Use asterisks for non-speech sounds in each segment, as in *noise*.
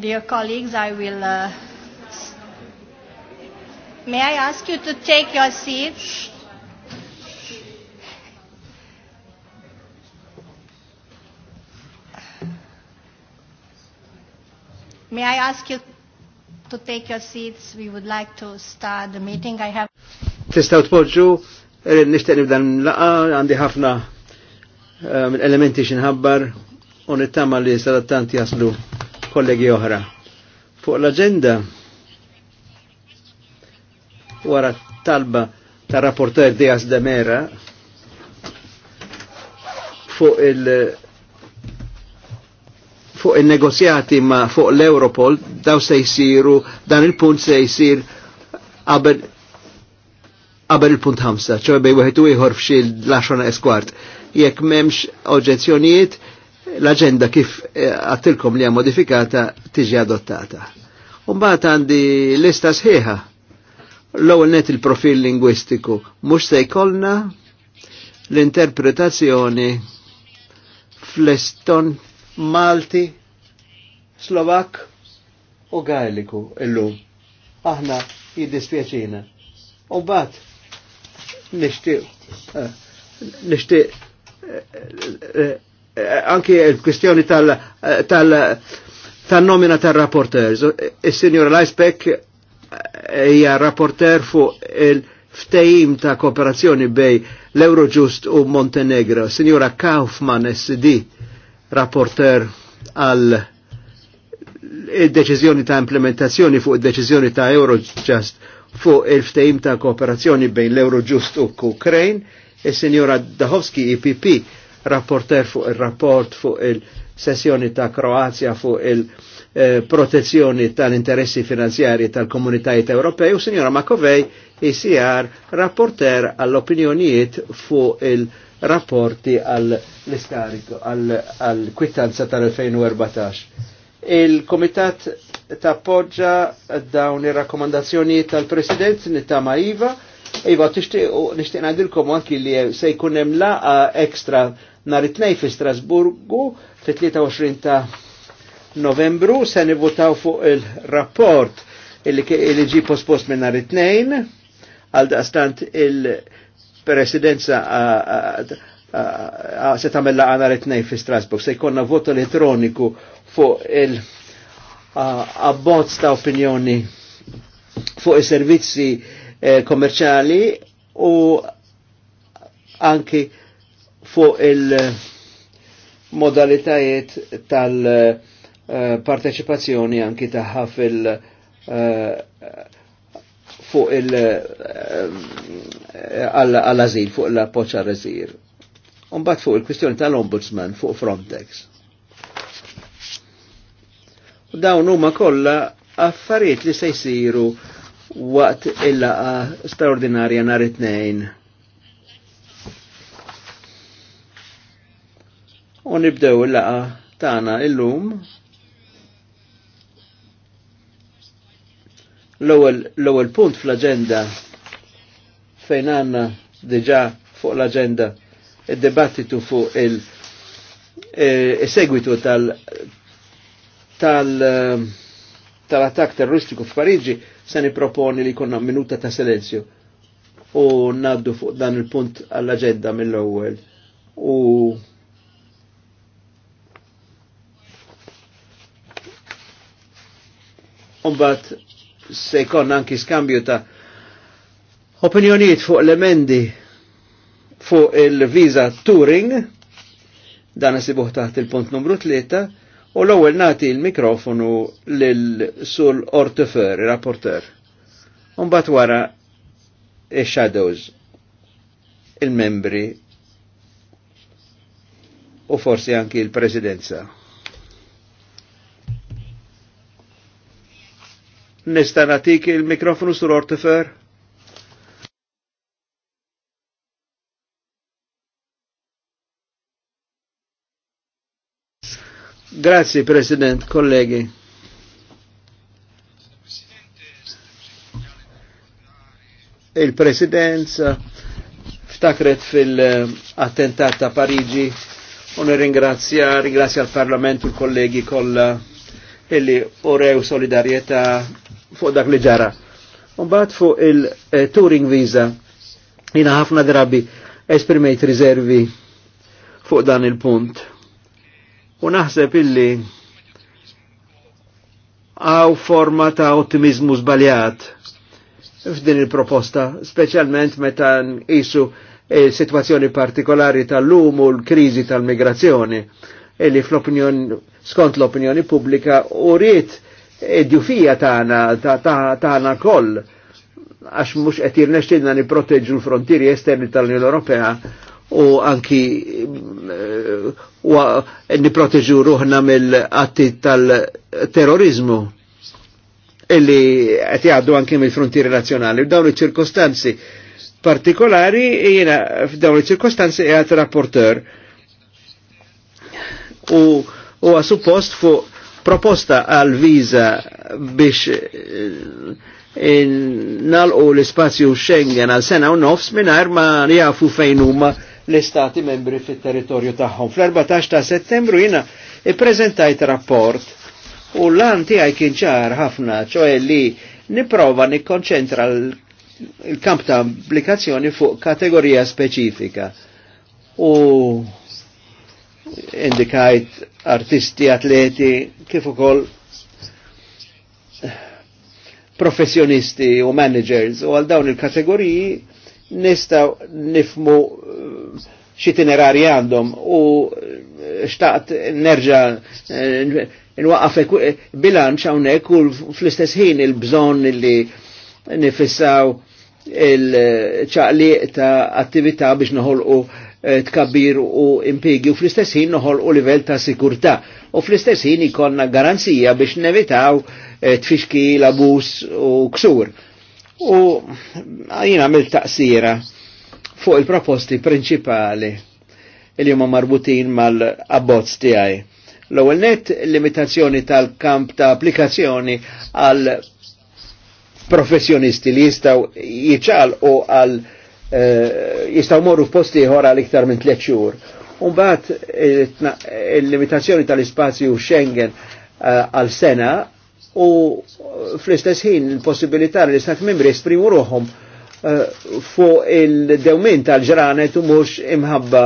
Dear colleagues, I will... Uh, may I ask you to take your seats? May I ask you to take your seats? We would like to start the meeting. I have... Tistaw tpoġġu, er, nishtiq nibda nlaqa, għandi ħafna eh, elementi xinħabbar, un it-tama li salattanti jaslu kollegi oħra. Fuq l-agenda wara talba ta' rapporter Dias de Mera fuq il- fuq il-negozjati ma fuq l-Europol daw se jisiru dan il-punt se jisir qabel qabel il-punt ħamsa, ċoħe bej wieħed u ieħor f'xi l-10 eskwart. Jekk m'hemmx oġġezzjonijiet, l-agenda kif eh, għattilkom li modifikata tiġi adottata. Umbat għandi lista sħiħa. L-ewwel net il-profil lingwistiku mhux se jkollna l-interpretazzjoni fl-Eston, Malti, Slovak u Gaeliku illum. Aħna jiddispjaċina. U bat Nishtiq. nixtieq eh, eh, Eh, anke l-kwestjoni tal-nomina eh, tal-rapporters. Il-Signor Lajspek hija rapporter eh, fuq il-ftejim ta' kooperazzjoni bej l-Eurojust u Montenegro. Signora Kaufman SD rapporter għal il-deċizjoni ta' implementazzjoni fuq il-deċizjoni ta' Eurojust fuq il-ftejim ta' kooperazzjoni bejn l-Eurojust u Ukraine, il-Signora e Dahovski IPP rapporter fuq il-rapport fuq il-sessjoni ta' Kroazja fuq il-protezzjoni tal-interessi finanzjari tal-komunitajiet Ewropej u Sinjora Makovej ICR rapporter għall-opinjonijiet fuq il-rapporti għall-iskariku għall-kwittanza tal-2014. Il-Komitat tappoġġa dawn ir-rakkomandazzjoni tal-President Nittama Iva Iva, nishtiq najdilkom anki li se jkun hemm laqa ekstra Nar it fi Strasburgu fit-23 ta' Novembru se nivvotaw fuq il-rapport illi ġi pospost minn nhar it-tnejn għal daqstant il-presidenza se tagħmel laqgħa nhar it-tnejn fi Strasburg se jkollna vot elettroniku fuq il-abbozz ta' opinjoni fuq is-servizzi eh, kommerċali u anki fuq il-modalitajiet tal-parteċipazzjoni anki taħħa fil- fuq il- eh, eh, eh, għall-azil, fuq l-appoċ għal-azil. Umbat fuq il-kwistjoni tal-ombudsman fuq Frontex. dawn huma kollha affarijiet li se jsiru waqt il-laqa straordinarja nhar it-tnejn. u nibdew il-laqa il illum l-ewwel punt fl-aġenda fejn għandna diġà fuq l-aġenda id-dibattitu fuq eh, il-segwitu tal tal tal-attak terroristiku f'Pariġi se niproponi li konna minuta ta' silenzju u naddu fuq dan il-punt għall-aġenda mill-ewwel u Umbat se jkollna anki skambju ta' opinjonijiet fuq l-emendi fuq il-viza Turing, dan sibuħ taħt il-punt numru 3, u l-ewwel nagħti l-mikrofonu lil sul ortefer, rapporter. Umbagħad wara ix-shadows il il-membri u forsi anki il-presidenza. Nista' nagħtik il-mikrofonu sur Ortifer. Grazie President, kollegi. Il-Presidenza ftakret fil-attentat ta' Parigi u nirringrazzja ringrazzja l-Parlament u l-kollegi kolla illi orew solidarieta fuq dak li ġara. Umbat fuq il-touring visa, jina ħafna drabi esprimejt riservi fuq dan il-punt. U naħseb illi għaw forma ta' ottimizmu zbaljat f'din il-proposta, specialment meta nqisu E situazzjoni partikolari tal-lum u l-krizi tal-migrazzjoni illi fl-opinjoni skont l-opinjoni pubblika u rrit id-djufija tagħna tagħna koll għax mhux qed jirnexxilna nipproteġu l-frontieri esterni tal-Unjoni Ewropea u anki eh, niproteġu ruħna mill-atti tal-terrorizmu illi qed jgħaddu anke mill-frontieri nazzjonali. F'dawn iċ-ċirkostanzi partikolari jiena f'dawn iċ-ċirkostanzi qiegħed rapporteur u huwa suppost fuq proposta għal viza biex eh, nalqu l-ispazju Schengen għal sena u nofs minnajr ma jafu fejn huma l-istati membri fit territorju tagħhom. Fl-14 ta' settembru jina prezentajt rapport u l anti tiegħi kien ċar ħafna, ċoħe li niprova nikkonċentra il-kamp ta' applikazzjoni fuq kategorija specifika. U indikajt artisti, atleti, kif ukoll professjonisti u managers u għal dawn il-kategoriji nistaw nifmu eh, xitinerari għandhom u eh, xtaqt nerġa eh, nwaqqaf bilanċ hawnhekk u fl-istess ħin il-bżonn li nifissaw il-ċaqliq ta' attività biex noħolqu Eh, tkabbir u impiegi u fl-istess ħin noħol u livell ta' sikurtà u fl-istess ħin ikonna garanzija biex nevitaw eh, tfixki l-abus u ksur. U jina mill taqsira fuq il-proposti prinċipali il huma marbutin mal-abbozz tiegħi. L-ewwel net limitazzjoni tal-kamp ta' applikazzjoni għal professjonisti li jistaw jiċal u għal Eh, jistaw morru f-posti ħora l-iktar minn tliet xhur. Umbat il-limitazzjoni tal-ispazju Schengen eh, għal sena u fl-istess ħin il-possibilità li l-istat membri esprimu ruħom eh, fuq il-dewmin tal-ġranet u mux imħabba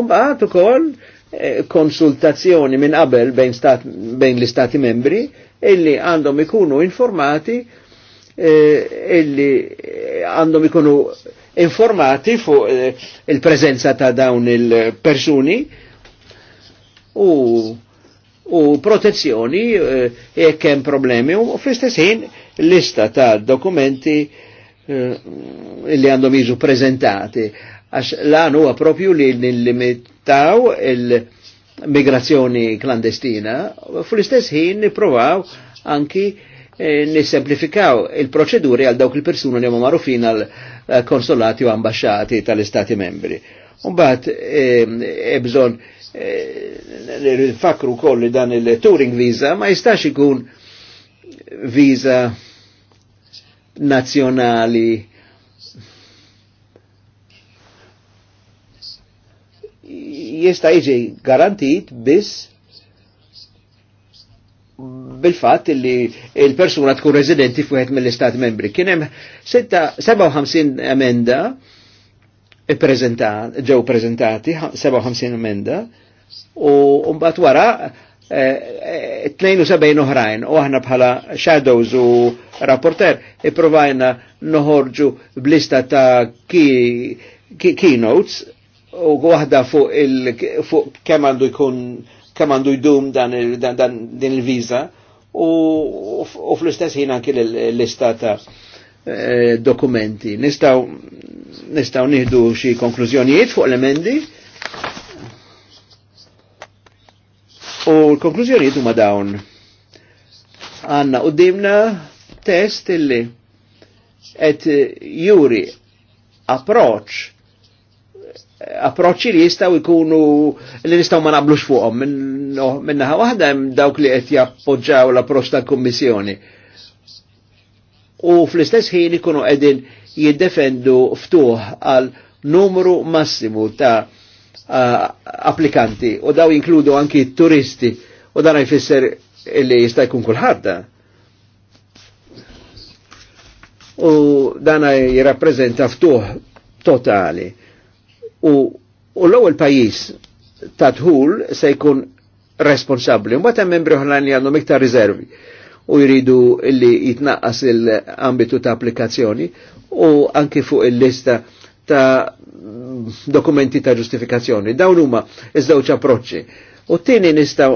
Umbaħt u koll konsultazzjoni minn qabel bejn, l-istati membri illi għandhom ikunu informati uh, Eh, illi għandhom ikunu informati fuq eh, il-prezenza ta' dawn il-persuni u, u protezzjoni e eh, kem problemi u fl-istess lista ta' dokumenti illi għandhom jiġu prezentati għax l-għan huwa propju li nil nillimitaw il-migrazzjoni klandestina, fl-istess ħin provaw anki E, nisemplifikaw il-proċeduri għal dawk il persuna li huma magħrufin għal eh, konsolati u ambasċati tal-Istati membri. Umbat, ebżon, e e, fakru kolli dan il-touring visa ma jistax ikun visa nazjonali jista iġi garantit biss bil-fatt li il-persuna tkun residenti fuħet mill-Istat membri. Kien hemm 57 amenda ġew prezentati, 57 amenda u mbat wara 72 eh, eh, oħrajn u aħna bħala shadows u rapporter provajna noħorġu blista ta' keynotes u waħda fuq il fuq jkun kemandu jdum dan, dan, dan din il visa u fl-istess ħin anki l-lista ta' eh, dokumenti. Nistaw nistaw nieħdu xi konklużjonijiet fuq l-emendi. U l-konklużjonijiet huma dawn. Għanna qudiemna test illi qed juri approach approċċi li jistaw ikunu li nistaw ma nablux fuqhom naħa waħda hemm dawk li qed jappoġġaw l-approċċ tal-Kummissjoni. U fl-istess ħin ikunu qegħdin jiddefendu ftuħ għal numru massimu ta' applikanti u daw jinkludu anki turisti u dan jfisser li jista' jkun kulħadda. U dan jirrappreżenta ftuħ totali U, u l-ewwel pajjiż ta' dħul se jkun responsabbli, mbagħad hemm membri oħrajn li għandhom iktar riservi u jridu li jitnaqqas il-ambitu ta' applikazzjoni u anki fuq il-lista ta' dokumenti ta' ġustifikazzjoni. Dawn huma iż-żewġ approċċi. U t-tieni nistgħu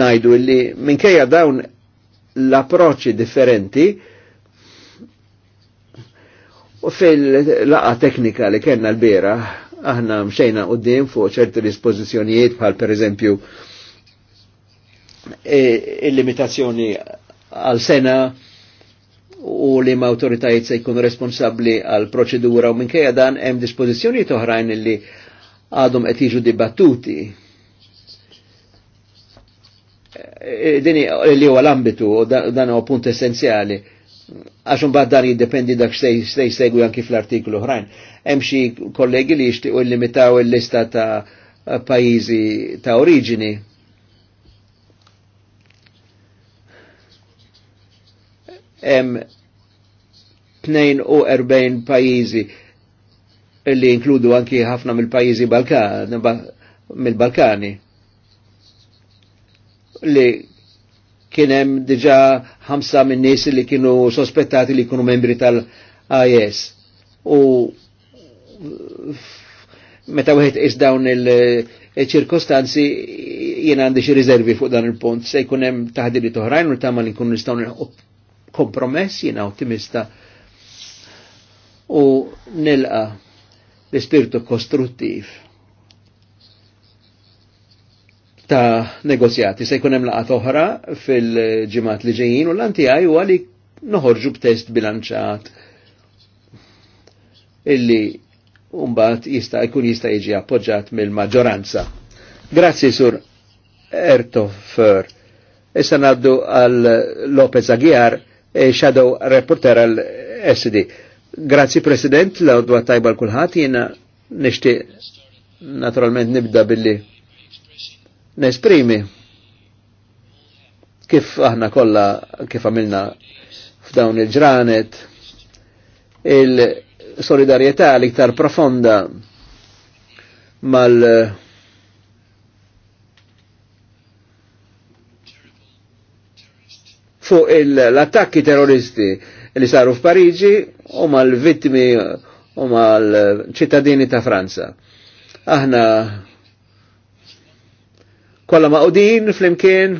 najdu illi minkejja dawn l-approċċi differenti U fil-laqa teknika li kena l-bira, aħna mxejna u d-dim fuq ċerti dispozizjonijiet bħal per eżempju e, il-limitazzjoni għal sena u li ma autoritajiet se jkunu responsabli għal proċedura u minkejja dan hemm dispożizzjonijiet oħrajn li għadhom qed jiġu dibattuti. E, dini li huwa l-ambitu u dan huwa punt essenzjali għaxum dar jiddependi dak xtej segwi anki fl-artiklu ħrajn. Hemm xi kollegi li jixtiequ limitaw il-lista ta' pajjiżi ta' oriġini. Hemm 42 pajjiżi li inkludu anki ħafna mill-pajjiżi Balkan, mill-Balkani li kienem diġa ħamsa minn nies li kienu sospettati li kienu membri tal-IS. U meta wieħed is dawn il-ċirkostanzi jien għandi xi riservi fuq dan il-punt se jkun hemm taħdili toħrajn u tagħmel li nistgħu kompromess jiena ottimista u nilqa l-ispirtu kostruttiv ta' negozjati. Se jkun hemm laqgħat oħra fil-ġimgħat li ġejjin u l għaj u għalik noħorġu b'test bilanċat illi mbagħad jista' jkun jista' jiġi appoġġat mill-maġġoranza. Grazzi sur Ertofer. Issa naddu għal Lopez Aguiar, eh, shadow reporter għal SD. Grazzi President, l-għodwa tajba l-kulħat, jena nishti naturalment nibda billi nesprimi kif aħna kolla kif għamilna f'dawn il-ġranet il-solidarjetà l-iktar profonda mal fuq l-attakki terroristi li saru f'Pariġi u mal-vittmi u mal-ċittadini ta' Franza. Aħna kolla maqdin fl-imkien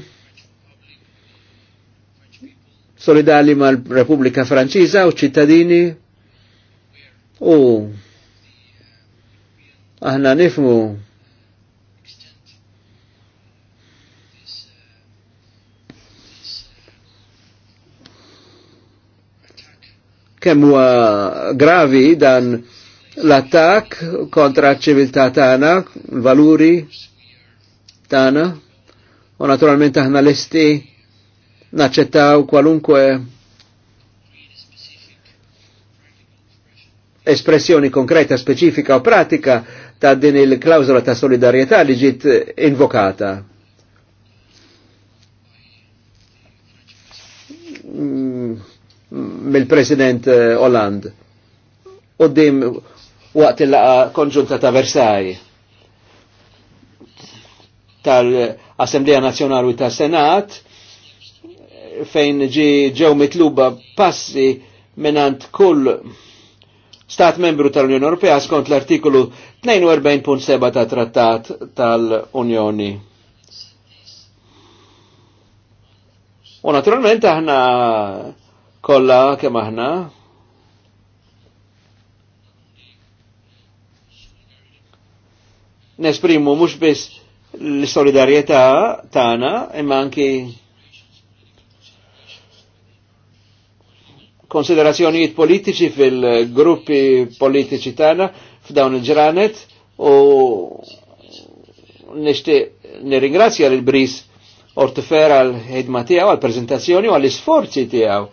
solidali mal-Repubblika Franċiża u ċittadini u aħna nifmu kemm huwa gravi dan l-attak kontra ċ-ċiviltà tagħna, l-valuri tana, u naturalment aħna l lesti naċċettaw kwalunkwe espressjoni konkreta, specifika u pratika ta' din il-klawzola ta' solidarietà li ġiet invokata. Mm, mill-President eh, Hollande u dim waqt il-laqa konġunta ta' Versailles tal-Assemblea Nazzjonali u tas-Senat fejn ġi ġew mitluba passi minant kull stat membru tal-Unjoni Ewropea skont l-artikolu 42.7 ta' trattat tal-Unjoni. U naturalment aħna kollha kemm aħna nesprimu mhux biss l-solidarieta tana imma anki konsiderazzjonijiet politiċi fil-gruppi politiċi tana f'dawn il-ġranet u nixtieq nirringrazzja l Bris Ortefer għal-ħidma tijaw, għal prezentazzjoni u għall-isforzi tijaw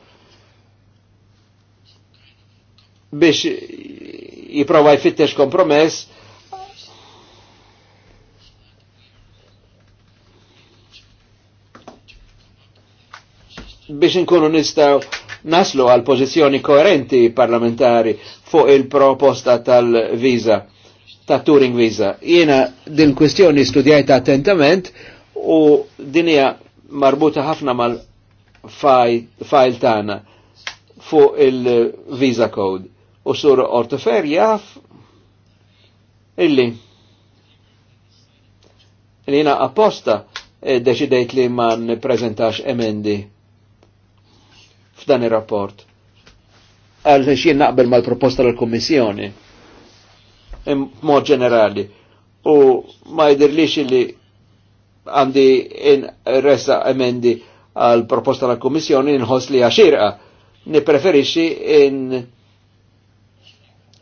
biex jiprova jfittex kompromess biex nkunu nistaw naslu għal pożizzjoni koerenti parlamentari fuq il-proposta tal-viza, ta' touring visa. Jiena din kwestjoni studjajta attentament u dinija marbuta ħafna mal-fajl tana fuq il-visa code. U sur ortofer jaff illi Illi jena apposta eh, deċidejt li ma prezentax emendi f'dan ir-rapport. Għal xien naqbel mal-proposta l-Kommissjoni, mod ġenerali, u ma jidirlix li għandi resa emendi għal proposta l kommissjoni nħos li għaxirqa. Nipreferixi in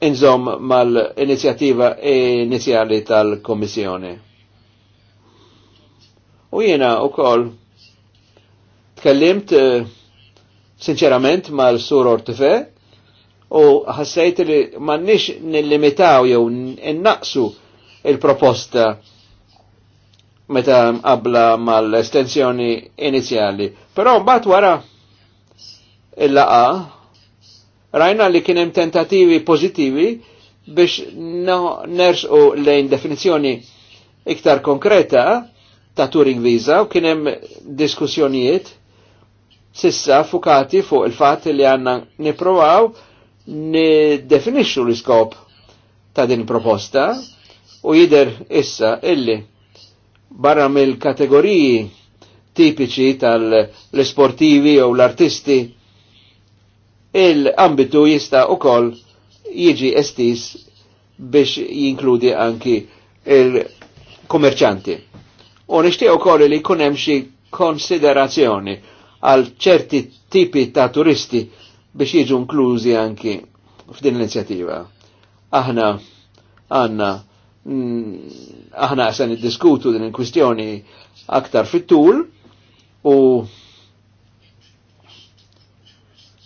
inżom mal-inizjativa inizjali tal-Kommissjoni. U jiena u kol, tkellimt uh, sinċerament mal-sur Ortife u ħassajt li mannix nillimitaw jew innaqsu il-proposta meta qabla mal-estensjoni inizjali. Però mbagħad wara il-laqa rajna li kien hemm tentativi pożittivi biex no, nersqu lejn definizzjoni iktar konkreta ta' Turing Visa u kien hemm diskussjonijiet sissa fukati fuq il-fat li għanna niprovaw nidefinixxu l-iskop ta' din proposta u jider issa illi barra mill-kategoriji tipiċi tal-sportivi u l-artisti il-ambitu jista' ukoll jiġi estis biex jinkludi anki il-kummerċanti. U nixtieq ukoll li jkun hemm xi konsiderazzjoni għal ċerti tipi ta' turisti biex jiġu inklużi anki f'din l-inizjattiva. Aħna għanna mm, aħna għasan id-diskutu din il-kwistjoni aktar fit-tul u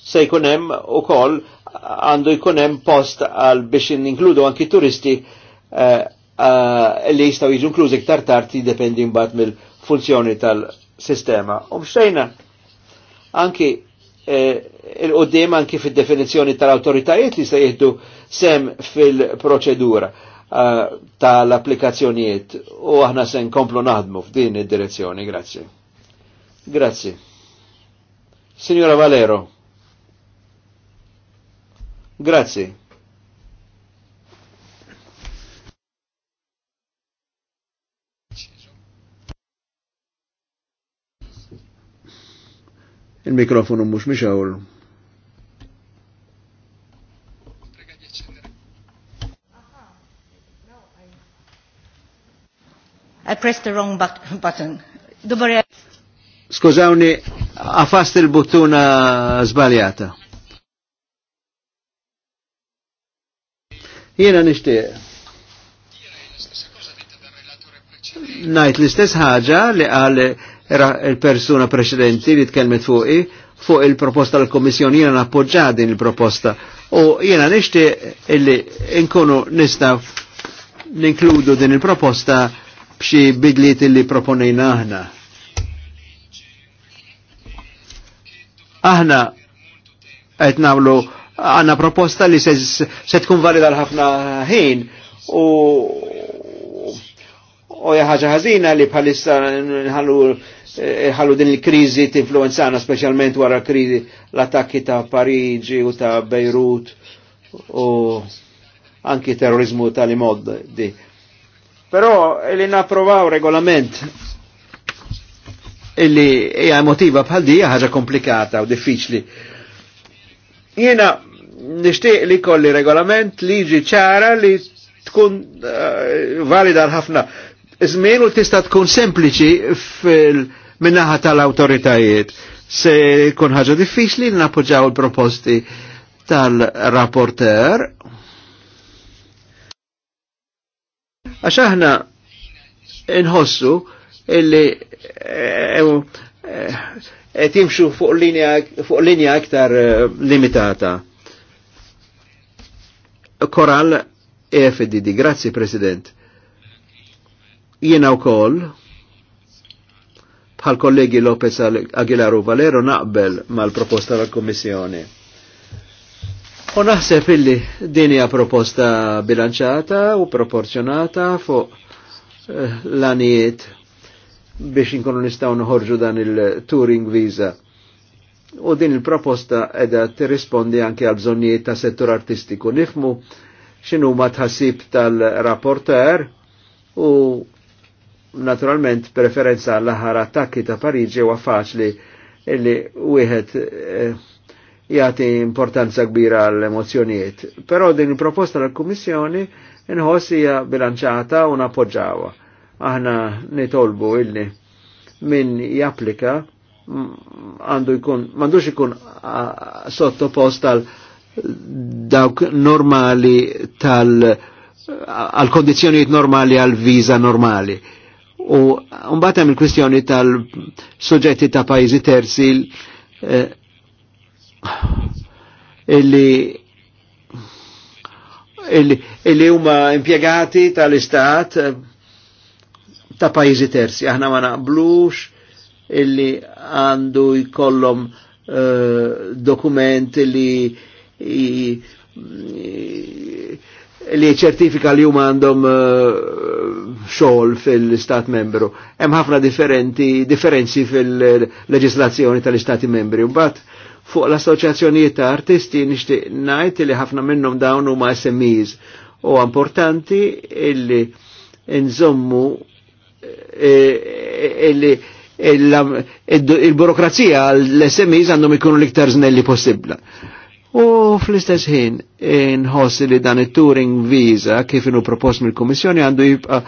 se jkunem u ukoll għandu jkunem post għal biex ninkludu anki turisti uh, uh, li jistaw jiġu inklużi iktar tard jiddependi mbagħad mill-funzjoni tal-sistema. U um anki eh, il-qoddim anki fil-definizjoni tal-autoritajiet li se jihdu sem fil-proċedura eh, tal-applikazzjonijiet u aħna se nkomplu naħdmu f'din id-direzzjoni. Grazie. Grazzi. Signora Valero. Grazzi. Il-mikrofonu mux miex għawlu. I pressed the wrong button. Dubare. Skużawni, għafast il-buttuna zbaljata. Jena nishti. Najt l-istess ħaġa li għal era il-persuna preċedenti li tkellmet fuqi fuq il-proposta l kommissjoni jena nappoġġa din il-proposta u jena nishti illi nkunu nistaw ninkludu din il-proposta b'xi bidliet illi proponejna aħna. Aħna qed nagħmlu għandna proposta li se, se tkun valida l-ħafna ħin u u ħaġa ħażina li bħalissa nħallu ħallu din il-krizi t-influenzana, specialment wara krizi l-attakki ta' Parigi u ta' Beirut u anki terrorizmu tal di. Però li napprovaw regolament illi hija emotiva bħal di ħaġa komplikata u diffiċli. Jiena nixtieq li kolli regolament liġi ċara li tkun uh, valida l-ħafna żmien u tista' tkun sempliċi fil- minnaħa tal-autoritajiet. Se kun ħaġa diffiċli napoġaw il-proposti tal-rapporter. Għax aħna inħossu illi timxu eh, eh, eh, fuq linja aktar limitata. Koral EFDD, grazzi President. Jiena wkoll Bħal kollegi Lopez Aguilar u Valero naqbel mal-proposta tal-Kommissjoni. U naħseb illi din hija proposta bilanċata u proporzjonata fuq eh, l-anijiet biex inkunu nistgħu nħorġu dan il-touring visa. U din il-proposta edha tirrispondi anke għal bżonnijiet ta' settur artistiku. Nifmu x'inhuma ma tħassib tal-rapporter u Naturalment, preferenza għall-ħar attakki ta' Pariġi huwa faċli illi wieħed eh, jagħti importanza kbira għall emozzjonijiet Però din il-proposta tal-Kummissjoni inħoss hija bilanċata u nappoġġawha. Aħna nitolbu illi min japplika għandu jkun m'għandux ikun sottopost għal dawk normali tal għal kondizzjonijiet normali għal viza normali. U mbagħad hemm il-kwistjoni tal-suġġetti ta' pajjiżi terzi eh, illi illi huma impjegati tal-istat eh, ta' pajjiżi terzi. Aħna ma naqblux illi għandu jkollhom eh, dokumenti li li ċertifika li huma għandhom uh, xogħol fil-Stat membru. Hemm ħafna differenti differenzi fil-leġislazzjoni tal-Istati membri. Mbagħad fuq l-assoċjazzjonijiet ta' artisti nixtieq ngħid li ħafna minnhom dawn huma SMEs u importanti illi nżommu eh, eh, illi il-burokrazija l-SMEs għandhom ikunu l-iktar znelli possibla. U fl-istess ħin inħoss li dan it-touring visa kif inu propost mill komissjoni għandu jibqa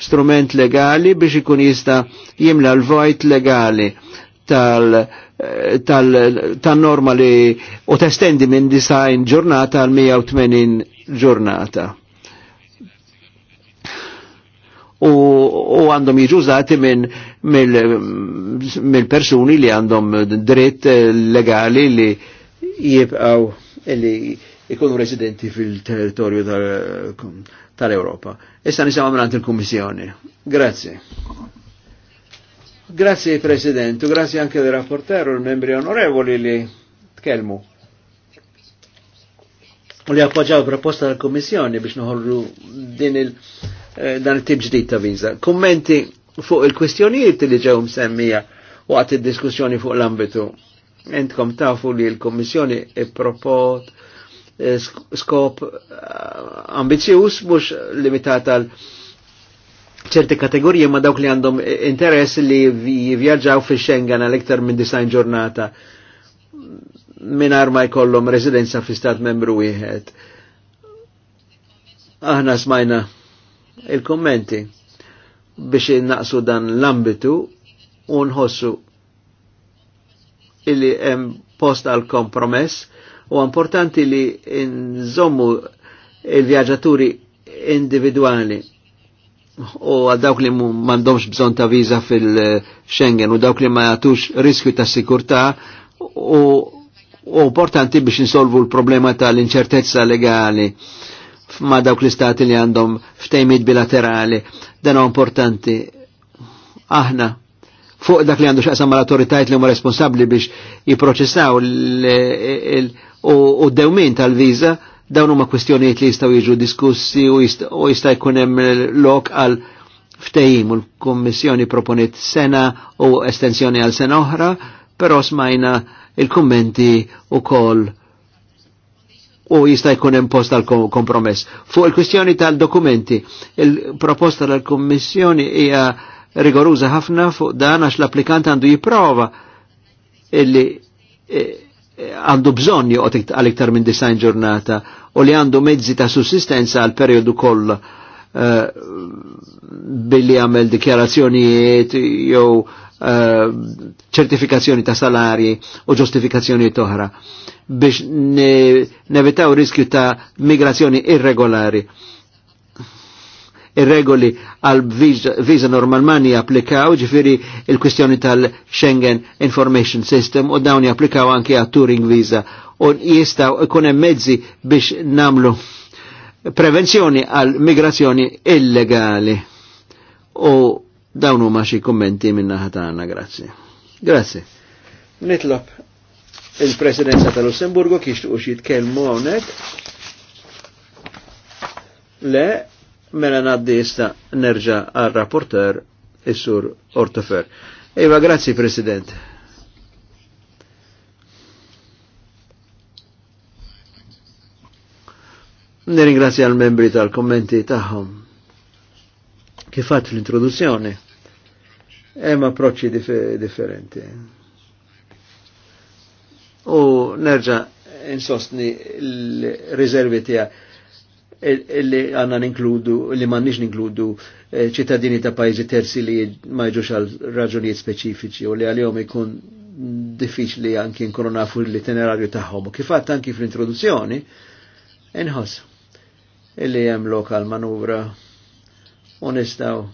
strument legali biex ikun jista jimla l-vojt legali tal, tal, norma li u testendi minn disajn ġurnata għal 180 ġurnata. U, u għandhom jiġużati minn mill-persuni min li għandhom dritt legali li jibqaw illi ikunu residenti fil-territorju tal-Europa. Issa nisimaw minn il-Kommissjoni. Grazie. Grazie President, grazie anche del rapportero, il membri onorevoli li tkelmu. U li appoġġaw proposta tal kommissjoni biex noħorru din il eh, dan il tib ġdid ta' viza. Kommenti fuq il-kwestjonijiet li ġew msemmija waqt il diskussjoni fuq l-ambitu Entkom tafu li l-Kommissjoni ippropot propot eh, skop eh, ambizjuż mhux limitat għal ċerti kategoriji ma dawk li għandhom interess li jivjaġġaw fi Schengen għal iktar minn disajn ġurnata minn ma jkollhom residenza fi stat membru wieħed. Aħna smajna il-kommenti biex naqsu dan l-ambitu u nħossu illi hemm post għal kompromess u importanti li nżommu il-vjaġġaturi individuali u għal dawk li mandomx bżon ta' viza fil-Schengen u dawk li ma jatux riskju ta' sikurta u, u importanti biex insolvu l-problema tal-inċertezza legali ma dawk l-istati li għandhom ftejmit bilaterali dan importanti aħna fuq dak li għandu xaqsam mal autoritajt li huma responsabbli biex jiproċessaw u dewmin tal-viza dawn huma kwestjonijiet li jistgħu jiġu diskussi u jista' jkun hemm lok għal ftehim u l-Kummissjoni proponiet sena u estensjoni għal sena oħra, però smajna il-kummenti ukoll u jista' jkun hemm post għal kompromess. Fuq il-kwistjoni tal-dokumenti, il-proposta tal-Kummissjoni hija rigoruza ħafna fuq dan għax l-applikant għandu jipprova illi e, e, għandu bżon joqgħod għal iktar minn disajn ġurnata u li għandu mezzi ta' sussistenza għal periodu koll e, billi għamel dikjarazzjonijiet jew ċertifikazzjoni ta' salari u ġustifikazzjoni toħra biex nevitaw riskju ta' migrazzjoni irregolari ir-regoli għal viza normalman japplikaw, ġifiri il-kwistjoni tal-Schengen Information System u dawn japplikaw anki għal Touring Visa u jistaw ikun hemm mezzi biex namlu prevenzjoni għal migrazzjoni illegali. U dawn huma xi kummenti minna ħatana, grazzi. Grazzi. Nitlob il-Presidenza tal lussemburgo kiex tuqux jitkellmu għonek. Le, Mela naddi jista nerġa għal rapporter Isur Ortofer. Iva, grazzi President. Neringrazzi l-membri tal-kommenti tagħhom. fatt fl-introduzzjoni, hemm approċċi dif differenti. U nerġa' insostni l-riservi tiegħek li għanna ninkludu, li mannix ninkludu eh, ċittadini ta' pajzi terzi li ma jġux għal raġunijiet speċifiċi u li għal-jom ikun diffiċli anki nkunu nafu l-itinerarju tagħhom. U kifatt anki fl-introduzzjoni, nħos illi hemm lokal manuvra unistaw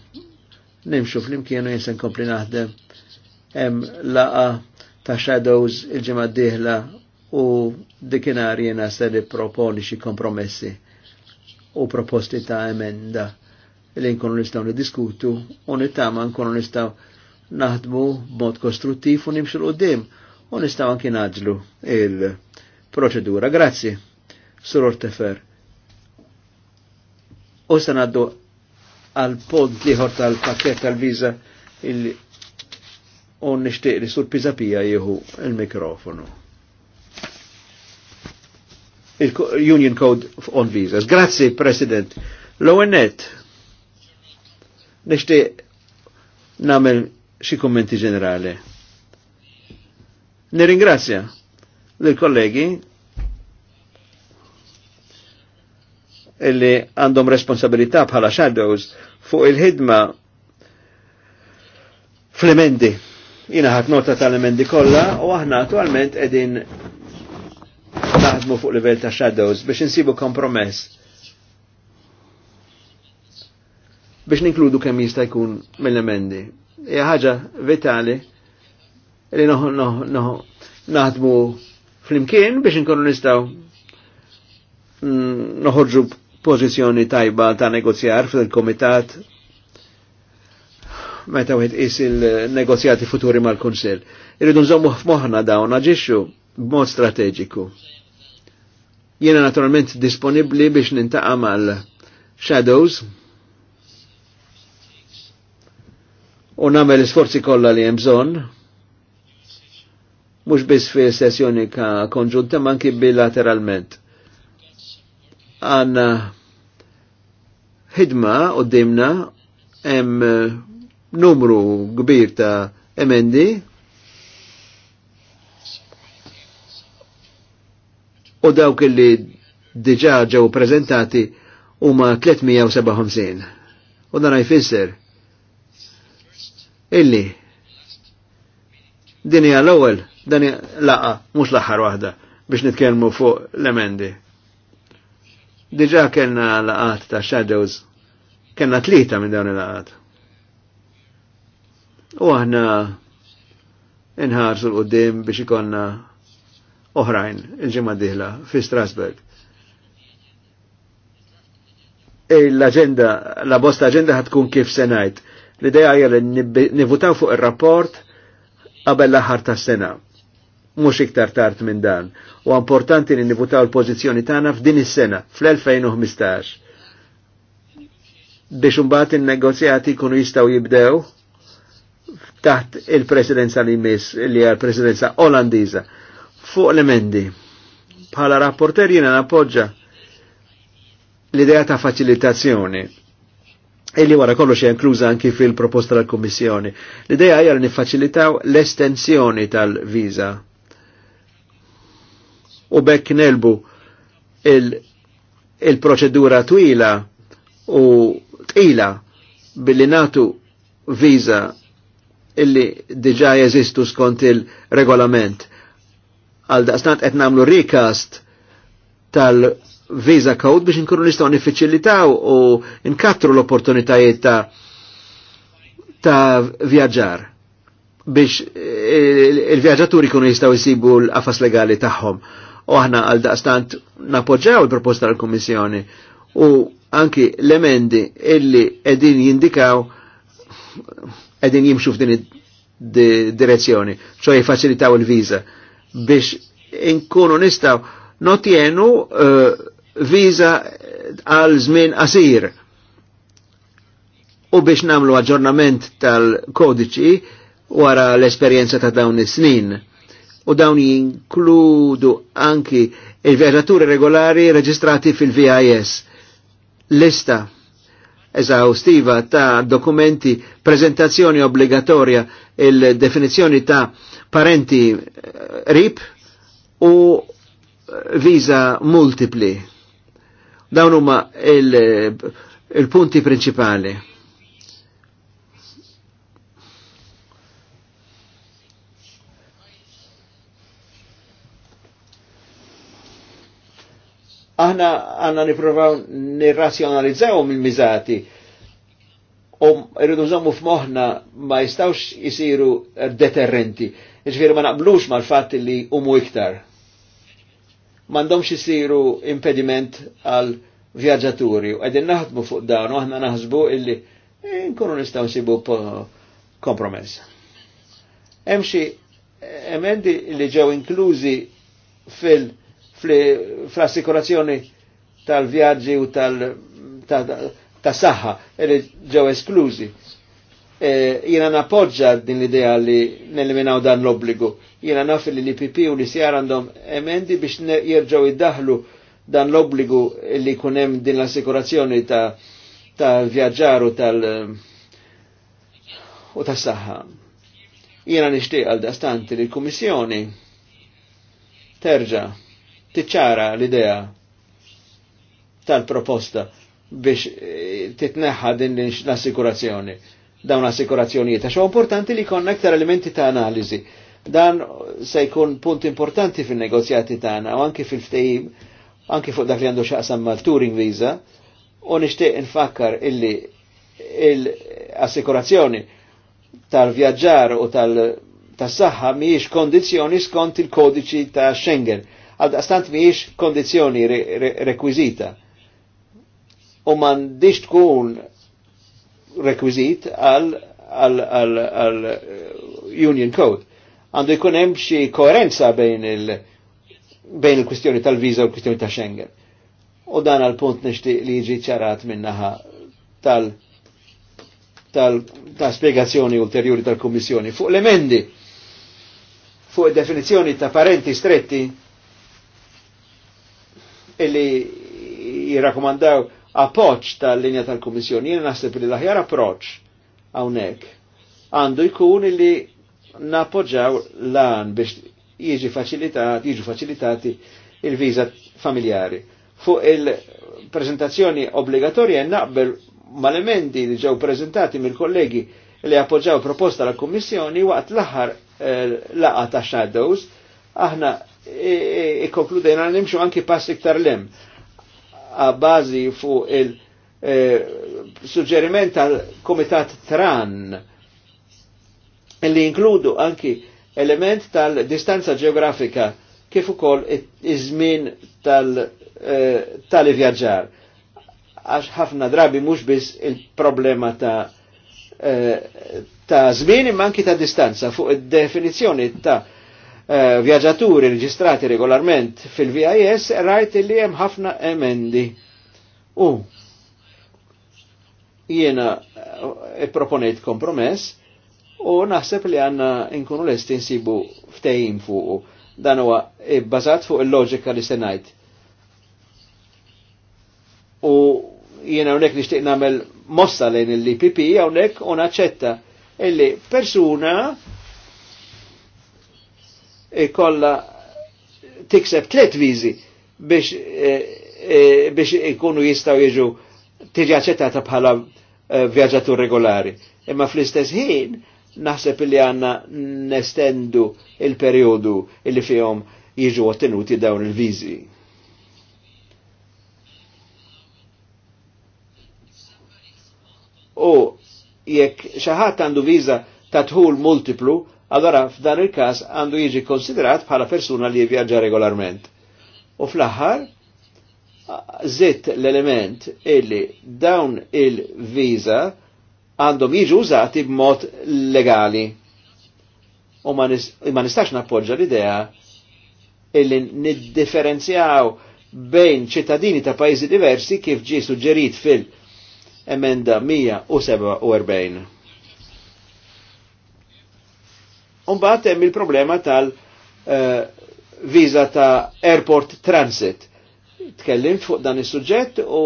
nimxu fl-imkien jinsen kompli naħdem hemm laqa ta' shadows il-ġimgħa d-dieħla u dikinar jiena se proponi xi kompromessi u proposti ta' emenda li nkunu nistaw nidiskutu u nittama nkunu nistaw naħdmu b'mod kostruttiv u nimxu l-qoddim u nistaw anki naġlu il-proċedura. Grazzi, Suror Tefer. U se għal pod liħor tal-pakket tal-viza il-on nishtiq li sur pizapija jihu il-mikrofonu il-Union Code on Visas. Grazzi, President. Lowenet, onet nishti namel xie kommenti ġenerali. Nirringrazzja l-kollegi illi għandhom responsabilità bħala shadows fuq il-ħidma fl-emendi. Jina ħat nota tal-emendi kolla u aħna attualment edin naħdmu fuq livell ta' shadows biex insibu kompromess. Biex ninkludu kemm jista' jkun mill-emendi. Hija ħaġa vitali li naħdmu flimkien biex nkunu nistgħu mm, noħorġu pożizzjoni tajba ta' negozjar fil-komitat meta wieħed qis il-negozjati futuri mal-Kunsill. Irridu nżommu f'moħħna dawn aġixxu b'mod strateġiku. Jiena naturalment disponibli biex nintaqa mal-shadows u namel isforzi kollha li hemm bżonn mhux biss fi sessjoni ka konġunta ma anki bilateralment. Għanna ħidma u dimna hemm numru kbir ta' emendi u dawk li diġa ġew prezentati huma 357. U dan jfisser illi din hija l-ewwel dan laqa mhux l-aħħar waħda biex nitkellmu fuq l-emendi. Diġa kellna laqat ta' shadows, kellna tlieta minn dawn il-laqat. U aħna inħarsu l-qoddim biex ikonna oħrajn il-ġimma diħla fi Strasburg. E l-agenda, la bosta agenda ħatkun kif senajt. L-ideja hija li nivutaw fuq ir-rapport qabel l-aħħar tas-sena. Mhux iktar tard minn dan. U importanti li nivutaw l-pożizzjoni tagħna f'din is-sena, fl-2015 biex imbagħad in-negozjati jkunu jistgħu jibdew taħt il-presidenza li jmiss li għal presidenza Olandiża fuq l-emendi. Bħala rapporter jiena nappoġġa l-idea ta' faċilitazzjoni li wara kollox hija inkluża anki fil-proposta tal-Kummissjoni. L-idea hija li niffaċilitaw l-estensjoni tal-viża u bekk nelbu il-proċedura il twila u tqila billi natu viża illi diġa jeżistu skont il-regolament għal daqstant qed nagħmlu recast tal-Visa Code biex inkunu nistgħu niffiċilitaw u nkattru l-opportunitajiet ta' ta' vjaġġar biex eh, il-vjaġġaturi kunu jistgħu jsibu l-qafas legali tagħhom. U aħna għal daqstant napoġġaw il-proposta tal-Kummissjoni u anki l-emendi illi qegħdin jindikaw qegħdin jimxu f'din id-direzzjoni, ċoj jfaċilitaw il viża biex inkunu nistaw notjenu uh, eh, viza għal zmin asir. U biex namlu aġġornament tal-kodiċi wara l-esperjenza ta' dawn is-snin. U dawn jinkludu anki il vjaġaturi regolari reġistrati fil-VIS. Lista eżaustiva ta' dokumenti, prezentazzjoni obbligatorja, il-definizjoni ta' parenti eh, rib u eh, visa multipli. Dawn huma eh, il-punti il principali. Aħna għanna niprofaw nirrazjonalizzaw mill-mizati u irridu nżommu f'moħna ma jistawx jisiru deterrenti Ġviri ma naqblux mal-fat li umu iktar. Mandomx jisiru impediment għal vjaġġaturi u għedin naħdmu fuq dan u aħna naħsbu illi nkunu nistaw nsibu kompromess. Hemm xi emendi li ġew inklużi fil assikurazzjoni tal-vjaġġi u tal saħħa illi ġew esklużi. Eh, jina napoġġa din l-idea li neliminaw dan l-obbligu. Jina naf li l-IPP u li sijar għandhom emendi biex jirġaw iddaħlu dan l-obbligu li kunem din l-assikurazzjoni ta' tal-vjaġġar u tal- u tas saħħa Jina nishtiq għal dastanti li l-Kummissjoni terġa tiċċara l-idea tal-proposta biex eh, titneħħa din l-assikurazzjoni dawn assikurazzjonijiet. Għax importanti li konna aktar elementi ta' analizi. Dan se jkun punt importanti fil-negozjati tagħna u anke fil-ftehim, anke fuq dak li għandu xaqsam mal-touring visa, u nixtieq nfakkar illi l-assikurazzjoni tal-vjaġġar u tal-saħħa mhijiex kondizzjoni skont il-kodiċi ta' Schengen. Għaldaqstant mhijiex kondizzjoni rekwizita. U mandiġ tkun rekwizit għal għal għal għal uh, Union Code. Għandu jkun hemm xi koerenza bejn il- bejn il-kwistjoni tal-viza u l-kwistjoni ta' Schengen. U dan għal punt nixtieq li jiġi ċarat minnaħa tal- tal ta' spiegazzjoni ulterjuri tal-Kommissjoni fuq l-emendi fuq definizzjoni ta' parenti stretti illi jirrakomandaw il appoġġ tal-linja tal-Kummissjoni. jena naħseb li l-aħjar approach hawnhekk għandu jkun li nappoġġaw lan biex jiġi facilitati, jiġu faċilitati il-viża familjari. Fuq il-prezentazzjoni obbligatorja naqbel mal-elementi li ġew prezentati mill-kollegi li appoġġaw proposta la Kommissjoni waqt l-aħħar eh, laqa ta' Shadows, aħna eh, eh, ikkonkludejna nimxu anki pass iktar lem bażi fuq il-suġġeriment eh, tal-Komitat Tran li inkludu anki element tal-distanza ġeografika kif ukoll iż-żmien eh, tal-ivjaġġar. Għax ħafna drabi mhux biss il-problema ta' eh, ta' żmien imma anki ta' distanza fuq id-definizzjoni ta' Eh, vjaġġaturi reġistrati regolarment fil-VIS rajt li hemm ħafna emendi. U jiena eh, proponejt kompromess u naħseb li għanna nkunu lesti nsibu ftejim fuqu. Dan huwa bbażat fuq il-loġika li se ngħid. U jiena hawnhekk nixtieq nagħmel mossa lejn il ipp hawnhekk u naċċetta illi persuna ikolla tikseb tliet viżi biex eh, eh, biex ikunu jistaw jiġu tiġi aċċettata bħala eh, vjaġġatur regolari. Imma fl-istess ħin naħseb li għanna nestendu il-periodu illi fihom jiġu ottenuti dawn il-viżi. U jekk xaħat għandu viża ta' tħul multiplu, allora f'dan il-każ għandu jiġi konsiderat bħala persuna li jivvjaġġa regolarment. U fl-aħħar, zitt l-element illi dawn il-viza għandhom jiġu użati b'mod legali. U ma nistax nappoġġa l-idea illi niddifferenzjaw bejn ċittadini ta' pajjiżi diversi kif ġie suġġerit fil-emenda 147. Umbat hemm il-problema tal-viza eh, uh, ta' airport transit. Tkellimt fuq dan is-suġġett u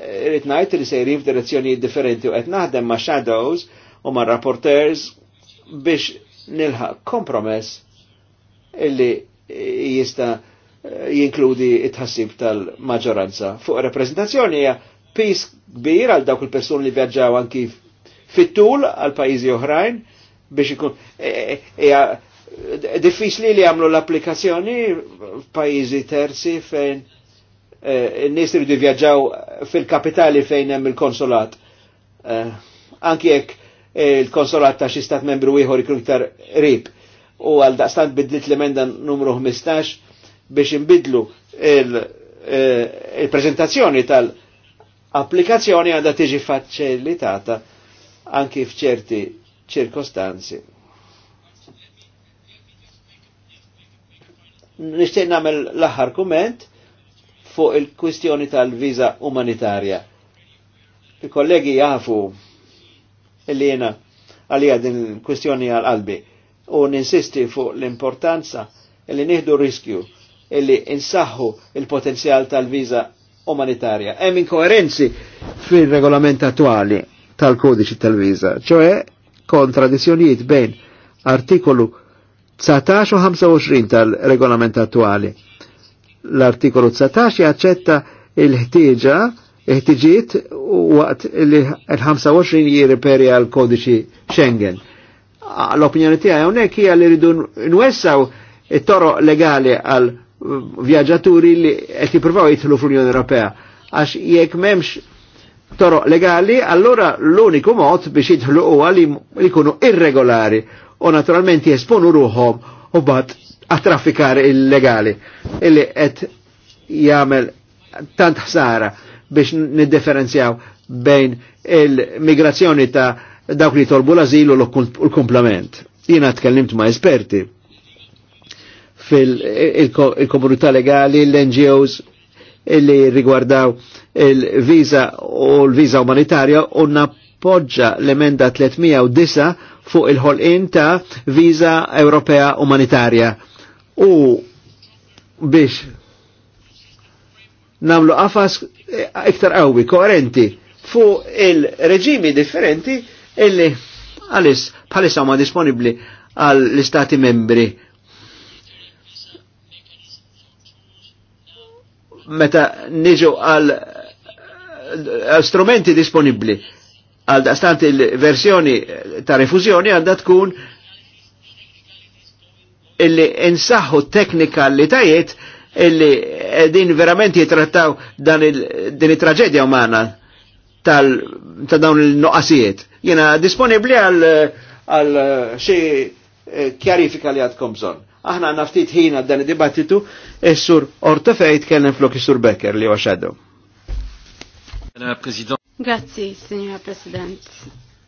rrit ngħid li sejrin f'direzzjoni differenti u qed naħdem ma' shadows u ma' rapporters biex nilħaq kompromess illi jista' jinkludi it-ħassib tal-maġġoranza. Fuq rappresentazzjoni hija pis kbir għal dawk il-persuni li vjaġġaw anki fit-tul għal pajjiżi oħrajn biex ikun. E, e, e, diffiċli li għamlu l-applikazzjoni f'pajjiżi terzi fejn n-nies iridu vjaġġaw fil-kapitali fejn hemm il-konsolat. Anki jekk il-konsolat ta' xi stat membru ieħor ikun iktar rib. U għal daqstant biddit l-emenda numru 15 biex imbidlu il-prezentazzjoni tal- applikazzjoni għandha tiġi faċilitata anki fċerti ċirkostanzi. Nishtiq namel l-aħħar kumment fuq il-kwistjoni tal-viza umanitarja. Il-kollegi jafu illi jena għalija din kwistjoni għal-qalbi u ninsisti fuq l-importanza li nieħdu riskju li insaħħu il-potenzjal tal-viza umanitarja. Hemm inkoerenzi fil-regolament attuali tal-kodiċi tal-viza, ċoe kontradizzjonijiet bejn artikolu 19 u 25 tal-regolament attuali. L-artikolu 19 jaċċetta il-ħtieġa u waqt il-25 jirreperi għal kodiċi Schengen. L-opinjoni tiegħi hawnhekk hija li rridu nwessaw it-toroq legali għal vjaġġaturi li qed jippruvaw jidħlu fl-Unjoni Ewropea għax jekk m'hemmx toroq legali, allora l-uniku mod biex jidħlu huwa li jkunu irregolari u naturalment jesponu ruħom u bat għat-traffikar illegali illi qed jagħmel tant ħsara biex niddifferenzjaw bejn il-migrazzjoni ta' dawk li tolbu l-azilu l-komplement. Jina tkellimt ma' esperti fil-komunità legali, l-NGOs li rigwardaw il-viza u l-viza umanitarja u nappoġġa l-emenda 309 fuq il-ħolqin ta' viza Ewropea umanitarja. U biex namlu qafas eh, iktar qawwi, koerenti fuq il-reġimi differenti illi għalis bħalissa ma disponibli għall istati membri meta niġu għal strumenti disponibli għal daqstant l versjoni ta' refuzjoni għandha tkun illi insaħħu teknika li tajiet illi din verament jitrattaw dan il, din il-traġedja umana tal ta' dawn il-noqasijiet. Jena disponibli għal xie eh, kjarifika li għadkom bżonn. Aħna għanna ftit ħina dan id-dibattitu, is-sur Ortefej tkellem flok is-sur Becker li għaxadu. Grazzi, Signora President,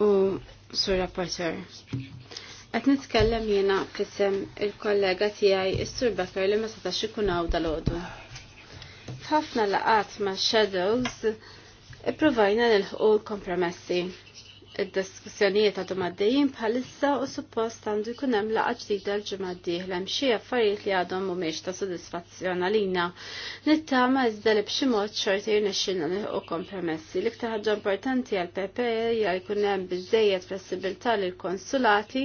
u sur Rapporteur. Għet nitkellem jena fissem il-kollega tijaj is-sur Becker li ma setax ikun għaw dal-ħodu. F'ħafna laqat ma' shadows, i-provajna nil l-kompromessi id-diskussjonijiet għadhom għaddejjin bħalissa u suppost għandu jkun hemm laqgħa ġdida l-ġimgħa d-dieħla hemm xi affarijiet li għadhom mhumiex ta' sodisfazzjon għalina. Nittama iżda li b'xi mod xorti jirnexxinna u kompromessi. L-iktar ħaġa importanti għal PP hija jkun hemm biżejjed flessibilità lil konsulati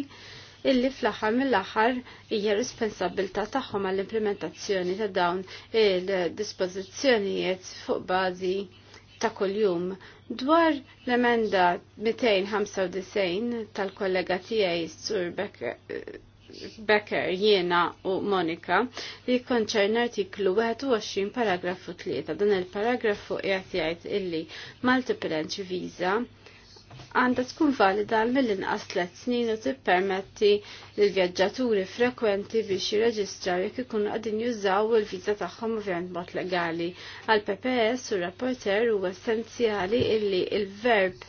illi fl-aħħar mill-aħħar hija responsabilità tagħhom għall-implementazzjoni ta' dawn il-dispożizzjonijiet fuq bażi ta' kuljum Dwar l-emenda 295 tal-kollega tiegħi Sur Becker jiena u Monika li konċern artiklu 21 paragrafu 3. Dan il-paragrafu jgħat jgħid illi multiple visa għanda tkun valida mill-inqas tliet snin u tippermetti l vjaġġaturi frekwenti biex jirreġistraw jekk ikunu qegħdin jużaw il-viża tagħhom ovvjament mod legali. Għal PPS u rapporter huwa essenzjali illi il-verb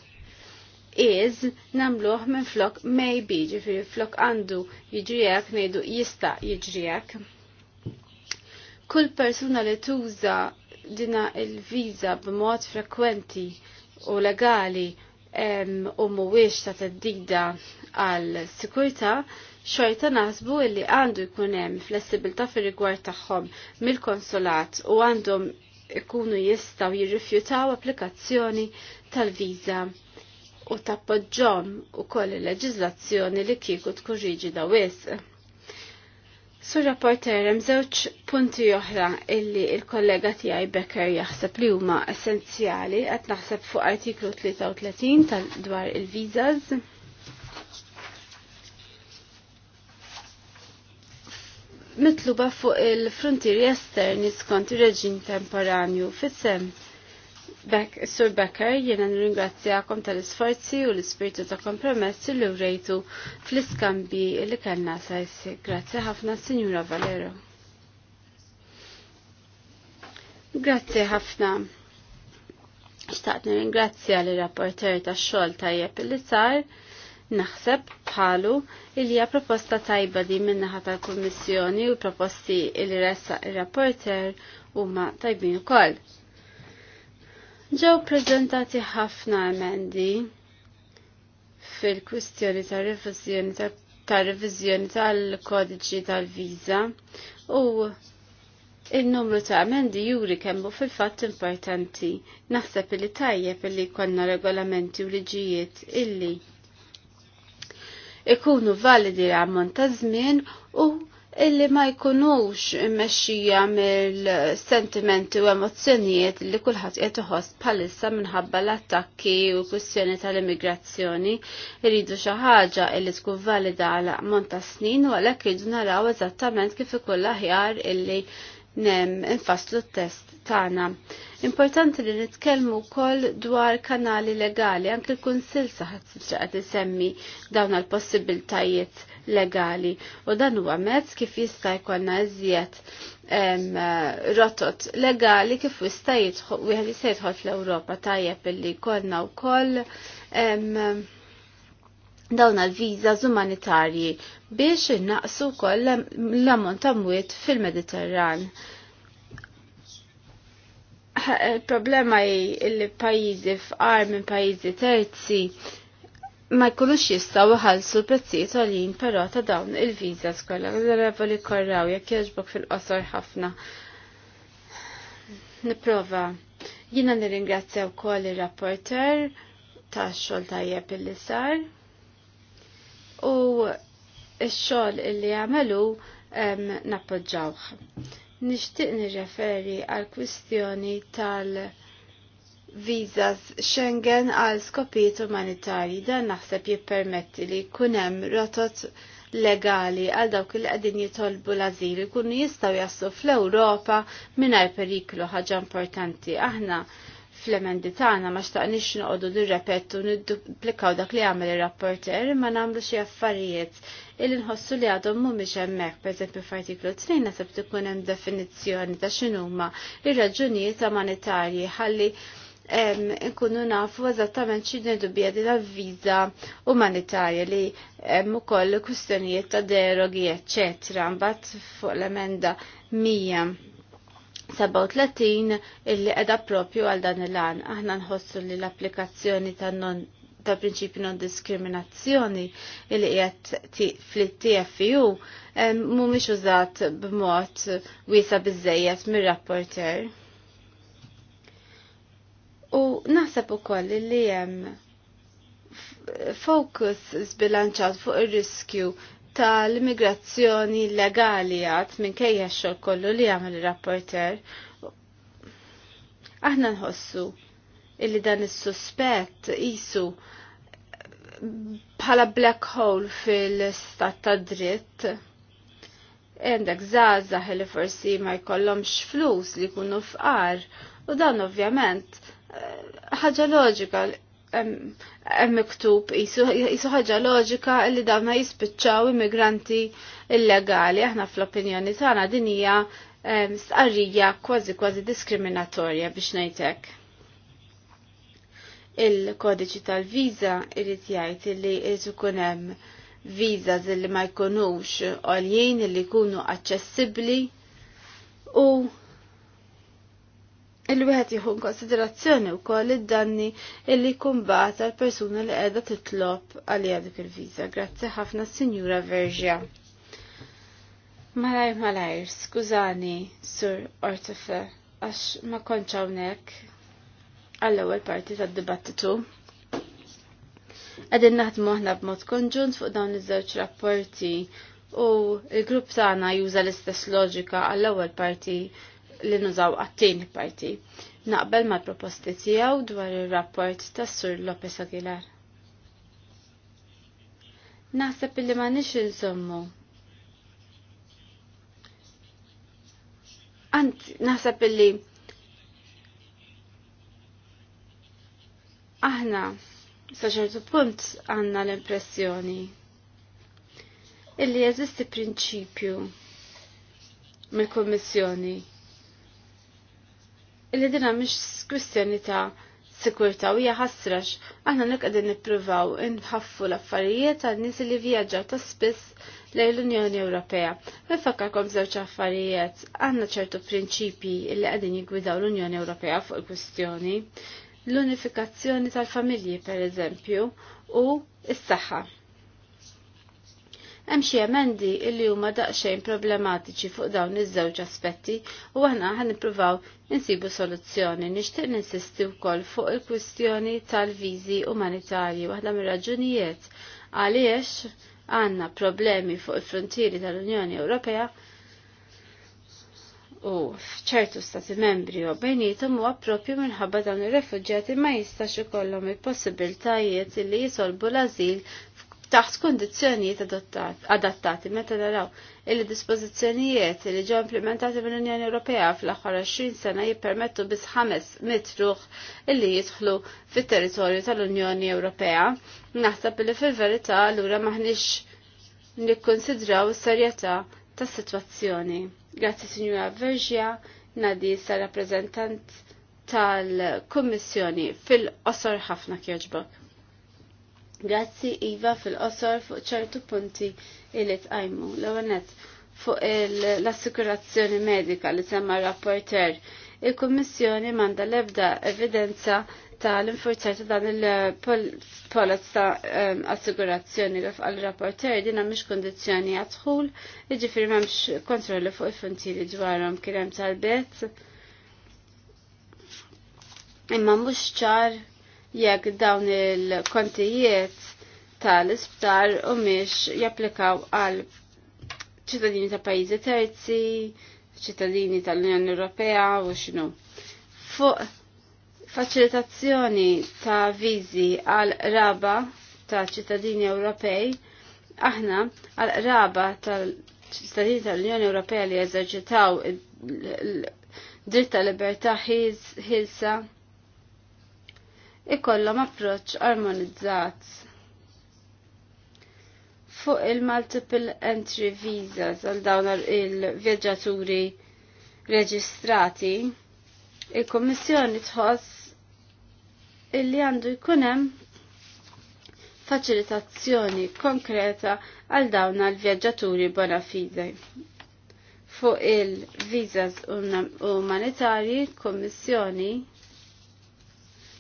is namluħ minn flok maybe, ġifiri flok għandu jiġrijak nejdu jista jiġrijak. Kull persuna li tuża dina il-viza b'mod frekwenti u legali u mhuwiex ta' t-dida għal sikurta, xorta naħsbu li għandu jkun hemm flessibilità fir-rigward tagħhom mill-konsulat u għandhom ikunu jistaw jirrifjutaw applikazzjoni tal-viza u tappoġġom u koll il-leġizlazzjoni li kieku tkun riġida wisq. Sur rapporter, hemm żewġ punti oħra illi il-kollega tiegħi Becker jaħseb li huma essenzjali qed naħseb fuq artiklu 33 tal dwar il-visas. Mitluba fuq il-frontieri esterni skont ir-reġim temporanju fis-sem Bek, Sur Becker, jiena nirringrazzjakom tal-isforzi u l-ispirtu ta' kompromess li rejtu fl-iskambi li kellna sajs. Grazzi ħafna, Sinjura Valero. Grazzi ħafna. Xtaqt nirringrazzja li rapporter ta' xogħol tajjeb li sar naħseb bħalu il hija proposta tajba di minnaħa tal-Kummissjoni u proposti il resa il-rapporter huma tajbin ukoll. Ġew prezentati ħafna emendi fil-kwistjoni ta' revizjoni ta', revizjoni tal-kodiċi tal-viża u il-numru ta' emendi juri kemmu fil-fatt importanti. Naħseb li tajjeb li konna regolamenti u liġijiet illi ikunu validi l-ammont ta' żmien u illi ma jkunux immexxija mill-sentimenti u emozzjonijiet li kulħadd qed palissa bħalissa minħabba l-attakki u kwistjoni tal-immigrazzjoni iridu xi ħaġa li tkun valida għal monta ta' snin u għalhekk iridu naraw eżattament kif ikoll aħjar illi nem infaslu t-test tagħna. Importanti li nitkellmu wkoll dwar kanali legali, anke l-Kunsill saħat qed semmi dawn l possibiltajiet legali u dan huwa mezz kif jista' jkollna iżjed rotot legali kif jista' jidħol wieħed jista' jidħol fl-Ewropa tajjeb illi jkollna wkoll dawna l viza umanitarji biex innaqsu koll l-ammont ta' mwiet fil-Mediterran. Il-problema eh, li pajjiżi f'qar minn pajjiżi terzi ma jkunux jistaw ħalsu l-prezzijiet għalin però ta' dawn il-viza skola li korraw jekk jaġbok fil-qosor ħafna. Niprofa. Jina nirringrazzja wkoll ir-rapporter ta' xogħol tajjeb illi sar u x-xogħol illi għamelu nappoġġawh. Nixtieq nirreferi għal kwistjoni tal- vizas Schengen għal skopijiet umanitarji dan naħseb jippermetti li kunem rotot legali għal dawk il qegħdin jitolbu l-azil ikunu jistgħu jaslu fl-Ewropa mingħajr periklu ħaġa importanti aħna fl-emendi tagħna ma xtaqniex noqogħdu nirrepettu nidduplikaw dak li għamel ir-rapporter imma nagħmlu xi affarijiet illi nħossu li għadhom mhumiex hemmhekk pereżempju f'artiklu 2 naħseb tkun hemm definizzjoni ta' x'inhuma ir-raġunijiet umanitarji ħalli nkunu nafu eżattament x'inhi dubja din viża umanitarja li hemm ukoll kwistjonijiet ta' derogi eċċetra, mbagħad fuq l-emenda 137 illi qiegħda propju għal dan il-għan. Aħna nħossu li l-applikazzjoni ta' non ta' prinċipju non diskriminazzjoni il qiegħed fl-TFU mhumiex użat b'mod wiesa biżejjed mir-rapporter. U naħseb ukoll li hemm fokus zbilanċat fuq ir-riskju tal-immigrazzjoni legali għat minn kejja xol kollu li għamil rapporter Aħna nħossu illi dan is-suspett isu bħala black hole fil-stat ta' dritt. Għandek zazah li forsi ma jkollhomx flus li jkunu fqar u dan ovvjament ħaġa loġika hemm miktub isu ħaġa loġika li dawn jispiċċaw immigranti illegali aħna fl-opinjoni tagħna din hija stqarrija kważi kważi diskriminatorja biex ngħidlek. Il-kodiċi tal-viża irid jgħid li irid ikun hemm viżas li ma jkunux għoljien li jkunu aċċessibbli u il-wieħed jieħu konsiderazzjoni wkoll id-danni illi kumbata l-persuna li qiegħda titlob għalija dik il-viża. Grazzi ħafna Sinjura Verġja. Malaj malajr, skużani, Sur Ortefe, għax ma konċ hawnhekk għall-ewwel parti tad-dibattitu. Qegħdin naħdmu aħna b'mod konġunt fuq dawn iż-żewġ rapporti u l-grupp tagħna juża l-istess loġika għall-ewwel parti li nużaw għattini parti. Naqbel ma' proposti tijaw dwar il-rapport tas Sur Lopez Aguilar. Naħseb li ma' nix nżommu. Ant, naħseb li aħna saċertu punt għanna l-impressjoni illi jeżisti prinċipju mill-Kommissjoni illi dina mhix kwistjoni ta' sikurta u hija ħasrax aħna nek qegħdin nippruvaw inħaffu l-affarijiet għan nies li vjaġġaw ta' spiss lejn l-Unjoni Ewropea. Nifakkarkom żewġ affarijiet għandna ċertu prinċipji li qegħdin jiggwidaw l-Unjoni Ewropea fuq il-kwistjoni. L-unifikazzjoni tal-familji pereżempju u s-saħħa hemm xi emendi li huma daqsxejn problematiċi fuq dawn iż-żewġ aspetti u aħna ħan nippruvaw insibu soluzzjoni. Nixtieq ninsisti wkoll fuq il-kwistjoni tal-viżi umanitarji waħda mir-raġunijiet għaliex għandna problemi fuq il-frontieri tal-Unjoni Ewropea u fċertu stati membri u bejnietum u proprju minħabba dawn ir-refuġjati ma jistax ikollhom il-possibiltajiet li jisolbu l-azil taħt kondizzjonijiet adattati meta naraw il dispożizzjonijiet li ġew implementati mill-Unjoni Ewropea fl-aħħar 20 sena jippermettu biss ħames mitruħ illi jidħlu fit-territorju tal-Unjoni Ewropea. Naħseb li fil-verità allura maħniex nikkonsidraw is-serjetà tas-sitwazzjoni. Grazzi Sinjura Verġja, nadi sa rappreżentant tal-Kummissjoni fil-qosor ħafna kieġbok. Grazzi Iva fil-qosor fuq ċertu punti il tqajmu l-għonet fuq l-assikurazzjoni medika li semma rapporter. Il-Kommissjoni manda lebda evidenza ta' l-infurzar ta' dan il polat ta' ehm, assigurazzjoni li għal rapporter dina mish kondizjoni għadħul, firma jiġifieri memx kontrolli fuq il funti li dwarom kirem tal-bet. Imma mux ċar jekk dawn il-kontijiet tal-isptar u miex japplikaw għal ċittadini ta' pajizi terzi, ċittadini tal-Unjoni Ewropea u xinu. Fuq faċilitazzjoni ta' viżi għal raba ta' ċittadini Ewropej, aħna għal raba tal-ċittadini tal-Unjoni Ewropea li jeżerċitaw id-dritt tal-libertà ħilsa ikollhom approċċ armonizzat fuq il-multiple entry visas għal dawn il-vjaġġaturi reġistrati, il-Kommissjoni tħoss illi għandu jkun hemm faċilitazzjoni konkreta għal dawn għal-vjaġġaturi bona fide. Fuq il-vizas um- umanitarji, il-Kommissjoni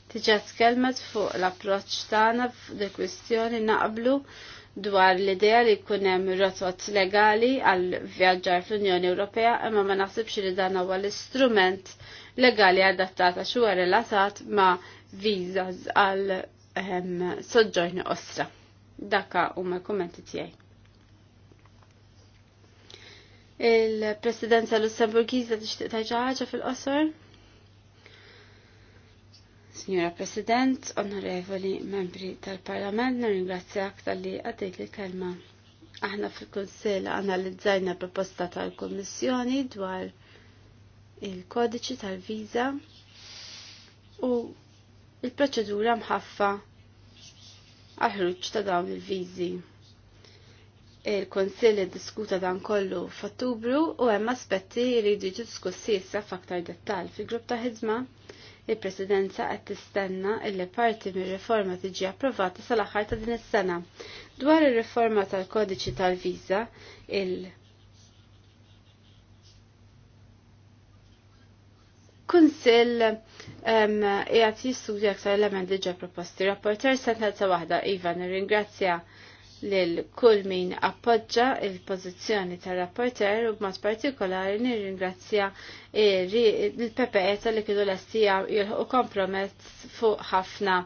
Tiġa tkellmet fuq l-approċ tagħna f'dik kwistjoni naqblu dwar l-idea li jkun hemm rotot legali għal vjaġġar fl-Unjoni Ewropea imma ma naħsibx li dan huwa l-istrument legali għax huwa relatat ma visas għal ehm, soġġorni osra. Dakka huma l-kummenti tiegħi. Il-Presidenza Lussemburgiża tixtieq tajġa ħaġa fil-qosor? Signora President, onorevoli membri tal-Parlament, ringrazzjak tal-li għaddejt il-kelma. Aħna fil-Kunsil analizzajna proposta tal-Kommissjoni dwar il-kodiċi tal-viza u il-proċedura mħaffa għal-ħruġ ta' dawn il-viżi. Il-Konsilli diskuta dan kollu f'Ottubru u hemm aspetti li jridu diskussi issa f'aktar dettall fil-grupp ta' ħidma Il-Presidenza qed tistenna li parti mir-riforma tiġi approvata sal-aħħar ta' din is-sena. Dwar ir-riforma tal-kodiċi tal-viża, il- Kunsil qiegħed jistudja aktar elementi ġa proposti. Rapporter sentenza waħda, Iva, nirringrazzja lil kull min appoġġa il-pożizzjoni tar-rapporter u b'mod partikolari nirringrazzja il-PPE tal-li kienu l-estija jilħu kompromess fuq ħafna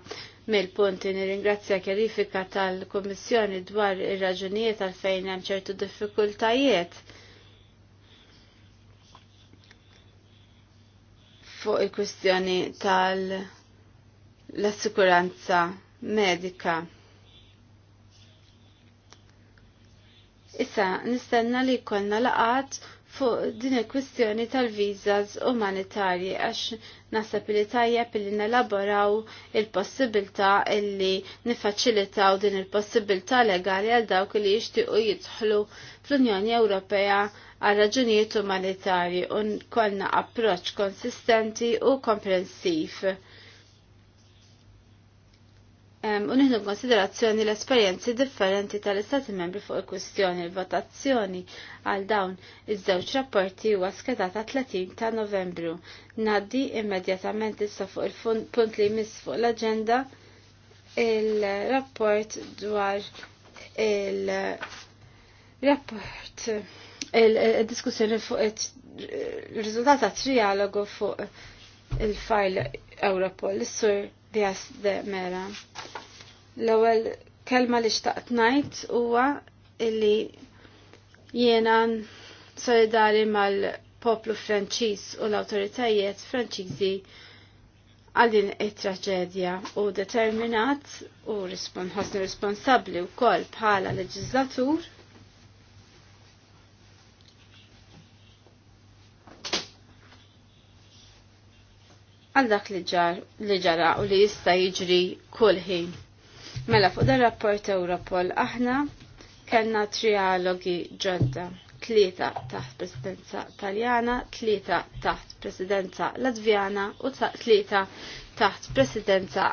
mill-punti nirringrazzja kjerifika tal-Kummissjoni dwar ir-raġunijiet għalfejn hemm ċertu diffikultajiet fuq il-kwistjoni tal-assikuranza medika. Issa nistenna li jkollna laqat fuq din il-kwistjoni tal-vizas umanitarji għax nasab li tajjeb li nelaboraw il-possibilità illi nifacilitaw din il-possibilità legali għal dawk li jixtiequ jidħlu fl-Unjoni Ewropea għal raġunijiet umanitarji u kollna approċ konsistenti u komprensiv u konsiderazzjoni l-esperjenzi differenti tal-Istati membri fuq il kustjoni il-votazzjoni għal dawn iż-żewġ rapporti huwa skedata 30 ta' Novembru. Naddi immedjatament issa fuq il-punt li jmiss fuq l-aġenda il-rapport dwar il-rapport il-diskussjoni fuq il-riżultat trialogu fuq il-file Europol. Is-sur Dias de Mera. L-ewwel kelma li xtaqt ngħid huwa illi jiena solidari mal-poplu Franċiż u l-awtoritajiet Franċiżi għal din it-traġedja u determinat u ħosni responsabbli wkoll bħala leġislatur għal dak li ġar li ġara u li jista' jiġri kulħin. Mela fuq dar rapport Europol aħna kellna trialogi ġodda, tlieta taħt presidenza Taljana, tlieta taħt presidenza Latvjana u tlieta taħt presidenza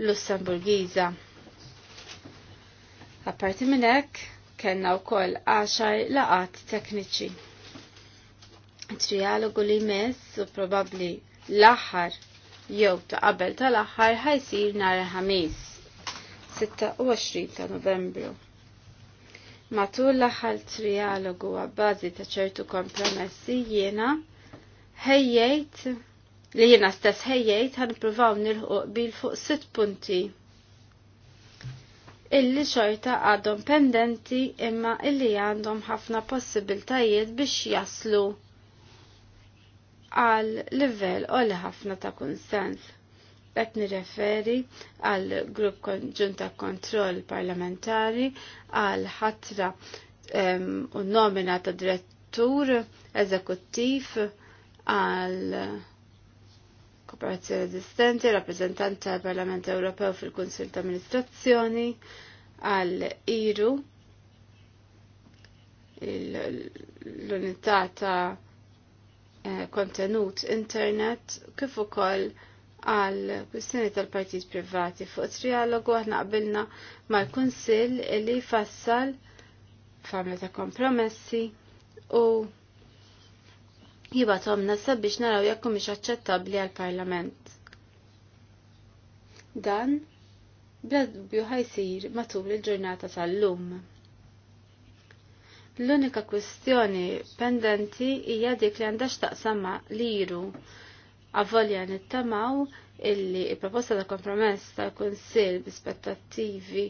Lussemburgiża. Apparti minn hekk kellna wkoll 10 laqat tekniċi. Trialogu li mess u probabbli l-aħħar jew ta' qabel tal-aħħar ħajsir nara ħamis 26 ta' Novembru. Matul l-aħħar trialogu għabbażi ta' ċertu kompromessi jiena ħejjejt li jiena stess ħejjejt ħanipruvaw nilħuq bil fuq sitt punti illi xorta għadhom pendenti imma illi għandhom ħafna possibiltajiet biex jaslu għal livell li ħafna ta' konsens. Qed nireferi għal grupp ġunta kontroll parlamentari għal ħatra u nomina ta' direttur eżekuttiv għal kooperazzjoni esistenti, rappresentant tal-Parlament Ewropew fil-Kunsil ta' Amministrazzjoni, għal IRU, l-unità ta' Eh, kontenut internet kif ukoll għal kwistjoni tal-partit privati fuq trialogu aħna qabilna mal-Kunsill li fassal famla ta' kompromessi u jibatom nasab biex naraw jekk mhix aċċettabbli għall-Parlament. Dan bla dubju ħajsir matul il-ġurnata tal-lum. L-unika kwestjoni pendenti hija dik li għandax taqsam ma' liru. Avolja nittamaw illi il-proposta ta' kompromess ta' kunsil b'ispettattivi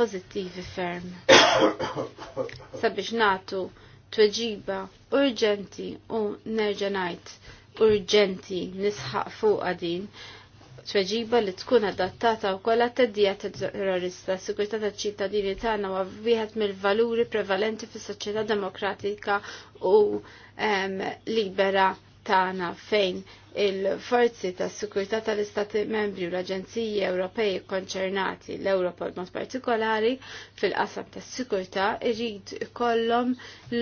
pozittivi ferm. *coughs* Sabiex natu tweġiba urġenti u nerġa' ngħid urġenti nisħaq fuq din tweġiba li tkun adattata u kolla teddija terrorista. Sigurtà t ċittadini tagħna huwa wieħed mill-valuri prevalenti fis-soċjetà demokratika u libera tagħna fejn il-forzi ta' sikurtà tal-Istati membri u l-Aġenziji Ewropej konċernati l-Europol mod partikolari fil-qasam ta' sikurta irrid ikollhom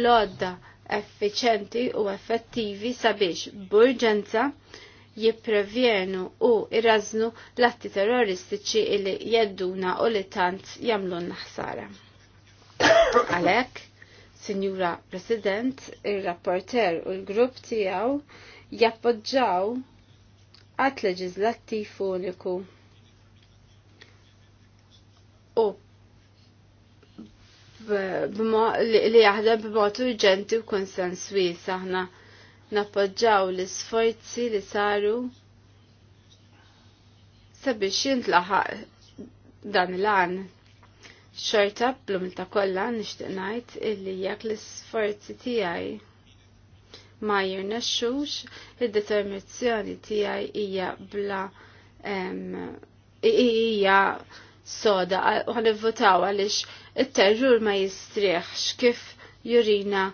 lodda effiċenti u effettivi sabiex b'urġenza jipprevjenu u irraznu l-atti terroristiċi illi jedduna u li tant jamlu ħsara. Għalek, Sinjura President, il-rapporter u l-grupp tijaw jappoġġaw għat leġizlattif uniku u li jaħdem b'mod urġenti u konsens wies aħna nappoġġaw l-isforzi li saru sabiex jintlaħaq dan l-għan. Xorta blum ta' kollha nixtieq ngħid illi jekk l-isforzi tiegħi ma jirnexxux, id-determinazzjoni tiegħi hija bla hija soda u ħanivvutaw għaliex it-terrur ma jistrieħx kif jurina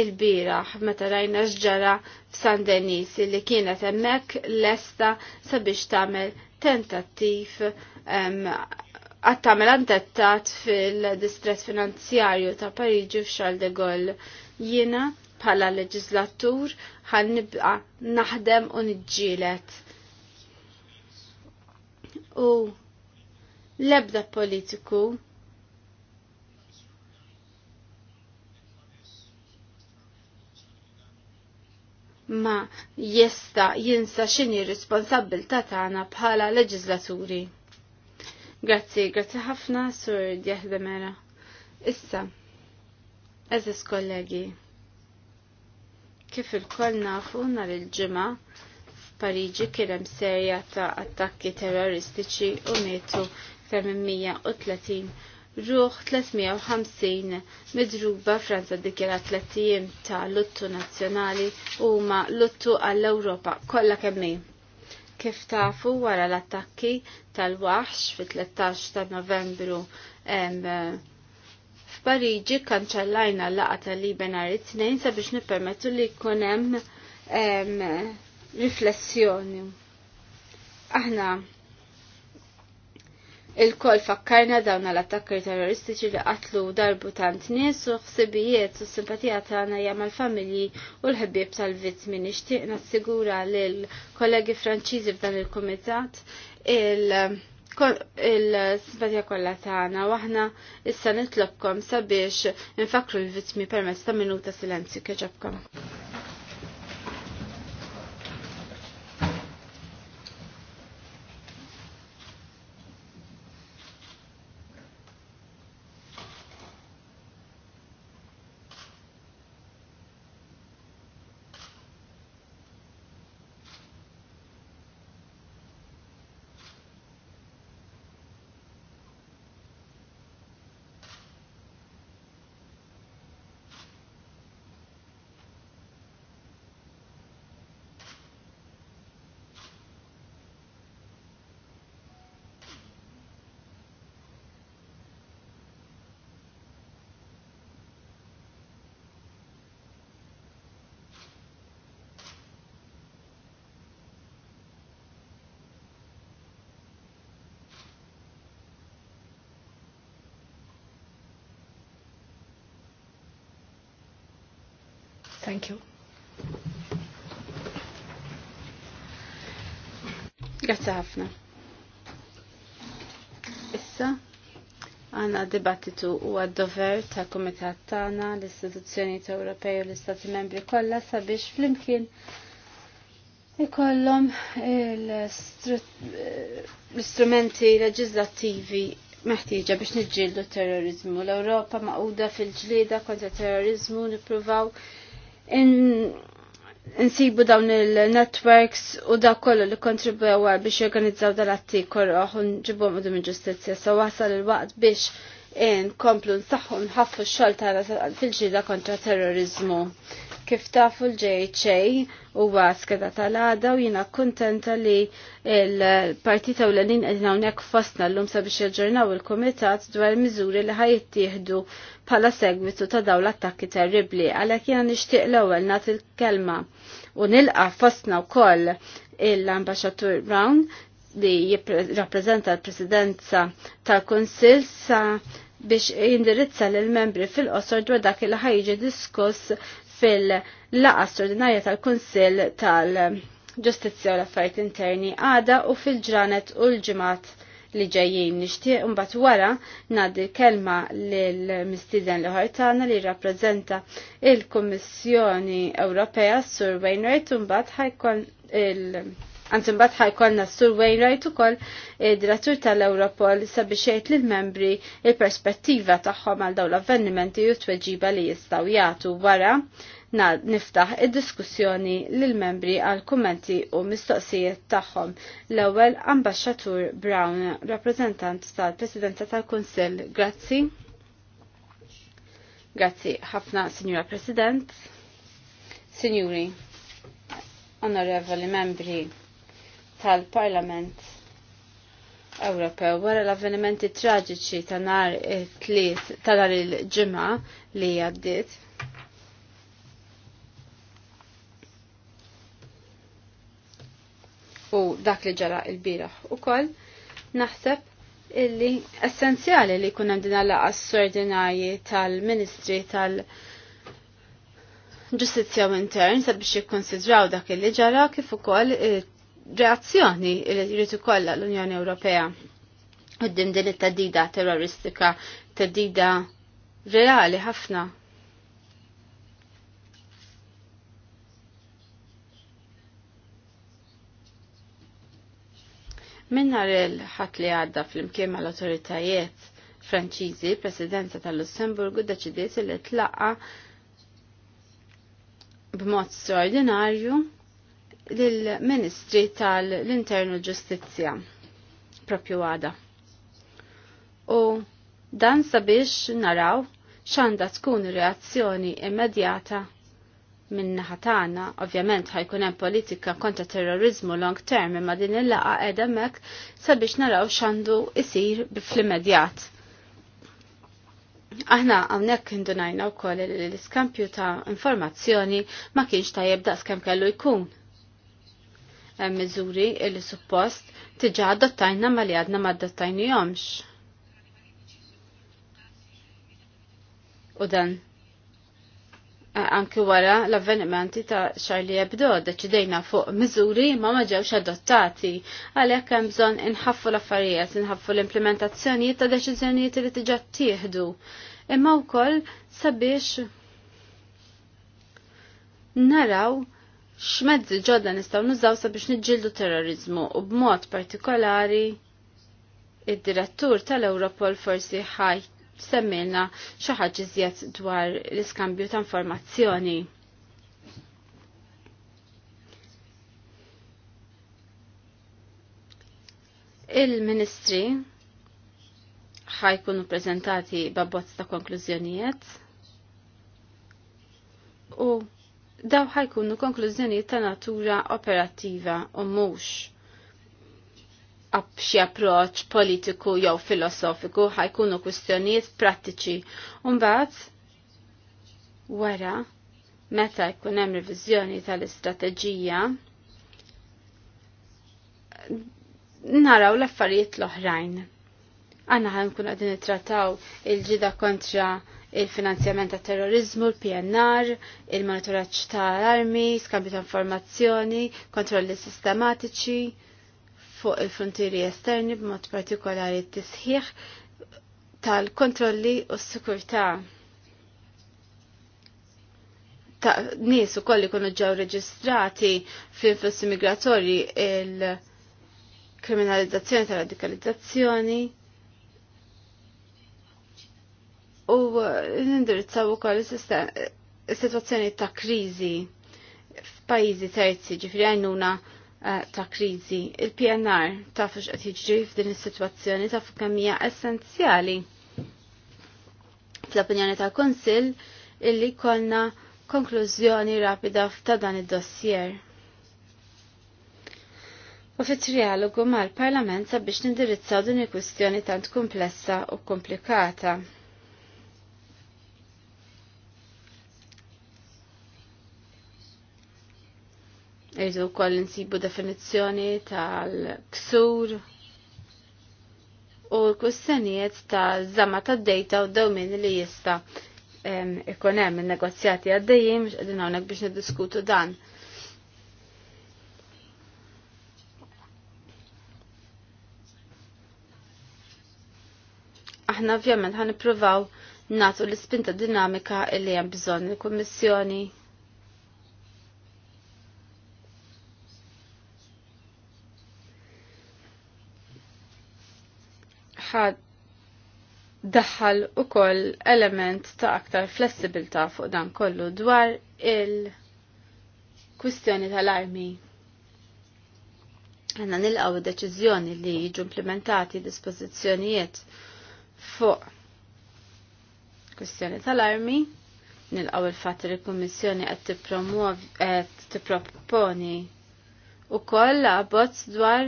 il-biraħ meta rajna xġara f'San Denis li kienet hemmhekk lesta sabiex tagħmel tentattiv għad tagħmel antettat fil-distret finanzjarju ta' Pariġi f'Charles de Gaulle. Jiena bħala leġislatur ħan nibqa naħdem u niġġielet. U l-ebda politiku ma jesta jinsa xini responsabilta tagħna bħala leġislaturi. Grazzi, grazzi ħafna sur Dieħdemera. Issa, eżis kollegi, kif il-koll nafu nar il-ġimgħa f'Pariġi kien hemm serja ta' attakki terroristiċi u mietu 830 ruħ 350 midruba Franza dikjera tlettijiem ta' luttu nazzjonali huma luttu għall-Ewropa kollha kemmi. Kif tafu wara l-attakki tal-waħx fit-13 ta' Novembru f'Pariġi kanċallajna l-laqa tal-Libenar it-tnejn sabiex nippermettu li jkun hemm riflessjoni. Aħna il koll fakkarna dawna l attakker terroristiċi li qatlu darbu tant nies u ħsibijiet u simpatija tagħna hija mal-familji u l-ħbieb tal-vittmi nixtieq nassigura lil kollegi Franċiżi f'dan il-kumitat il-simpatija kollha tagħna u aħna issa nitlobkom sabiex infakru l-vittmi permezz ta' minuta silenzju keġabkom. Grazie ħafna. Issa, għanna dibattitu u għad-dover ta' komitat tagħna l istituzzjonijiet ta' Ewropej u l-Istati membri kollha sabiex flimkien ikollhom l-istrumenti leġislattivi meħtieġa biex niġġieldu terrorizmu. L-Ewropa maquda fil-ġlieda kontra terrorizmu nippruvaw nsibu dawn il-networks u da kollu li kontribuja għar biex jorganizzaw dal-atti korroħ u nġibom u dim ġustizja. So wasal il-waqt biex in komplu nsaħħu nħaffu xol tara fil-ġida kontra terrorizmu. Kif tafu l-JHA huwa skeda tal-għada u jina kontenta li l-partita u l-għalin għedin għonek fostna l-lum sabiex jaġġornaw il-komitat dwar miżuri mizuri li ħajittieħdu pala segwitu ta' dawla l-attakki terribli għalek jina nishtiq l-ewel nat il-kelma u nilqa fostna u koll l-ambasġatur Brown li jirrapprezenta l-presidenza tal-Konsil sa biex jindirizza l membri fil-qosor dwar dak il ħajġi diskuss fil-laqa straordinarja tal-Kunsill tal-Ġustizzja u l-Affarijiet Interni għada u fil-ġranet u l-ġimat li ġejjin nixtieq imbagħad wara ngħaddi kelma lil mistiden li ħartana li rappreżenta il-Kummissjoni Ewropea Sur Wainwright u mbagħad ħajkun il- Għantin bat kolna s-sur Wainwright ukoll id-direttur tal-Europol sabiex jgħid lill-membri il-perspettiva tagħhom għal dawn l-avvenimenti u t-tweġiba li jistgħu jagħtu wara niftaħ id-diskussjoni lill-membri għal kummenti u mistoqsijiet tagħhom. L-ewwel ambasġatur Brown, rappreżentant tal-Presidenza tal-Kunsill. Grazzi. Grazzi ħafna, Signora President. Signori, onorevoli membri tal-Parlament Ewropew wara l-avvenimenti traġiċi ta' nar it-tliet ta' nar il-ġimgħa li għaddiet. U dak li ġara il bieraħ ukoll naħseb illi essenzjali li hemm din laqa s-sordinarji tal-Ministri tal-Ġustizzja u Intern sabiex jikkonsidraw dak li ġara kif ukoll reazzjoni li jrid ikolla l-Unjoni Ewropea qudiem din it-tedida terroristika, tedida reali ħafna. Minna il-ħat li għadda fl-imkien mal autoritajiet Franċiżi, presidenza tal-Lussemburgu daċidiet li tlaqa b'mod straordinarju lill-Ministri tal-Internu Ġustizzja propju għada. U dan sabiex naraw xanda tkun reazzjoni immedjata minn ħatana, ovvjament ħajkun hemm politika kontra terrorizmu long term imma din il-laqa edemek sabiex naraw x'għandu isir fl-immedjat. Aħna hawnhekk indunajna wkoll li l-iskampju ta' informazzjoni ma kienx tajjeb jibda skam kellu jkun Eh, miżuri li suppost tiġa adottajna ma li għadna ma adottajni jomx. U dan eh, anki wara l-avvenimenti ta' Xarli Ebdo deċidejna fuq miżuri ma ma ġewx adottati għalhekk hemm bżonn inħaffu l-affarijiet, inħaffu l-implementazzjonijiet ta' deċiżjonijiet li tiġa tieħdu. Imma wkoll sabiex naraw x'mezzi ġodda nistgħu nużaw sabiex niġġieldu terrorizmu u b'mod partikolari id-direttur tal-Europol forsi ħaj semmilna xi ħaġa iżjed dwar l-iskambju ta' informazzjoni. Il-Ministri ħajkunu prezentati babbozz ta' konklużjonijiet u daw ħajkunu konklużjoni ta' natura operattiva u mhux xi approċ politiku jew filosofiku ħajkunu kwistjonijiet prattiċi. Mbagħad wara meta jkun hemm riviżjoni tal-istrateġija naraw l-affarijiet l-oħrajn. Għanna ħan kun għadin trattaw il-ġida kontra il-finanzjament ta' terrorizmu, l-PNR, il-monitoraċ ta' armi, skambju ta' informazzjoni, kontrolli sistematiċi fuq il-frontieri esterni b'mod partikolari t-tisħiħ tal-kontrolli u s-sikurta' ta' nisu ukoll kunu ġew reġistrati fl-influssi migratorji il-kriminalizzazzjoni ta' radikalizzazzjoni u eh, nindirizzaw ukoll is-sitwazzjoni ta' kriżi f'pajjiżi terzi ġifri għajnuna eh, ta' kriżi. Il-PNR taf x'qed jiġri f'din is-sitwazzjoni taf kemm hija essenzjali fl-opinjoni tal kunsill illi konna konklużjoni rapida ta' dan id-dossier. U fit trialogu mal-Parlament sabiex nindirizzaw din il-kwistjoni tant komplessa u komplikata. Irridu wkoll insibu definizzjoni tal-ksur u l kussenijiet ta' żamma tad-dejta u dawmin li jista' ikonem hemm il-negozjati għaddejjin biex qegħdin hawnhekk biex niddiskutu dan. Aħna ovvjament ħan nippruvaw nagħtu l spinta dinamika li hemm bżonn il-Kummissjoni ħad daħħal u koll element ta' aktar flessibilta fuq dan kollu dwar il-kwistjoni tal-armi. Għanna nilqaw deċizjoni li jiġu implementati dispozizjonijiet fuq kwistjoni tal-armi, nilqaw il-fat li l-Kommissjoni qed tipproponi u koll abbozz dwar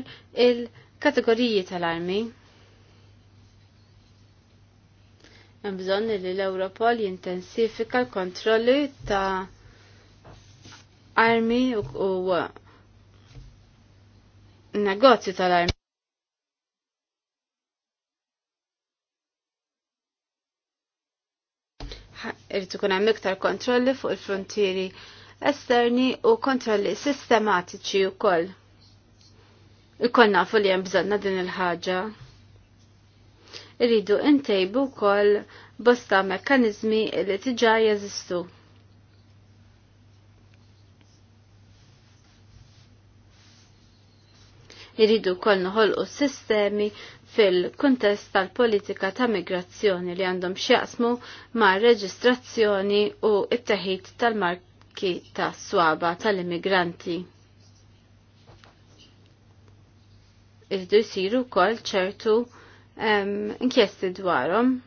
il-kategoriji tal-armi bżonn li l-Europol jintensifika l-kontrolli ta' armi u negozju tal-armi. Irritu ikun hemm iktar kontrolli fuq il-frontieri esterni u kontrolli sistematiċi wkoll. Ikoll nafu li hemm din il-ħaġa rridu ntejbu wkoll bosta mekkaniżmi li tiġà jeżistu. Irridu nħol u sistemi fil-kuntest tal-politika ta' migrazzjoni li għandhom xjaqsmu ma' reġistrazzjoni u it-teħid tal-marki ta' swaba tal-immigranti. Irridu jisiru kol ċertu inkjesti dwarhom.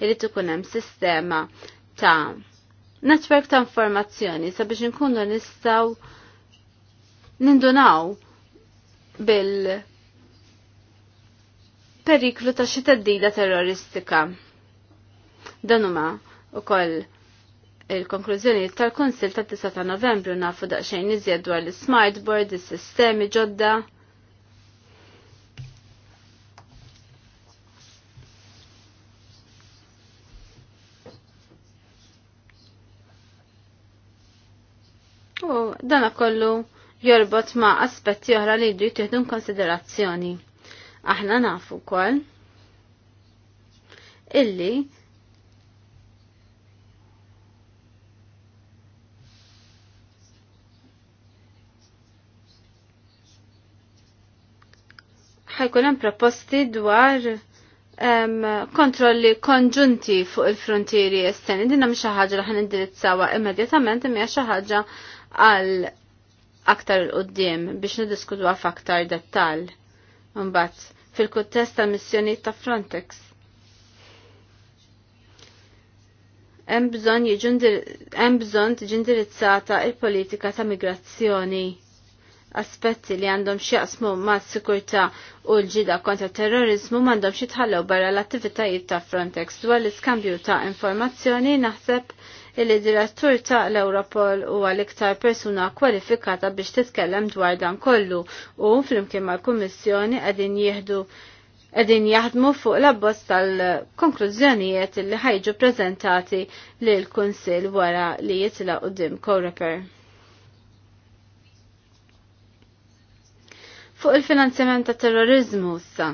Irid ikun hemm sistema ta' netwerk ta' informazzjoni sabiex inkunu nistgħu nindunaw bil periklu ta' xi terroristika. Dan huma wkoll il-konklużjoni tal-Konsil ta' 9 ta' Novembru nafu daqsxejn iżjed dwar l-smartboard, is-sistemi ġodda dan kollu jorbot ma' aspetti oħra li jdu jittieħdu konsiderazzjoni. Aħna nafu wkoll illi ħajkun hemm proposti dwar um, kontrolli konġunti fuq il-frontieri esteni Dinna mhix xi ħaġa li ħan indirizzawha immedjatament imma xi ħaġa għal aktar l-qoddim biex nidiskutu għaf aktar dettal. Mbagħad fil-kuttest ta' missjoni ta' Frontex. Hemm bżonn ġindirizzata tiġi indirizzata il-politika ta' migrazzjoni aspetti li għandhom xieqsmu ma' sikurta u l-ġida kontra terrorizmu m'għandhom xitħallew barra l-attivitajiet ta' Frontex dwar l-iskambju ta' informazzjoni naħseb illi direttur ta' l-Europol u għal-iktar persuna kwalifikata biex titkellem dwar dan kollu u flimkien mal-Kummissjoni għedin jieħdu għedin jaħdmu fuq l-abbozz tal-konklużjonijiet li ħajġu prezentati li l-Kunsil wara li jitla dim Koreper. Fuq il-finanzjament ta' terrorizmu sa'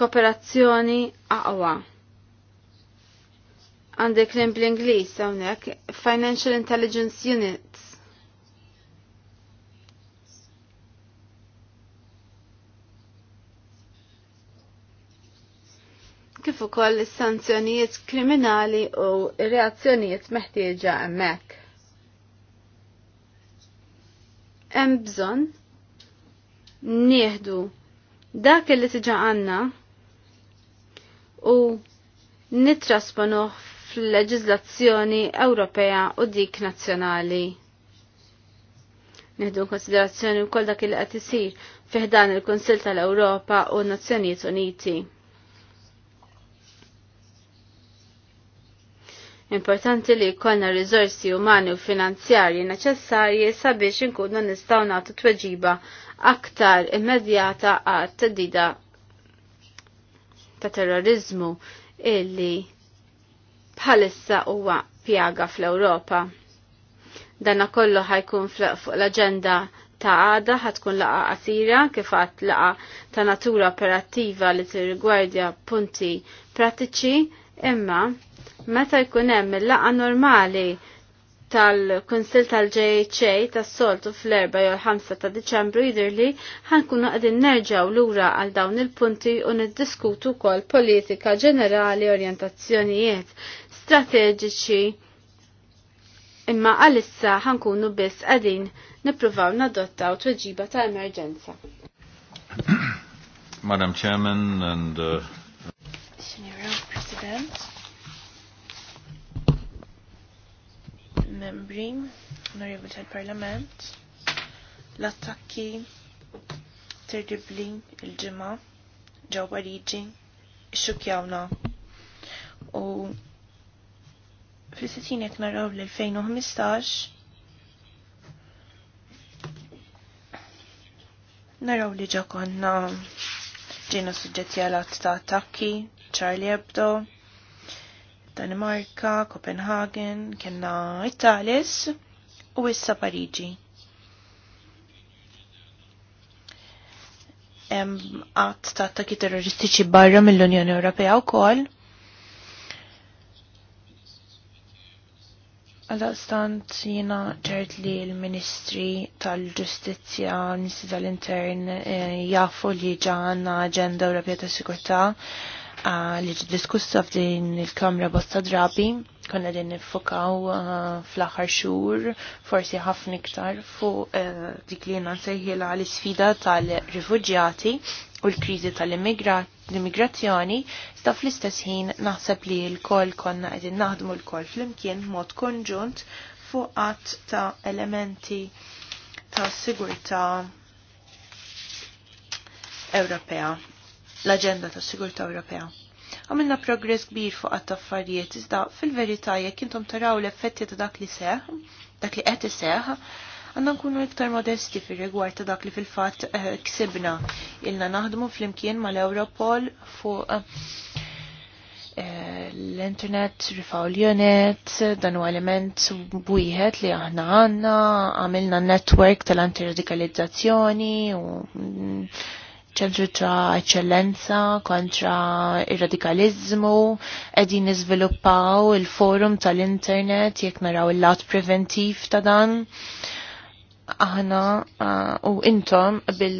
kooperazzjoni aqwa Għandek l bl-Inglis hawnhekk, Financial Intelligence Units. Kif ukoll is-sanzjonijiet kriminali u reazzjonijiet meħtieġa hemmhekk. Hemm bżonn nieħdu dak li tiġa għandna u nitrasponuh fil-leġizlazzjoni Ewropea u dik nazzjonali. Nieħdu konsiderazzjoni wkoll dak il qed isir fiħdan il konsil tal-Ewropa u n-Nazzjonijiet Uniti. Importanti li jkollna rizorsi umani u finanzjarji neċessarji sabiex inkunu nistgħu nagħtu tweġiba aktar immedjata għat tedida ta' terrorizmu illi bħalissa huwa pjaga fl-Ewropa. Danna kollu ħajkun fuq l-agenda ta' għada ħatkun laqa għasira kif għat laqa ta' natura operattiva li tirrigwardja punti pratiċi imma meta jkun hemm il-laqa normali tal-Kunsil tal-JHA tas-soltu fl-4 jew l-5 ta' Diċembru jidirli ħankunu qegħdin nerġgħu lura għal dawn il-punti u niddiskutu wkoll politika ġenerali orjentazzjonijiet strateġiċi imma għalissa ħankunu biss għadin nipruvaw nadottaw tweġiba ta' emerġenza. *clears throat* Madam Chairman and uh... President, membri, Honorable tal-Parlament, l-attakki terribli il-ġimgħa ġewwa Pariġi xukjawna u fl-sittin jek naraw l-2015 naraw li ġa konna ġina suġġetti għalat ta' attakki, Charlie Hebdo, Danimarka, Copenhagen, kena Italis u issa Pariġi. Hemm qatt ta' attakki terroristiċi barra mill-Unjoni Ewropea wkoll Għal-stant jina ċert li l-Ministri tal-Ġustizja, Ministri tal-Intern eh, jafu li ġanna ġenda Ewropja ta' Sikurta eh, li diskussa f'din il-Kamra bosta drabi, konna din nifukaw eh, fl-axar xur, forsi ħafna iktar fuq dik li jina nsejħila għal sfida tal-rifugġjati u l-kriżi tal-immigrazzjoni, sta fl-istess ħin naħseb li l-koll konna qegħdin naħdmu l-koll flimkien mod konġunt fuq ta' elementi ta' sigurtà Ewropea, l-Aġenda ta' Sigurtà Ewropea. Għamilna progress kbir fuq ta' affarijiet iżda fil-verità jekk intom taraw l-effetti ta' dak li seħ, dak li qed seħ, Għanna nkunu iktar modesti fir rigward ta' dak li fil-fatt eh, ksibna. Ilna naħdmu fl-imkien mal-Europol fuq eh, l-internet, rifaw unit dan u element bujħet li aħna għanna, għamilna network tal-antiradikalizzazzjoni u mm, ċentru ta' eccellenza kontra ir-radikalizmu, edin niżviluppaw il-forum tal-internet jekk naraw il-lat preventiv ta' dan, aħna ah, u intom bil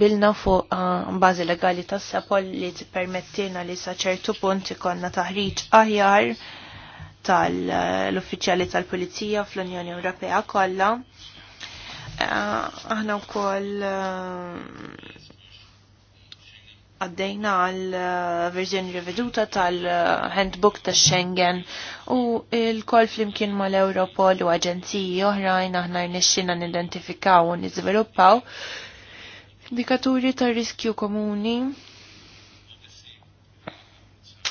bilna fuq ah, bażi legali tas sepol li tippermettilna li sa ċertu punt ikonna taħriġ aħjar tal-uffiċjali tal-Pulizija fl-Unjoni Ewropea kollha. Ah, aħna wkoll għaddejna għal eh, verżjoni riveduta tal-handbook ta' Schengen u il-kol flimkien mal europol u aġenziji oħrajn aħna rnexxina nidentifikaw u niżviluppaw indikaturi ta' riskju komuni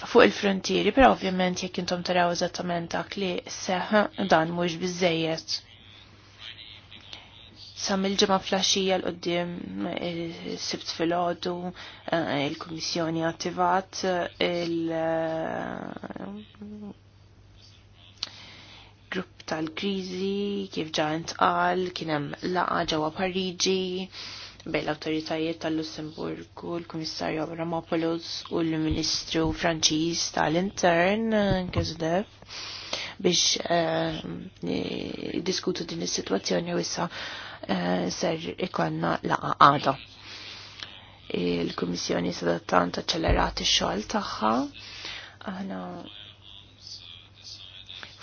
fuq il-frontieri, però ovvjament jekk intom taraw eżattament dak li seħ dan mhux biżejjed sam il-ġemma flasġija l-qoddim eh, sibt fil-ħodu eh, il-Komissjoni attivat il- eh, grupp tal-krizi, kif ġant qal, kienem laqa ġewwa Parigi bej l-autoritajiet tal-Lussemburgu, l-Kummissarju Abramopoulos u l-Ministru Franċiż tal-Intern, Kesdev, biex diskutu din is-sitwazzjoni u issa Eh, ser ikonna laqa għada. Il-Kummissjoni tant aċċelerat ix-xogħol tagħha. Aħna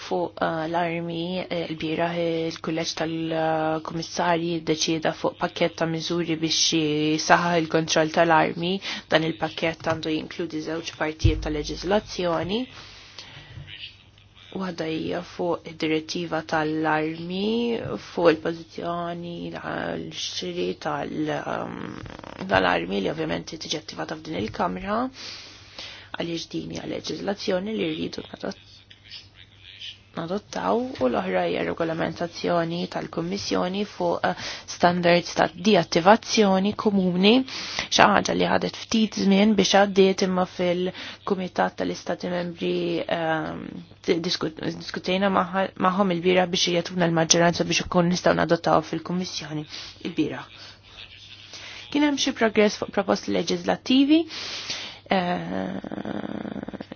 fuq eh, l-armi eh, l-bira il-kulleġ tal-komissarji deċida fuq pakket ta' miżuri biex saħħa il-kontroll tal-armi dan il-pakket għandu jinkludi żewġ partijiet tal leġizlazzjoni waħda hija fuq id-direttiva tal-armi, fuq il-pożizzjoni l-xiri um, tal-armi li ovvjament tiġi attivata f'din il-Kamra għaliex din hija leġizlazzjoni li rridu nadottaw u l-oħra hija regolamentazzjoni tal-Kummissjoni fuq eh, standards ta' deattivazzjoni komuni xi ħaġa li ħadet ftit żmien biex għaddiet imma fil-Kumitat tal-Istati Membri ehm, diskutejna magħhom il-bira biex jagħtuna l-maġġoranza biex ikun nistgħu nadottaw fil-Kummissjoni il-bira. Kien hemm xi progress fuq proposti leġislattivi eh,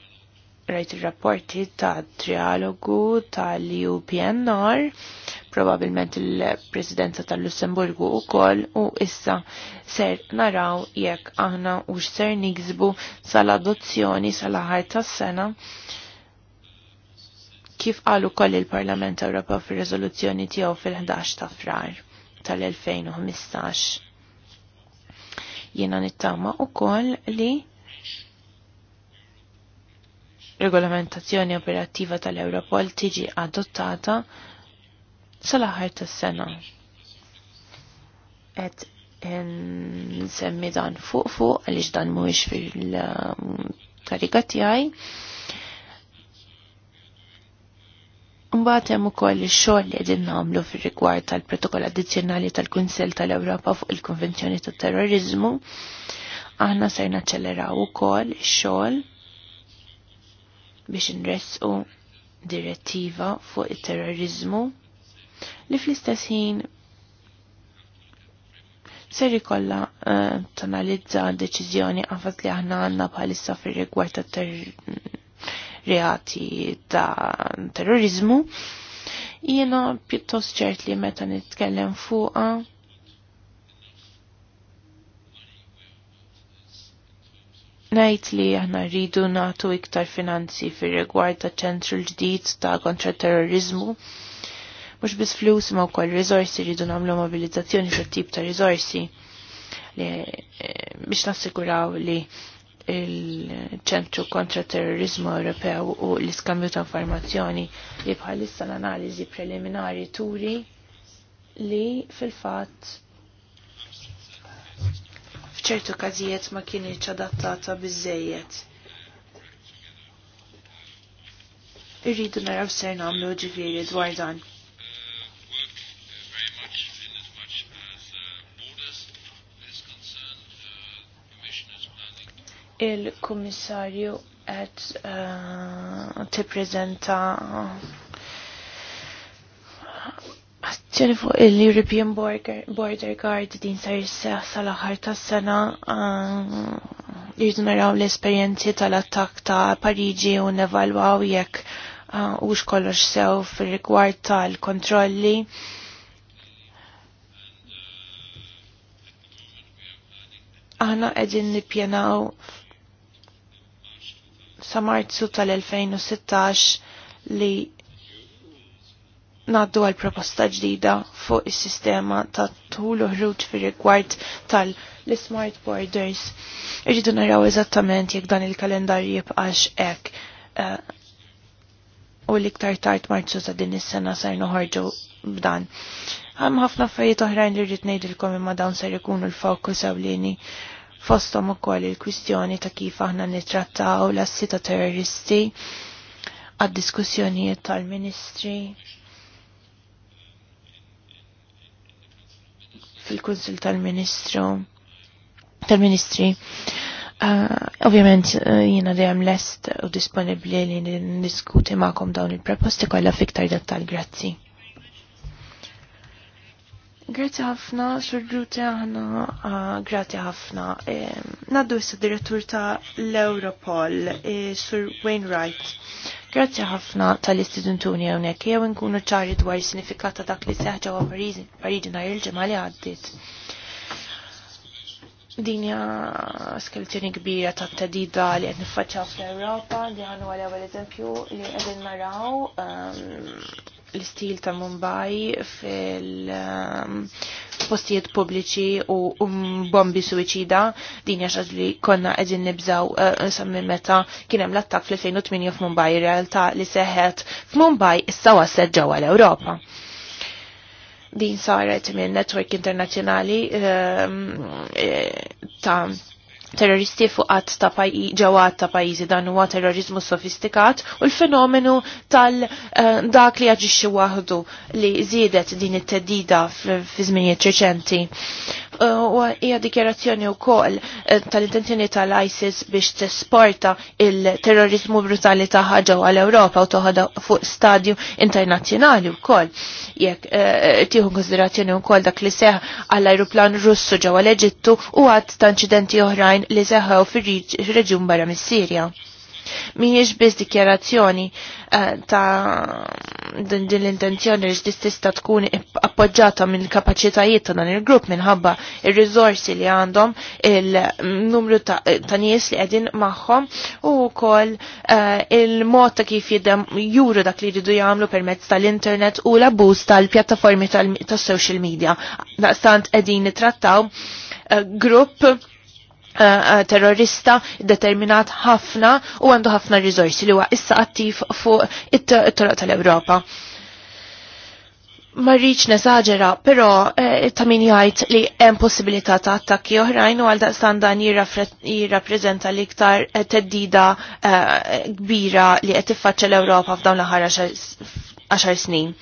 rajt il-rapporti ta' trialogu tal l-UPNR, probabilment il-presidenza tal-Lussemburgu u koll, u issa ser naraw jekk aħna u ser nigzbu sal-adozzjoni sal-ħar tas sena kif għalu koll il-Parlament Ewropa fil-rezoluzzjoni tiegħu fil-11 ta' frar tal-2015. Jiena nittama u koll li regolamentazzjoni operattiva tal-Europol tiġi adottata sal-aħħar tas-sena. Et nsemmi dan fuq fuq għaliex dan mhuwiex fil-karika tiegħi. Mbagħad hemm ukoll ix-xogħol li qegħdin nagħmlu fir-rigward tal-protokoll addizzjonali tal-Kunsell tal-Ewropa fuq il-Konvenzjoni tat-Terrorizmu. Aħna ser naċċeleraw ukoll ix-xogħol biex nresqu direttiva fuq il-terrorizmu li fl-istess ħin ser ikolla uh, eh, tonalizza deċiżjoni għafas li aħna għanna bħalissa fir rigward ta' ter reati ta' terrorizmu. Jiena pjuttost ċert li meta nitkellem fuqa Najt li aħna rridu natu iktar finanzi fir rigward ta' ċentru l-ġdid ta' kontra terrorizmu. Mux bis flus ma' u kol rizorsi rridu namlu mobilizazzjoni ta' tip ta' rizorsi eh, biex nassiguraw li il-ċentru kontra terrorizmu Ewropew u l-iskambju ta' informazzjoni li bħalissa l-analizi preliminari turi li fil-fatt fċertu kazijiet ma kienieċ adattata bizzejiet. Irridu naraw ser nagħmlu ġifieri dwar dan. il-Kummissarju qed uh, tippreżenta Azzjoni fuq il-European Border Guard din sar sal-aħħar tas-sena jirdu ah, naraw l-esperjenzi tal-attak ta' Pariġi u nevalwaw jekk ah, hux kollox sew fir-rigward tal-kontrolli. Aħna qegħdin nippjanaw sa' Marzu tal-2016 li naddu għal proposta ġdida fuq is sistema ta' tul uħruġ fir rigward tal-Smart Borders. Irridu naraw eżattament jekk dan il kalendar jibqax hekk. Eh, u l-iktar tard marzu ta' din is-sena sar noħorġu b'dan. Hemm ħafna affarijiet oħrajn li rrid ngħidilkom imma dawn ser ikunu l-fokus ewlieni fosthom ukoll il-kwistjoni ta' kif aħna nittrattaw l-assi ta' terroristi għad-diskussjonijiet tal-ministri fil-Kunsil tal-Ministru tal-Ministri. Uh, Ovvjament uh, jiena dejjem lest u disponibbli li niskuti magħkom dawn il-proposti kollha fiktar dettal grazzi. Grazzi ħafna, xurruti ħana, uh, grazzi ħafna. Naddu issa direttur ta' l-Europol, eh, Sur Wainwright. Grazzi ħafna tal istituntuni hawnhekk jew nkunu ċari dwar is sinifikata ta' dak li seħ ġewwa Pariġi il-ġimgħa li għaddiet. Dinja hija kbira ta' tadida li qed niffaċċaw fl-Ewropa, li ħanu għal ewwel eżempju li qegħdin naraw ehm, l-istil ta' Mumbai fil-postijiet pubbliċi u bombi suicida din jaxħad li konna edin nibżaw eh, sammi meta kienem l-attak fil 2008 f'Mumbai realtà li seħet f'Mumbai issa wasset ġewwa l-Ewropa. Din saret minn netwerk internazzjonali eh, eh, ta' terroristi fuq ta' ġewat ta' pajjiżi dan huwa terrorizmu sofistikat u l-fenomenu tal eh, dak li jaġixxi waħdu li żiedet din it tedida fi żminijiet reċenti u hija dikjerazzjoni wkoll eh, tal-intenzjoni tal-ISIS biex tesporta il-terrorizmu brutali tagħha ġew għall ewropa u toħodha fuq stadju internazzjonali wkoll. Jekk eh, tieħu konsiderazzjoni wkoll dak li seħ għall-ajruplan Russu ġew l-Eġittu u għad ta' inċidenti oħrajn li seħħew fir-reġjun barra mis-Sirja. Mhijiex biss dikjarazzjoni eh, ta' din l-intenzjoni li tista' tkun appoġġata minn kapaċitajiet ta' dan il-grupp minħabba il-rizorsi li għandhom il-numru ta' nies li qegħdin magħhom u kol eh, il-mod ta' kif jidem juru dak li jridu jagħmlu permezz tal-internet u l-abbuż tal-pjattaformi tas-social media. Daqstant qegħdin nittrattaw eh, grupp Eh, eh, terrorista determinat ħafna u għandu ħafna rizorsi li huwa issa attiv fuq it-toroq tal-Ewropa. Marriċ nesaġera, però tamin eh, ta' min jgħid li hemm possibilità ta' attakki oħrajn u għal daqstan dan jirrappreżenta l-iktar teddida kbira li qed tiffaċċa l-Ewropa f'dawn l-aħħar 10 snin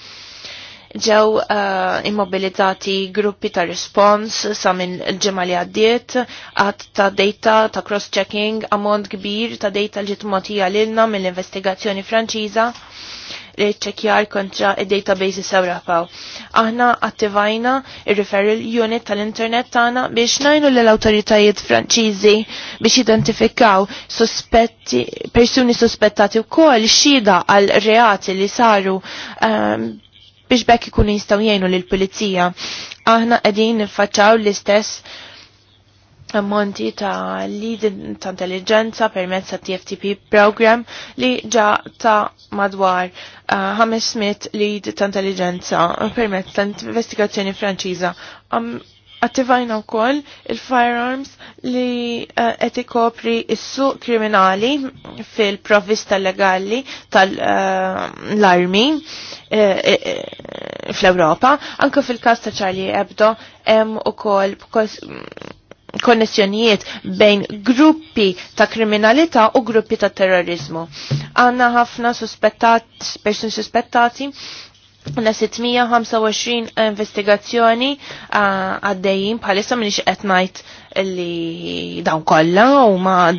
ġew uh, immobilizzati gruppi ta' respons sa' minn ġemma li għaddiet, għad ta' data ta' cross-checking, ammont kbir ta' data li l lilna mill-investigazzjoni franċiża li ċekjar kontra il-databases Ewropew. Aħna attivajna il-referral unit tal-internet tagħna biex najnu l-autoritajiet franċiżi biex identifikaw sospetti, persuni sospettati wkoll xhieda għal reati li saru um, biex bekk ikun jistgħu jgħinu lill pulizija Aħna qegħdin niffaċċaw l-istess ammonti ta' lead ta' intelligenza permezz ta' TFTP program li ġa ta' madwar uh, 500 lead ta' intelligenza permezz ta' investigazzjoni franċiża. Um, attivajna wkoll il-firearms li uh, qed uh, s-suq kriminali fil-provvista legali tal-armi. Uh, Eh, eh, fl-Ewropa, anke fil-każ ta' Charlie Hebdo hemm ukoll konnessjonijiet bejn gruppi ta' kriminalità u gruppi ta' terrorizmu. Għanna ħafna suspettat, persuni suspettati, għanna 625 investigazzjoni għaddejjin bħalissa minix etnajt li dawn kollha huma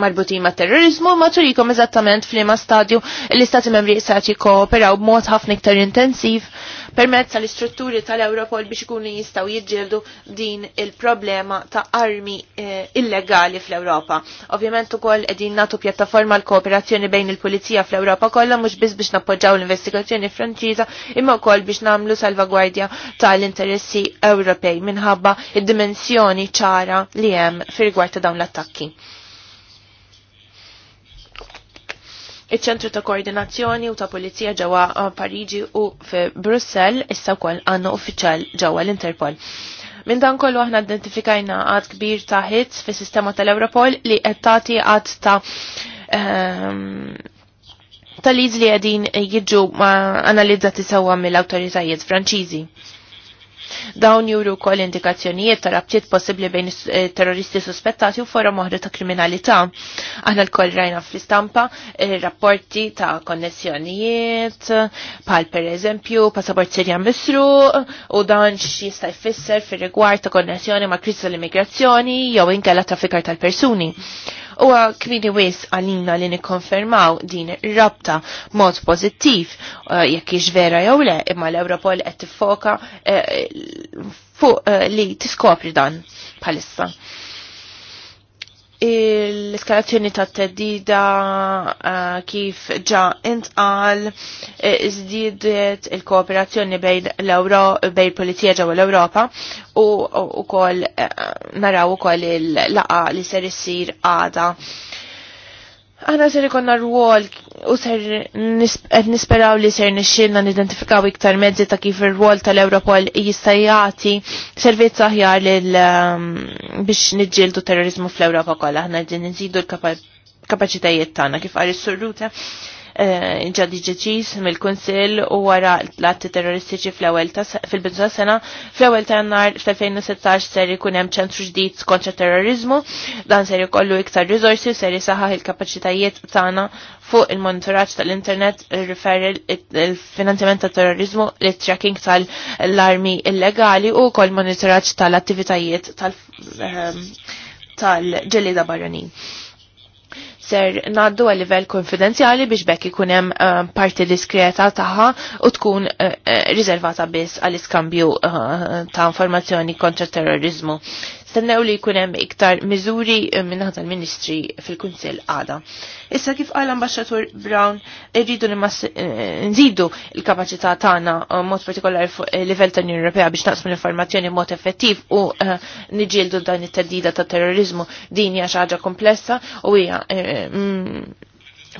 marbutin ma' terrorizmu ma' turikom eżattament f'liema stadju l-istati membri se kooperaw b'mod ħafna iktar intensiv permezz tal-istrutturi tal-Europol biex ikunu jistaw jiġġieldu din il-problema ta' armi eh, illegali fl-Europa. Ovvjament ukoll qegħdin nagħtu pjattaforma l-kooperazzjoni bejn il-Pulizija fl-Europa kollha mhux biss biex nappoġġaw l-investigazzjoni Franċiża imma wkoll biex nagħmlu salvagwardja tal-interessi Ewropej minħabba id-dimensjoni ċara li hemm fir-rigward ta' dawn l-attakki. Iċ-ċentru ta' koordinazzjoni u ta' pulizija ġewwa uh, Pariġi u fi Brussel issa wkoll għandna uffiċjal ġewwa l-Interpol. Minn dan kollu aħna identifikajna għad kbir ta' hits fi sistema tal-Europol li qed tagħti għad ta' ehm, tal-liż li għedin jidġu analizzati sewwa mill awtoritajiet franċiżi. Dawn juru kol indikazzjonijiet ta' rabtiet possibli bejn eh, terroristi suspettati u forum oħra ta' kriminalità. Aħna l-koll rajna fl-istampa eh, rapporti ta' konnessjonijiet, pal per eżempju pasaport Sirjan misru u dan x'jista' jfisser fir-rigward ta' konnessjoni ma' kriżi tal-immigrazzjoni jew inkella traffikar tal-persuni. U kmini wis għalina li nikkonfermaw din rabta mod pozittiv uh, jekk iġ vera jew le imma l-Europol qed tiffoka uh, fuq uh, li tiskopri dan bħalissa l-eskalazzjoni ta' teddida uh, kif ġa intqal eh, iżdiedet il-kooperazzjoni bejn bejn polizija ġewwa l-Ewropa u wkoll uh, eh, naraw ukoll il-laqa li ser issir għada Għana ser ikonna rwol u ser nisperaw li ser nixxilna nidentifikaw iktar mezzi ta' kif ir-rwol tal-Europol jistajati servizz aħjar lil um, biex nidġildu terrorizmu fl-Europa kolla. Aħna din nżidu l-kapaċitajiet tagħna kif qari s-surruta Eh, ġaddi ġeċis mill-Kunsill u wara l-atti terroristiċi fl-ewwel fil-bidu sena fl-ewwel ta' nar fl-2016 ser ikun hemm ċentru ġdid kontra terrorizmu dan ser ikollu iktar rizorsi ser jisaħħaħ il-kapaċitajiet tagħna fuq il-monitoraġġ tal-internet referral il-finanzjament tal terrorizmu l tracking tal-armi illegali u kol monitoraġġ tal-attivitajiet ehm, tal-ġelida barranin ser naddu għal livell konfidenzjali biex bekk ikun hemm uh, parti diskreta tagħha u tkun uh, riservata biss għall iskambju uh, ta' informazzjoni kontra terrorizmu nistennew li jkun hemm iktar miżuri eh, minnaħa tal-Ministri fil-Kunsill għada. Issa kif qal l-Ambasċatur Brown irridu eh, nżidu l-kapaċità tagħna eh, mod partikolari fuq livell tal-Unjoni Ewropea biex naqsmu l-informazzjoni mod effettiv u niġieldu dan it-teddida ta' terrorizmu din hija xi ħaġa komplessa u hija mm,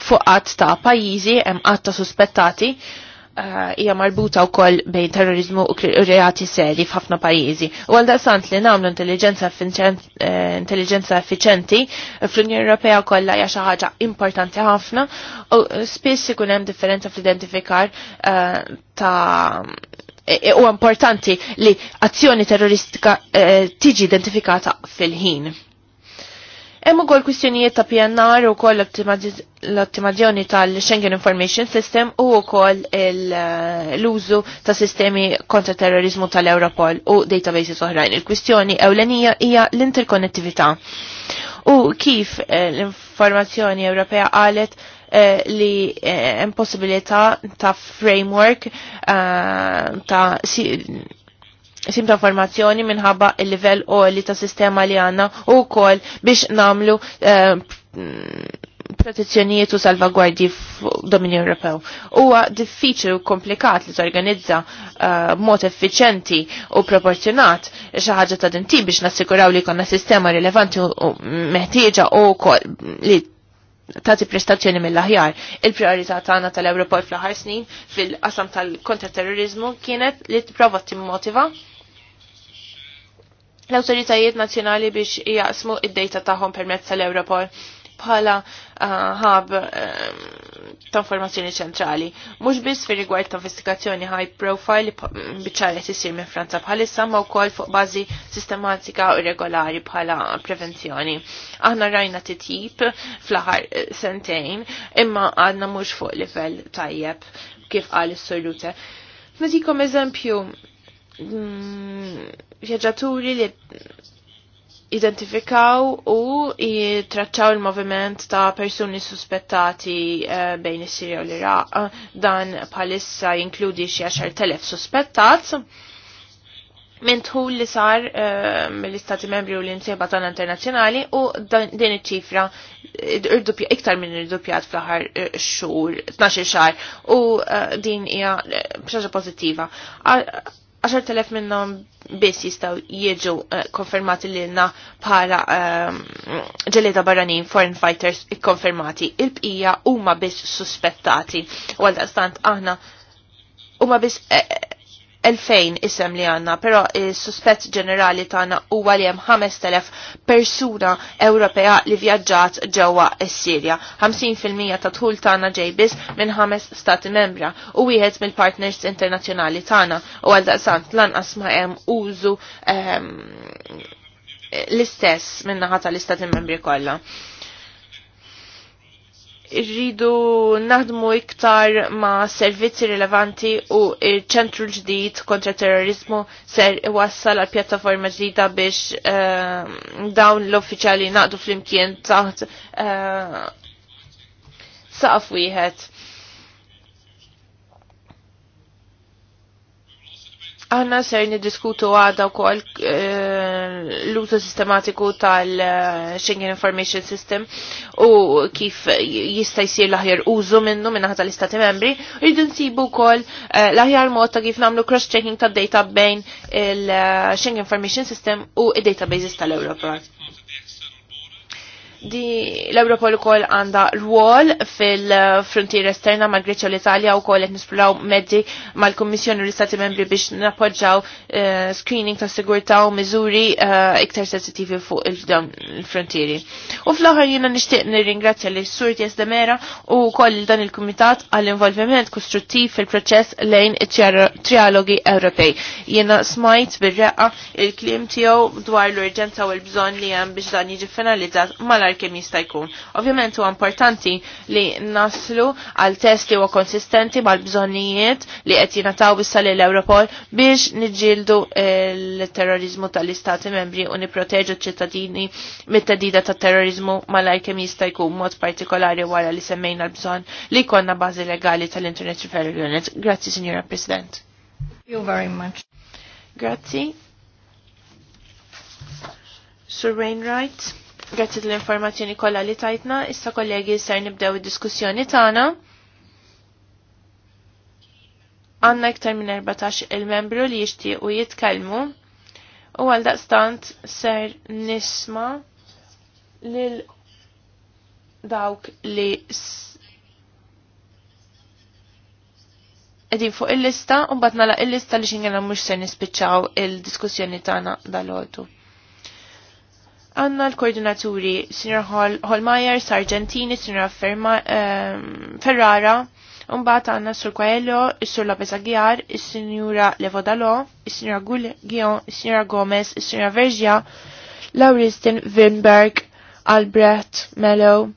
fuqat ta' pajjiżi hemm qatt ta' suspettati Eh, hija uh, marbuta wkoll bejn terrorizmu u reati seri f'ħafna pajjiżi. U għal daqsant li nagħmlu intelligenza eh, intelligenza effiċenti fl-Unjoni Ewropea kollha hija xi ħaġa importanti ħafna u spiss ikun hemm differenza fl-identifikar uh, ta' e- e- u importanti li azzjoni terroristika uh, tiġi identifikata fil-ħin. Hemm ukoll kwistjonijiet ta' PNR u koll l-ottimazzjoni tal-Schengen Information System u wkoll eh, l-użu ta' sistemi kontra terrorizmu tal-Europol u databases oħrajn. Il-kwistjoni ewlenija hija l-interkonnettività. U kif eh, l-informazzjoni Ewropea qalet eh, li hemm possibilità ta' framework ta' sim ta' formazzjoni minħabba il-livell li ta' sistema li għanna u kol biex namlu eh, protezzjonijiet u salvagwardji f'Dominju Ewropew. Huwa diffiċli u komplikat li torganizza b'mod eh, effiċenti u proporzjonat xi ħaġa ta' dinti biex nassiguraw li konna sistema rilevanti u meħtieġa u li tagħti prestazzjoni mill-aħjar. il prijorità tagħna tal-Ewropol fl-aħħar snin fil-qasam tal-kontra terrorizmu kienet li tipprova timmotiva l-autoritajiet nazjonali biex jaqsmu id-data tagħhom permezz tal-Europol bħala ħab uh, uh, ta' informazzjoni ċentrali. Mhux biss fi rigward ta' investigazzjoni high profile biċċara tisir minn Franza bħalissa ma' wkoll fuq bażi sistematika u regolari bħala prevenzjoni. Aħna rajna titjib fl-aħħar uh, sentejn imma għadna mhux fuq livell tajjeb kif qal is-solute. Natikom eżempju Mm, vjaġġaturi li identifikaw u jitraċċaw il-moviment ta' persuni suspettati eh, bejn is-Sirja u l-Iraq. Eh, dan palissa jinkludi xi għaxar telef suspettat. Minn tħul li sar eh, mill-Istati Membri u l-Insieba tan Internazzjonali u din iċ-ċifra iktar minn irdupjat fl-aħħar xhur, 12 xahar u din hija xaġa pożittiva 10.000 minnom biss jistaw jieġu eh, konfermati li na bħala ehm, Ġeleta barranin foreign fighters konfermati. Il-bqija huma biss suspettati. Għal stant aħna huma biss eh, 2000 isem li għanna, pero il-suspett ġenerali tagħna huwa li hemm 5000 persuna Ewropea li vjaġġat ġewwa s-Sirja. 50% ta' tħul tagħna ġejbis minn ħames stati membra u wieħed mill-partners internazzjonali tagħna u għal sant lanqas ma hemm użu ehm, l-istess minn naħa tal-istati membri kollha irridu naħdmu iktar ma' servizzi rilevanti u il-ċentru ġdid kontra terrorizmu ser iwassal għal pjattaforma ġdida biex uh, dawn l-uffiċjali naqdu fl-imkien taħt uh, saqaf wieħed Aħna ser niddiskutu għada u kol eh, l-użu sistematiku tal-Schengen eh, Information System u kif jista jisir laħjar użu minnu minna ħata l-istati membri. Rridu nsibu kol eh, laħjar mod ta' kif namlu cross-checking ta' data bejn il-Schengen Information System u il-databases tal europa Di l-Europol ukoll għandha rwol fil-frontier esterna mal greċja u l-Italja wkoll qed nisplaw mezzi mal-Kummissjoni u l-Istati Membri biex nappoġġaw uh, screening ta' sigurtà u miżuri uh, iktar sensitivi fuq il-frontieri. U fl-aħħar jiena nixtieq nirringrazzja li Sur Ties Demera u kol dan il-Kumitat għall-involviment kostruttiv fil-proċess lejn trialogi Ewropej. Jina smajt bil reqqa il-kliem tiegħu dwar l-urġenza u l-bżonn li hemm biex dan jiġi finalizzat malar kem kemm jista' jkun. Ovvjament huwa importanti li naslu għal test li huwa konsistenti mal-bżonnijiet li qed jingħataw issa lil Europol biex niġġieldu l-terrorizmu tal-Istati membri u nipproteġu ċ-ċittadini mit-tedida ta' terrorizmu malajr kemm jista' jkun mod partikolari wara li semmejna l-bżonn li konna bażi legali tal-Internet Referral Unit. Grazzi, Signora President. Thank you very much. Grazzi. Sir Wainwright. Grazzi tal-informazzjoni kollha li tajtna, issa kollegi ser nibdew id-diskussjoni tagħna. Għanna iktar minn 14 il-membru li jixtiequ jitkellmu u għal daqstant ser nisma lil dawk li edin fuq il-lista u batna la il-lista li xingena mux ser nispiċċaw il-diskussjoni tagħna dal-ħodu. Għanna l-koordinaturi, Sr. Holmajer, Sargentini, Sr. Ehm, Ferrara, Umbat għanna Sur Coelho, Sur Lopez Aguiar, Sinjura Levodalo, Sinjura Guillon, Sr. Gomez, Sr. Vergia, Lauristin, Wimberg, Albrecht, Mello,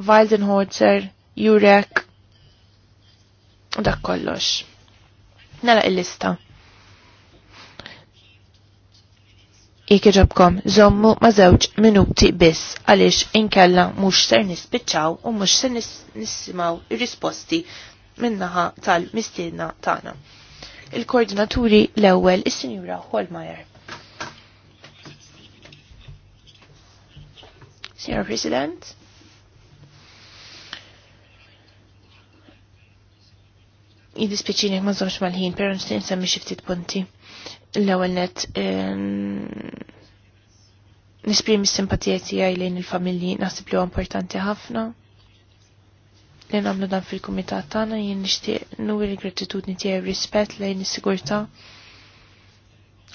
Waldenholzer, Jurek, dak kollox. Nela il-lista. ikiġobkom zommu ma żewġ minuti biss għaliex inkella mhux ser nispiċċaw u mhux ser nisimgħu ir-risposti minnaħa tal-mistiedna tagħna. Il-koordinaturi l-ewwel is-Sinjura Holmeyer. Signor President, jidispieċini ma zomx mal-ħin, pero nistin semmi xi ftit punti l-ewwel net nisprimi s-simpatija tiegħi lejn il-familji nasib li huwa importanti ħafna. Li nagħmlu dan fil-kumitat tagħna jien nixtieq nuri l-gratitudni tiegħi rispett lejn is-sigurtà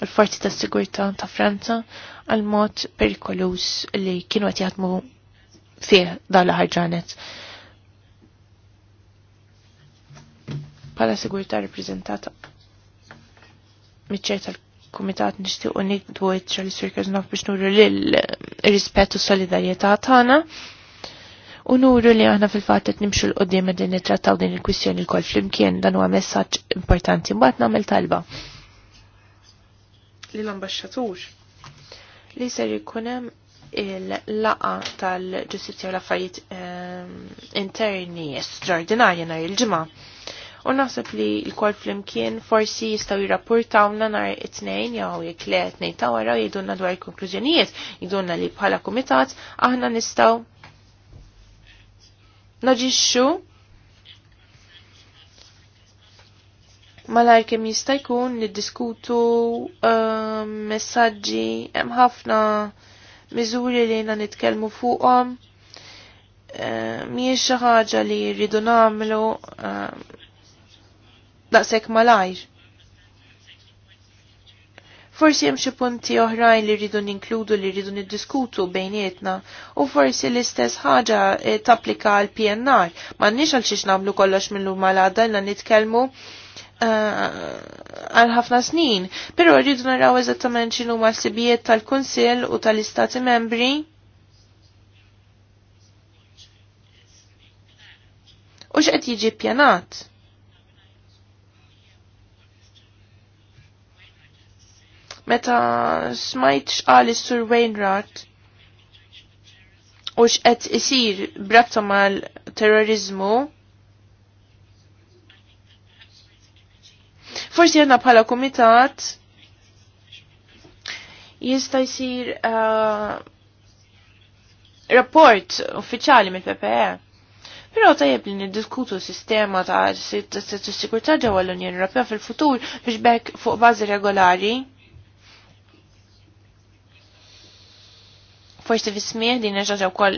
l-forzi ta' sigurtà ta' Franza għal mod perikolus li kienu qed jgħatmu fih dan l ħarġanet. Pala sigurtà rappreżentata miċċer tal-Kumitat nixtiequ nikdu ċarli Circus nof biex nuru l-rispett eh, u solidarjetà tagħna u nuru li aħna fil-fatt qed nimxu l-qudiem din nittrattaw din il-kwistjoni l-kol flimkien dan huwa messaġġ importanti mbagħad nagħmel talba lill ambaxxatur li ser ikun hemm il-laqa tal-ġustizja u l-affarijiet ehm, interni estraordinarja nhar il-ġimgħa u naħseb li l-kol flimkien forsi jistaw jirrapportawna nar it-tnejn jew jekk le tnejn wara jidunna dwar il-konklużjonijiet, jidunna li bħala kumitat aħna nistaw naġixxu malajr kem jista' jkun niddiskutu um, messaġġi hemm ħafna miżuri li jna nitkellmu fuqhom miex ehm, xi ħaġa li rridu nagħmlu ehm, daqshekk malajr. Forsi hemm xi punti oħrajn li rridu ninkludu li rridu niddiskutu bejnietna u forsi l-istess ħaġa eh, tapplika għal PNR. M'għandniex għal xiex nagħmlu kollox millu malada illa nitkellmu eh, għal ħafna snin, però rridu naraw eżattament s sibijiet tal-Kunsill u tal-Istati Membri. U x'qed jiġi ppjanat. Meta smajt xqali sur Wainwright u x'qed isir brabta mal-terrorizmu, forsi jenna bħala komitat jista jisir uh, rapport uffiċjali mill-PPE. Però tajjeb li niddiskutu sistema ta' s sikurtaġa ġewwa l-Unjoni Europea fil-futur biex bekk fuq bażi regolari forsi fismieħ din ġaġa wkoll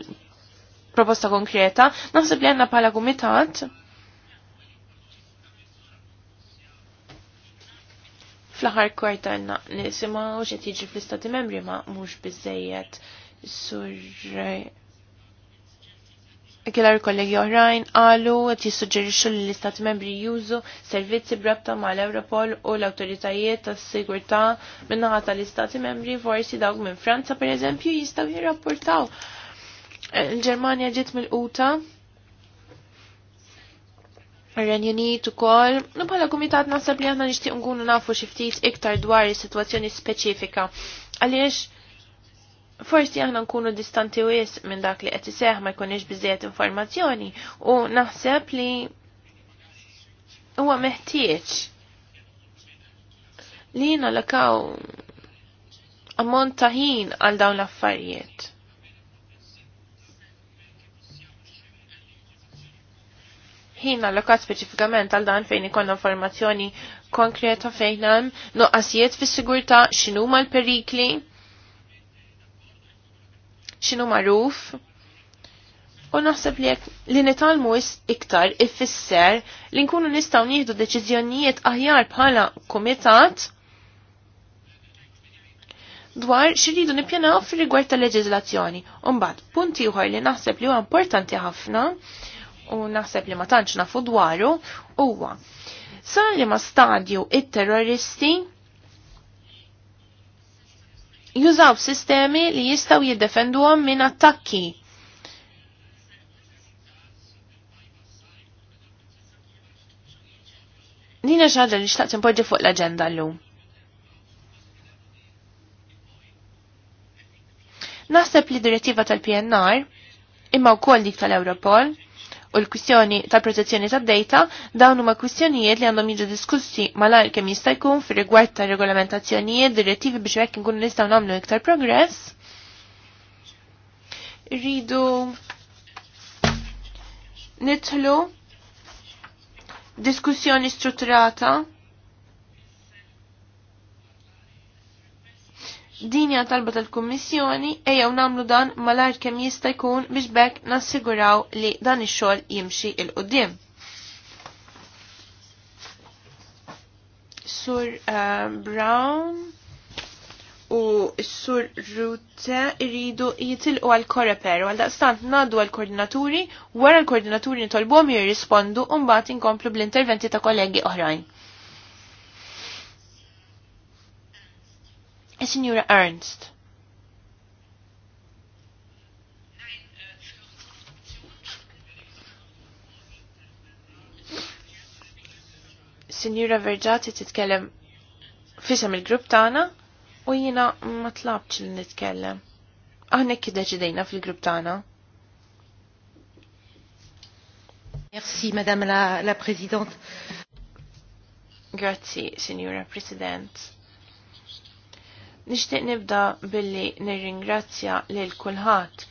proposta konkreta, naħseb li għandna bħala kumitat fl-aħħar kwarta għandna nisimgħu x'qed jiġi fl-istati membri ma mhux biżejjed sur Kielar kollegi oħrajn għalu għet jissuġġerixu li l-Istati membri jużu servizzi brabta ma l-Europol u l-autoritajiet tas sigurta minnaħat tal-Istati membri forsi dawg minn Franza per eżempju jistaw jirrapportaw. Ġermania eh, ġiet mill-Uta Renjunit u kol, u bħala komitat nasab li għanna nishtiq nkunu nafu xiftit iktar dwar is-situazzjoni speċifika. Għaliex, forsi aħna nkunu distanti wis minn dak li qed iseħħ ma jkunx biżejjed informazzjoni u naħseb li huwa meħtieġ li jina l ta' ħin għal dawn l-affarijiet. Ħin allokat speċifikament għal dan fejn ikon informazzjoni konkreta fejn hemm noqqasijiet fis-sigurtà x'inhuma l-perikli xinu maruf. U naħseb li li nitalmu iktar ifisser li nkunu nistaw nieħdu deċiżjonijiet aħjar bħala komitat dwar xirridu nippjanaw fil-rigward tal-leġizlazzjoni. Umbagħad, punti uħar li naħseb li huwa importanti ħafna u naħseb li ma tantx nafu dwaru huwa sa li ma stadju it-terroristi jużaw sistemi li jistaw jiddefenduhom minn attakki. Nina xaġa li xtaqt impoġġi fuq l-agenda l-lum. Naħseb li direttiva tal-PNR imma wkoll dik tal-Europol u l-kwistjoni tal-protezzjoni tad-data dawn huma kwistjonijiet li għandhom jiġu diskussi malajr kemm jista' jkun fir-rigward ta' regolamentazzjonijiet, direttivi biex hekk nkunu nistgħu nagħmlu iktar progress. Rridu nidħlu diskussjoni strutturata Din hija talba tal-Kummissjoni ejjew nagħmlu dan malajr kemm jista' jkun biex bekk nassiguraw li dan ix-xogħol jimxi il qudiem Sur uh, Brown u sur Rute iridu jitilqu għal koreper għal daqstant naddu għal koordinaturi wara l-koordinaturi nitolbuhom jirrispondu u mbagħad inkomplu bl-interventi ta' kollegi oħrajn. Eh, signora Ernst. Signora Verġati titkellem fisem il-grupp tagħna u jiena ma tlabx li nitkellem. Aħna kif deċidejna fil-grupp tagħna. Merci, Madame la, la Présidente. Grazie, Signora President. Nixtieq nibda billi nirringrazzja lil kulħadd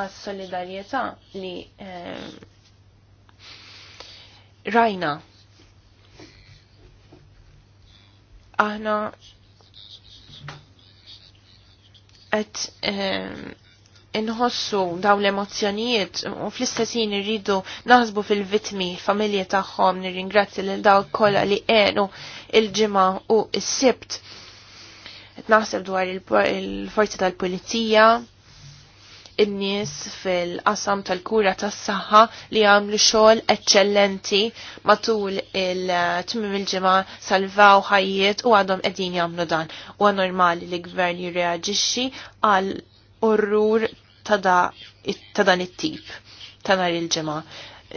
għas solidarjetà li eh, rajna. Aħna qed eh, inħossu daw l-emozjonijiet u fl-istessin irridu naħsbu fil-vitmi familji tagħhom nirringrazzja lil daw kollha li għenu il-ġimgħa u s-sibt. il ġimgħa u s sibt qed naħseb dwar il-forzi tal-pulizija, in-nies fil-qasam tal-kura tas-saħħa li għamlu xogħol eċċellenti matul il-tmim il-ġimgħa salvaw ħajjiet u għadhom qegħdin jagħmlu dan. Huwa normali li gvern jirreaġixxi għal urrur ta' dan it-tip ta' nhar il-ġimgħa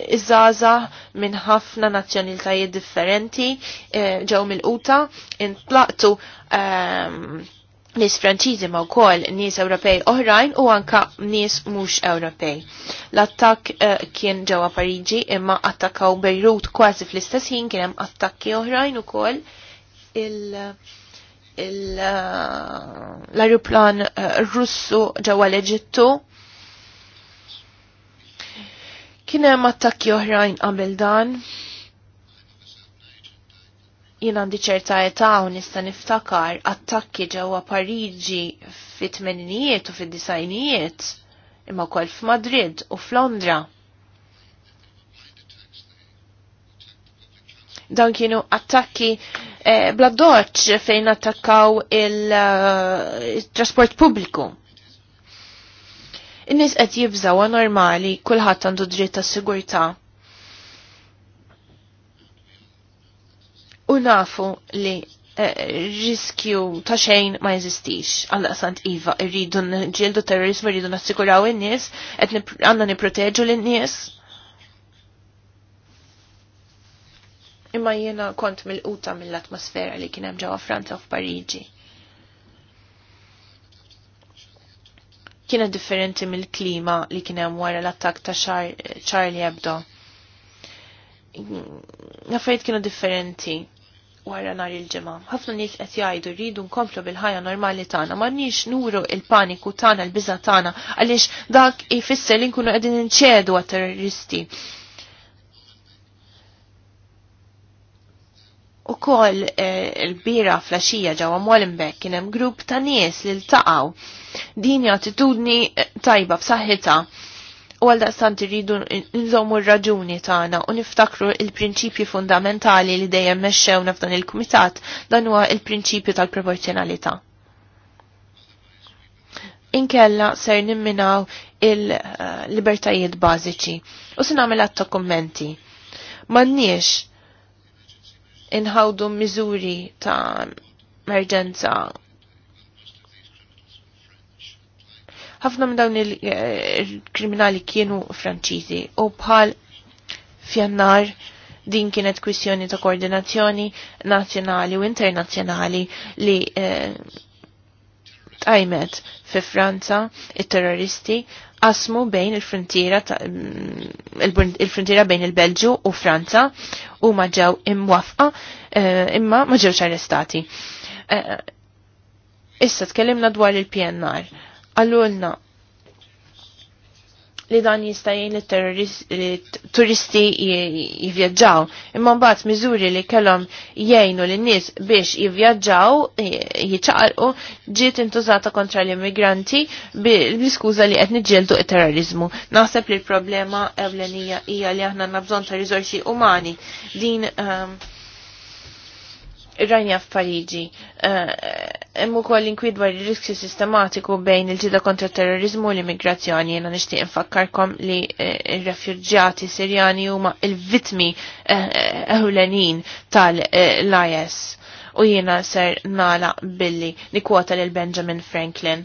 iż-żaza minn ħafna nazzjonalitajiet differenti eh, ġew mill-quta intlaqtu ehm, nis Franċiżi ma wkoll nies Ewropej oħrajn u anka nies mhux Ewropej. L-attakk eh, kien ġewwa Pariġi imma attakkaw Bejrut kważi fl-istess ħin kien hemm attakki oħrajn ukoll il- eh, l-aeroplan russu ġewwa l-Eġittu Kien hemm attakki oħrajn qabel dan. Jien għandi ċerta età u nista' niftakar attakki ġewwa Pariġi fit-tmeninijiet u fid-disajnijiet imma wkoll f'Madrid u f'Londra. Dawn kienu attakki eh, bla doċ fejn attakkaw eh, il-trasport uh, pubbliku in-nies qed jibżawa normali, kulħadd għandu dritt tas sigurtà. U nafu li eh, riskju ta' xejn ma' jeżistix. Għalla sant Iva, irridu ġildu terrorizmu, irridu nassiguraw in-nies, qed għandna nipproteġu lin-nies. Imma jiena kont mill-quta mill-atmosfera li kien hemm ġewwa Franza u f'Pariġi. kienet differenti mill-klima li kien hemm wara l-attak ta' Charlie Hebdo. Affarijiet kienu differenti wara nar il-ġimgħa. Ħafna nies qed jgħidu rridu nkomplu bil-ħajja normali tagħna, m'għandniex nuru il-paniku tagħna l-biża' tagħna għaliex dak ifisser li nkunu qegħdin inċedu għat-terroristi. U kol eh, il-bira flasġija ġawa Molenbeek kienem grupp ta' nies li l-taqaw. Din attitudni eh, tajba b'saħħita. U għalda stanti rridu nżommu r-raġuni tagħna u niftakru il-prinċipji fundamentali li dejjem mexxewna f'dan il-kumitat dan huwa il-prinċipju tal-proporzjonalità. Inkella ser nimminaw il-libertajiet eh, bażiċi u se nagħmel ta' kummenti. M'għandniex inħawdu miżuri ta' emerġenza. ħafna minn dawn eh, il-kriminali kienu franċiżi u bħal fjannar din kienet kwistjoni ta' koordinazzjoni nazzjonali u internazzjonali li eh, tajmet fi Franza, il-terroristi qasmu bejn il-frontiera mm, il-frontiera bejn il-Belġu u Franza u ma ġew imwafqa eh, imma ma ġewx arrestati. Eh, issa tkellimna dwar il-PNR. Allulna li dan jista' li turisti jivvjaġġaw. Imma mbagħad miżuri li kellhom jgħinu lin nies biex jivvjaġġaw jiċċaqalqu ġiet intużata kontra l-immigranti bl-iskuża li qed niġġieldu t-terrorizmu. Naħseb li l-problema ewlenija hija li aħna nabżon ta' riżorsi umani. Din um, rajna f'Pariġi. Eh, hemm ukoll inkwid dwar ir-riskju sistematiku bejn il-ġida kontra terrorizmu u l-immigrazzjoni. Jiena nixtieq infakkarkom li eh, r refugġati Sirjani huma l-vitmi eh, ewlenin tal-IS. U jiena ser nala billi nikwota lil Benjamin Franklin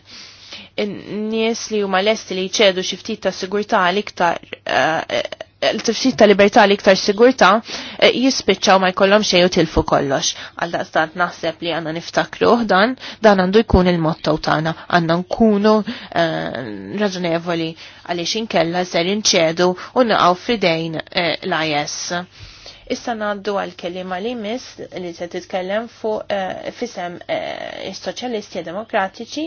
nies li huma lesti li jċedu xi ftit ta' sigurtà l-iktar l-tifsit ta' libertà li ktar sigurta eh, jispiċċaw ma jkollom xejn u tilfu kollox. Għal daqstant naħseb li għandna niftakru dan dan għandu jkun il-motto tagħna għandna nkunu eh, raġunevoli għaliex inkella ser inċedu u naqgħu fidejn eh, l-IS. Issa naddu għal kelima li mis li se titkellem fuq eh, fisem uh, soċjalisti e demokratiċi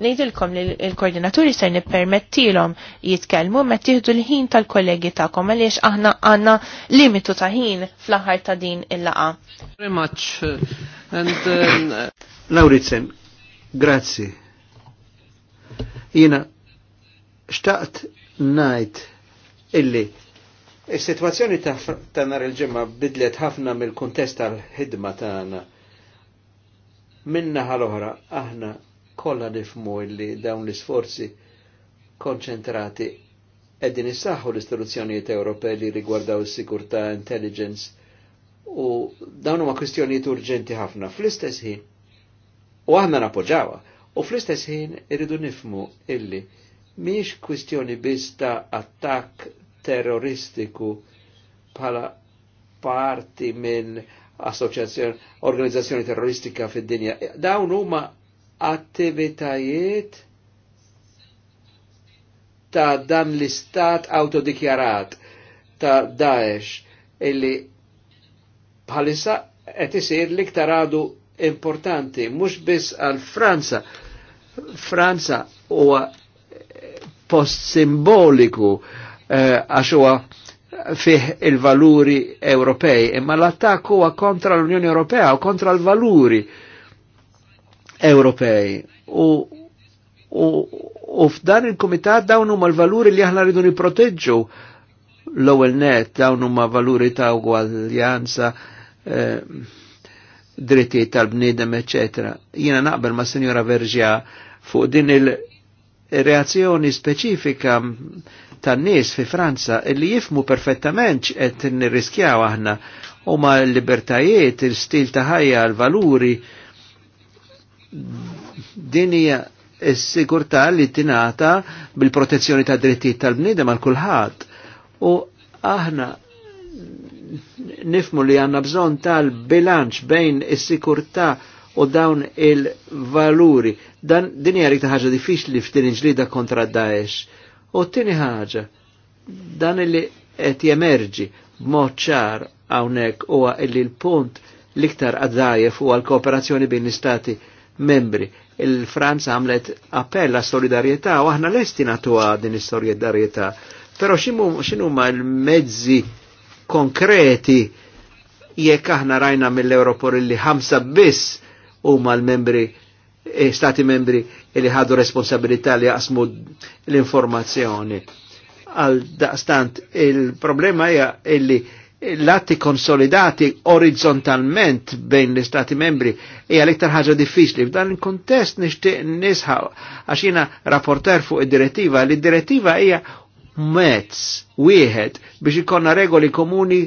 ngħidilkom li l-koordinaturi se nippermettilhom jitkellmu meta tieħdu l-ħin tal-kollegi tagħkom għaliex aħna għandna limitu ta' ħin fl-aħħar ta' din il-laqa. Very much. Eh, and, grazzi. Jina, xtaqt najt illi Is-sitwazzjoni ta' Nar il-ġimgħa bidlet ħafna mill-kuntest tal-ħidma tagħna. Minna ħal-oħra aħna kollha nifmu li dawn l-isforzi konċentrati qegħdin issaħħu l-istituzzjonijiet Ewropej li rigwardaw is-sigurtà intelligence u dawn huma kwistjonijiet urġenti ħafna fl-istess ħin u aħna napoġġawha u fl-istess ħin irridu nifmu illi miex kwistjoni biss ta' attakk terroristiku pala parti minn assoċjazzjoni, organizzazzjoni terroristika fid-dinja. Dawn huma attivitajiet ta' dan l-istat autodikjarat ta' Daesh illi bħalissa qed isir l-iktar għadu importanti mhux biss għal Franza. Franza huwa post simboliku Eh, għaxuwa fih il-valuri Ewropej, imma l-attak huwa kontra l-Unjoni Ewropea u kontra l-valuri Ewropej. U, u, u f'dan il-komitat dawn huma l-valuri li aħna rridu niproteġġu l-ewwel net dawn huma valuri ta' ugwaljanza eh, drittijiet tal-bniedem, eċetera. Jiena naqbel ma' Sinjora Verġja fuq din il- reazzjoni speċifika tan-nies fi Franza illi jifmu perfettament qed nirriskjaw aħna huma l-libertajiet, il-stil ta' ħajja, l-valuri din hija s-sigurtà li tingħata bil-protezzjoni ta' drittijiet tal-bniedem għal kulħadd. U aħna nifmu li għanna bżon tal-bilanċ bejn is-sikurtà u dawn il-valuri. Dan din hija rikta ħaġa diffiċli f'din il-ġlida kontra Daesh. U t-tieni ħaġa, dan li qed jemerġi b'mod ċar hawnhekk huwa illi l-punt l-iktar għaddajef u għal-kooperazzjoni bejn l-istati membri. Il-Franza għamlet appell għas-Solidarjetà u aħna lesti natuha din is-solidarietà. Però x'inhu ma l-mezzi konkreti jekk aħna rajna mill-Europol li ħamsa biss u l membri eh, stati membri li ħadu responsabilità li jaqsmu l-informazzjoni. Għal daqstant il-problema hija illi l-atti konsolidati orizzontalment bejn l-istati membri hija l-iktar ħaġa diffiċli. F'dan il-kontest nixtieq nisħaw għax jiena rapporter fuq id-direttiva li d-direttiva hija mezz wieħed biex ikonna regoli komuni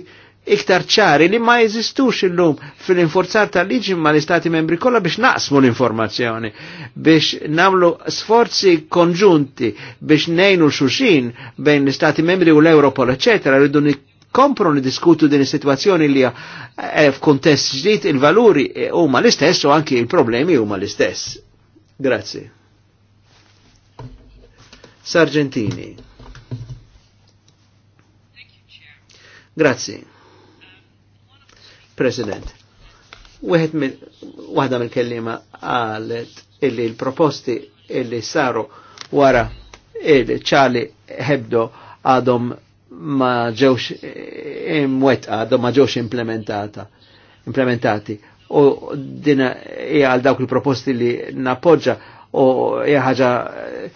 iktar ċari li ma jeżistux illum fil-inforzar tal-liġi ma l-istati membri kollha biex naqsmu l-informazzjoni, biex namlu sforzi konġunti biex nejnu xuxin bejn l-istati membri u l-Europol, eccetera, rridu kompru diskutu din is-sitwazzjoni li eh, f'kuntest ġdid il-valuri huma l-istess u anki il-problemi huma l-istess. Grazzi. Sargentini. Grazie. President. Waħda mill-kellima għalet illi l-proposti illi saru wara il-ċali hebdo għadhom ma ġewx eh, imwetqa, għadhom ma ġewx implementata, implementati. U dina hija għal dawk il-proposti li napoġġa u hija ħaġa eh,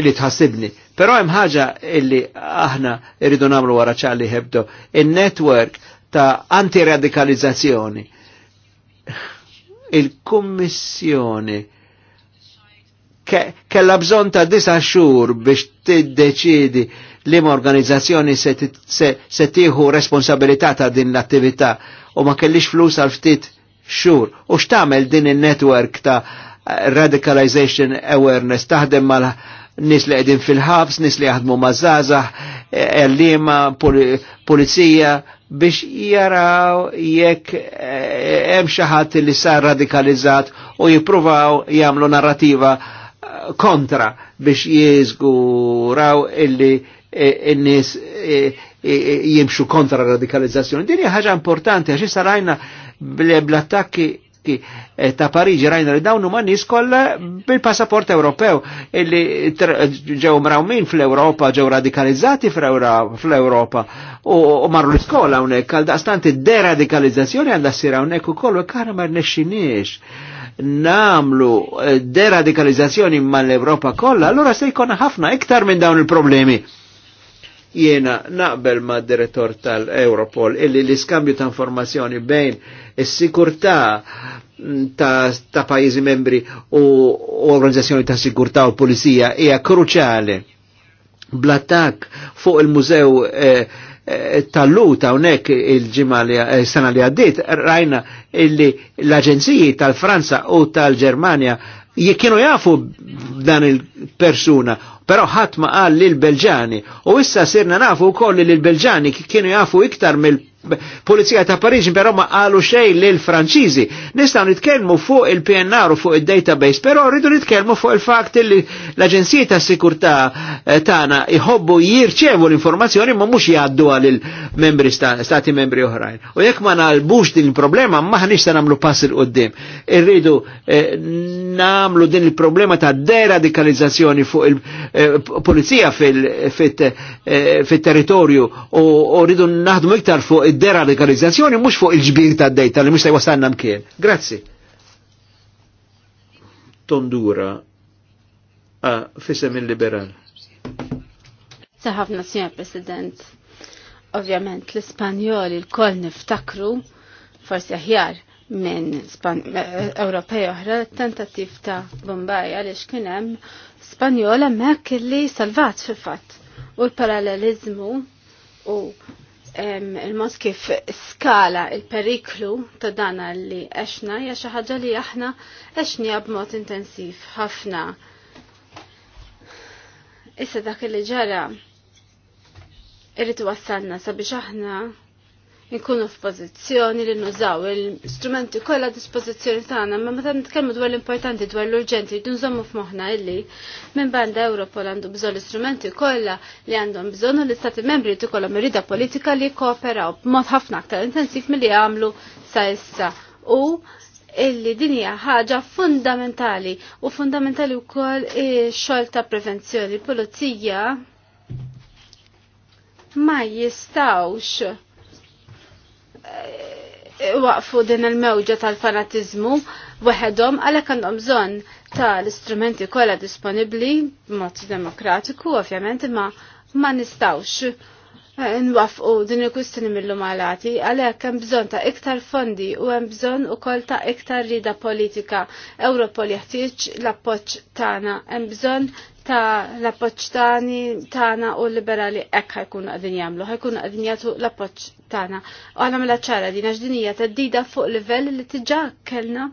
li tħassibni. Però hemm ħaġa illi aħna irridu nagħmlu wara ċali hebdo. il network ta' antiradikalizzazzjoni. Il-Kummissjoni kella ke bżon ta' disa xhur biex tiddeċidi li ma' organizzazzjoni se, se, se tieħu responsabilità ta' din l-attività u ma kellix flus għal ftit xhur. U x'tamel din il network ta' radicalization awareness taħdem mal nis li qegħdin fil-ħabs, nis li jaħdmu maż għallima, e-, e-, pulizija, biex jaraw jekk eh, hemm xi ħadd li sar radikalizzat u jippruvaw jagħmlu narrativa eh, kontra biex jiżguraw illi eh, n-nies jimxu kontra radikalizzazzjoni. Din hija ħaġa importanti għax issa rajna bl-attakki attakki eh, ta' Parigi rajna li dawnu ma' nis bil-passaport Ewropew illi ġew mrawmin fl-Europa, ġew radikalizzati fl-Europa u marru l-iskola unek, għal daqstant deradikalizzazzjoni għal sir unek u kollu, kara ma rnexxinix namlu eh, deradikalizzazzjoni mal-Europa kollha, allora se jkun ħafna iktar minn dawn il-problemi. Jena naqbel ma' direttor tal-Europol illi l-iskambju ta' informazzjoni bejn Is-sigurtà mm, ta', ta pajjiżi membri u organizzazzjoni ta' sigurtà u pulizija hija kruċjali Blattak fuq il-mużew eh, eh tal-luta unek il-ġimma sena li eh, għaddit, rajna illi l-aġenziji tal-Franza u tal-Germania jekkienu jafu dan il-persuna, pero ħatma għal l-Belġani, u issa sirna nafu koll l-Belġani kienu jafu iktar mill polizija ta' Pariġi però ma għalu xejn l Franċiżi. Nistgħu nitkellmu fuq il-PNR u fuq il-database, però rridu nitkellmu fuq il fakt li l aġenzija ta' Sikurtà eh, tagħna jħobbu jirċevu l-informazzjoni ma mhux jgħaddu għal il membri stati membri oħrajn. U jekk ma nalbux din il-problema ma maħniex se nagħmlu pass il qudiem Irridu eh, namlu din il-problema ta' deradikalizzazzjoni fuq il eh, polizija fit-territorju u rridu naħdmu iktar fuq id-deradikalizzazzjoni mhux fuq il-ġbir tad-dejta li mhux se jwasalna mkien. Grazzi. Tondura ah, fisem il-liberal. Saħafna, Signor President. Ovvjament, l ispanjol il koll niftakru, forsi aħjar, minn eh, Ewropej oħra, tentattiv ta' Bombaj għaliex kien hemm Spanjola mek li salvat fil fatt. U l-parallelizmu u il-mod kif skala il-periklu ta' dana li għexna hija xi ħaġa li aħna għexnija b'mod intensiv ħafna. Issa dak li ġara irrid wassalna sabiex aħna nkunu f'pożizzjoni li nużaw l-strumenti kollha dispożizzjoni tagħna, ma meta nitkellmu dwar l-importanti dwar l-urġenti jridu nżommu f'moħħna illi minn banda Europol għandu bżonn l-istrumenti kollha li għandhom bżonn l-istati membri jrid ikollhom irida politika li jkooperaw b'mod ħafna aktar intensiv milli għamlu sa issa u illi din hija ħaġa fundamentali u fundamentali wkoll ix-xogħol ta' prevenzjoni. Pulizija ma jistawx Eh, waqfu din il-mewġa tal-fanatizmu weħedhom għalhekk għandhom bżonn tal-istrumenti kollha disponibbli b'mod demokratiku ovvjament imma ma nistawx eh, nwafqu din il-kwistjoni mill għalati għalhekk hemm bżonn ta' iktar fondi u hemm bżonn ukoll ta' iktar rida politika Ewropol jeħtieġ l-appoġġ tagħna hemm bżonn ta' l-appoċ tani tana u liberali ek ħajkun għadin jamlu, ħajkun għadin jatu l-appoċ tana. U għana mela ċara dina ġdinija ta' dida fuq level li tiġa kellna.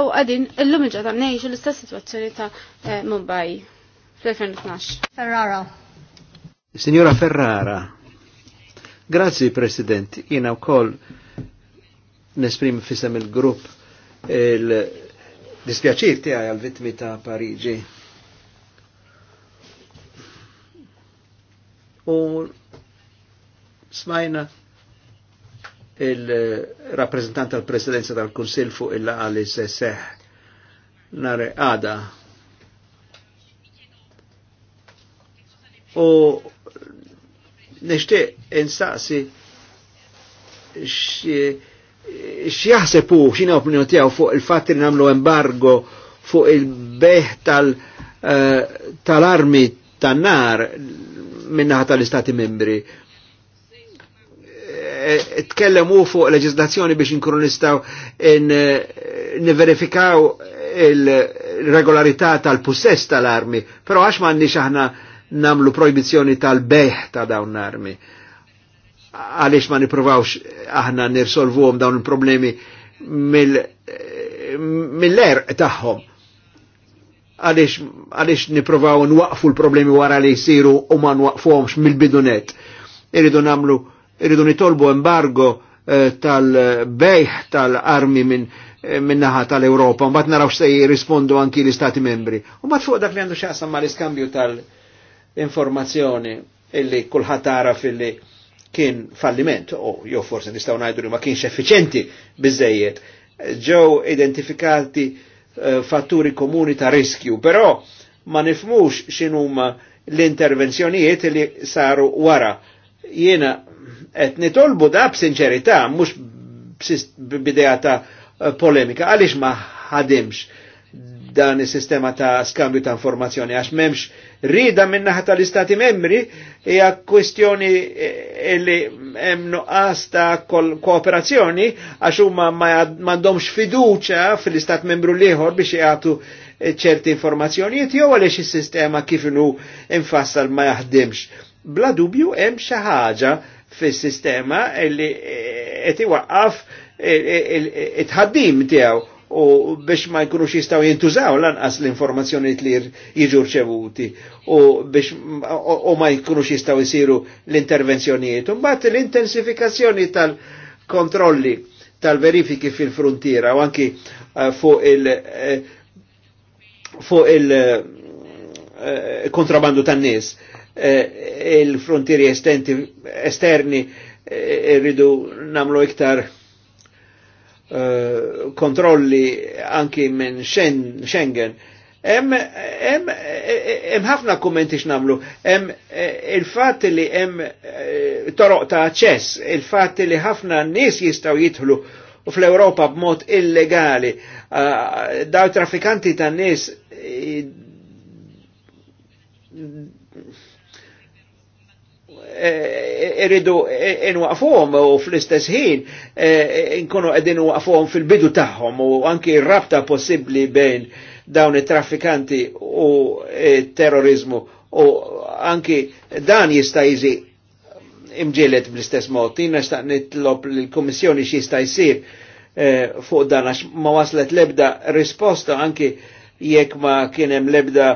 U għadin l-lum ġata mnejġu l-istess situazzjoni ta' eh, Mumbai fl-2012. Ferrara. Signora Ferrara, grazie President, jina u kol nesprim fissam il-grupp il dispjaċir tiegħi għal-vittmi ta' Pariġi. U smajna il-rappresentant tal-presidenza tal-Kunsil fuq il-laqa li nare għada. U nishtiq insaqsi xie x'jaħseb hu x'inha opinjoni tijaw fuq il fat li nagħmlu embargo fuq il-beħ tal- eh, armi tan-nar minnaħa tal-Istati membri. Eh, tkellem u fuq leġislazzjoni biex inkunu nistaw eh, n-verifikaw il-regolarità tal-possess tal-armi, però għax ma' aħna namlu proibizjoni tal-beħ ta' dawn l-armi għaliex ma niprovawx aħna għom dawn il-problemi mill taħħom. tagħhom. Għaliex niprovaw nwaqfu l-problemi wara li jsiru u ma nwaqfuhomx mill-bidunet. Irridu namlu, irridu nitolbu embargo eh, tal-bejħ tal-armi minn eh, minnaħa tal-Europa, un bat narawx se jirrispondu anki l-Istati membri. Un bat fuq dak li għandu xaqsam ma l-iskambju tal-informazzjoni illi kullħat tara fil-li kien falliment, o jo forse nistaw najdu li ma kienx effiċenti bizzejiet, ġew identifikati uh, fatturi komuni ta' riskju, però ma nifmux xinum l-intervenzjonijiet li saru wara. Jena et nitolbu da b'sinċerità, mux b'idea ta' polemika, għalix ma ħadimx dan is-sistema ta' skambju ta' informazzjoni, għax memx rida minnaħat tal-Istati membri hija kwestjoni eh, eh, li hemm nuqqas ta' kooperazzjoni għax huma m'għandhomx fiduċa fil-Istat membru lieħor biex jagħtu eh, ċerti informazzjonijiet jew għaliex is-sistema kif inhu infassal ma jaħdimx. Bla dubju hemm xi ħaġa fis-sistema li qed iwaqqaf it-ħaddim tiegħu u biex ma jkunux jistaw jintużaw lanqas l-informazzjoni li jiġu rċevuti u biex u ma jkunux jistaw jisiru l-intervenzjonijiet. Mbagħad l-intensifikazzjoni tal-kontrolli tal-verifiki fil-frontiera u anki eh, fuq il eh, fuq il eh, kontrabandu tan-nies il-frontieri esterni rridu namlu iktar Eh, kontrolli anki minn Schengen. Hemm ħafna kummenti x'namlu, hemm eh, il-fatt li hemm eh, toroq ta' aċċess, il-fatt li ħafna nies jistgħu jidħlu fl-Ewropa b'mod illegali. Daw trafikanti ta' nies irridu inwaqfuhom u fl-istess ħin eh, nkunu qegħdin waqfuhom fil-bidu tagħhom u anki rabta possibbli bejn dawn it-traffikanti u terrorizmu u anki dan jista' jiżi imġielet bl-istess mod. Jina xtaq nitlob l-Komissjoni x'jista' jsir eh, fuq dan għax ma waslet lebda risposta anki jekk ma kien hemm lebda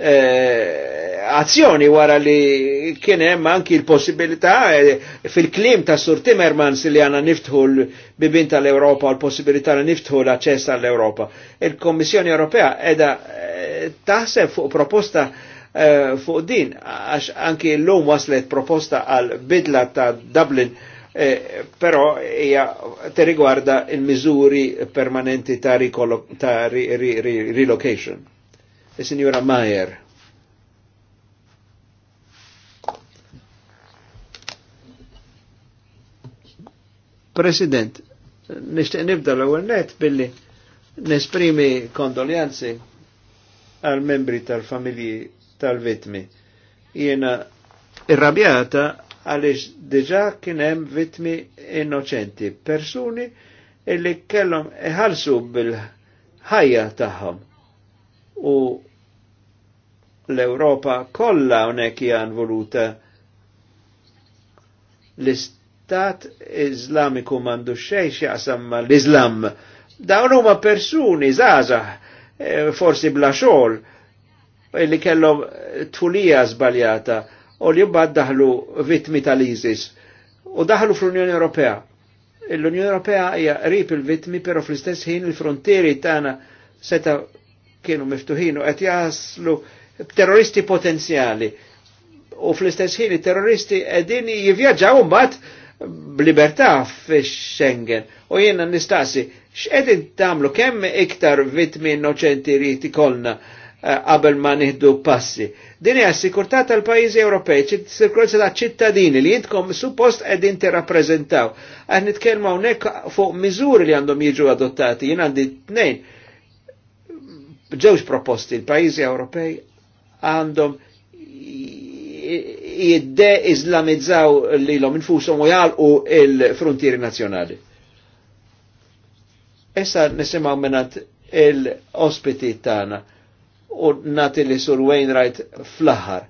Eh, azzjoni wara li kien hemm anki l-possibilità eh, fil-klim ta' Sur Timmermans li għana niftħu l-bibin tal-Europa u l-possibilità li niftħu l-aċċess tal-Europa. Il-Kommissjoni Ewropea edha eh, taħseb fuq proposta fuq din għax anki l-lum waslet proposta għal bidla ta' Dublin però hija riguarda il-miżuri permanenti ta' relocation. Signora Maier. President, nishtiq nibda l-ewwel net billi nesprimi kondoljanzi għal membri tal-familji tal-vitmi. Jiena irrabjata għaliex diġà kien hemm vitmi innoċenti, persuni illi kellhom iħalsu bil-ħajja tagħhom u l-Europa kollha hawnhekk hija voluta. l-Istat Islamiku m'għandu xejn jaqsam mal-Islam. Dawn huma persuni żgħażagħ e, forsi bla xogħol li kellhom tfulija żbaljata u li mbagħad daħlu vittmi tal-ISIS u daħlu fl-Unjoni Ewropea. L-Unjoni Ewropea hija qrib il-vittmi però fl-istess ħin il-frontieri tagħna seta' kienu miftuħin u qed jaslu terroristi potenziali. U fl-istess ħin terroristi edin jivjaġġaw mbagħad b'libertà fix-Schengen. U jiena nistaqsi x'qegħdin tagħmlu kemm iktar vittmi innoċenti rid ikollna eh, qabel ma nieħdu passi. Din hija sikurtà tal-pajjiżi Ewropej, sikurtà ta' ċittadini li jintkom suppost qegħdin tirrappreżentaw. Aħna nitkellmu hawnhekk fuq miżuri li għandhom jiġu adottati, jien għandi tnejn ġewx proposti l-pajjiżi Ewropej għandhom jidde-izlamizzaw li l-om infusom u jgħalqu il-frontieri nazjonali. Essa nisimaw minnat il-ospiti tana u nati li sur Wainwright fl ħar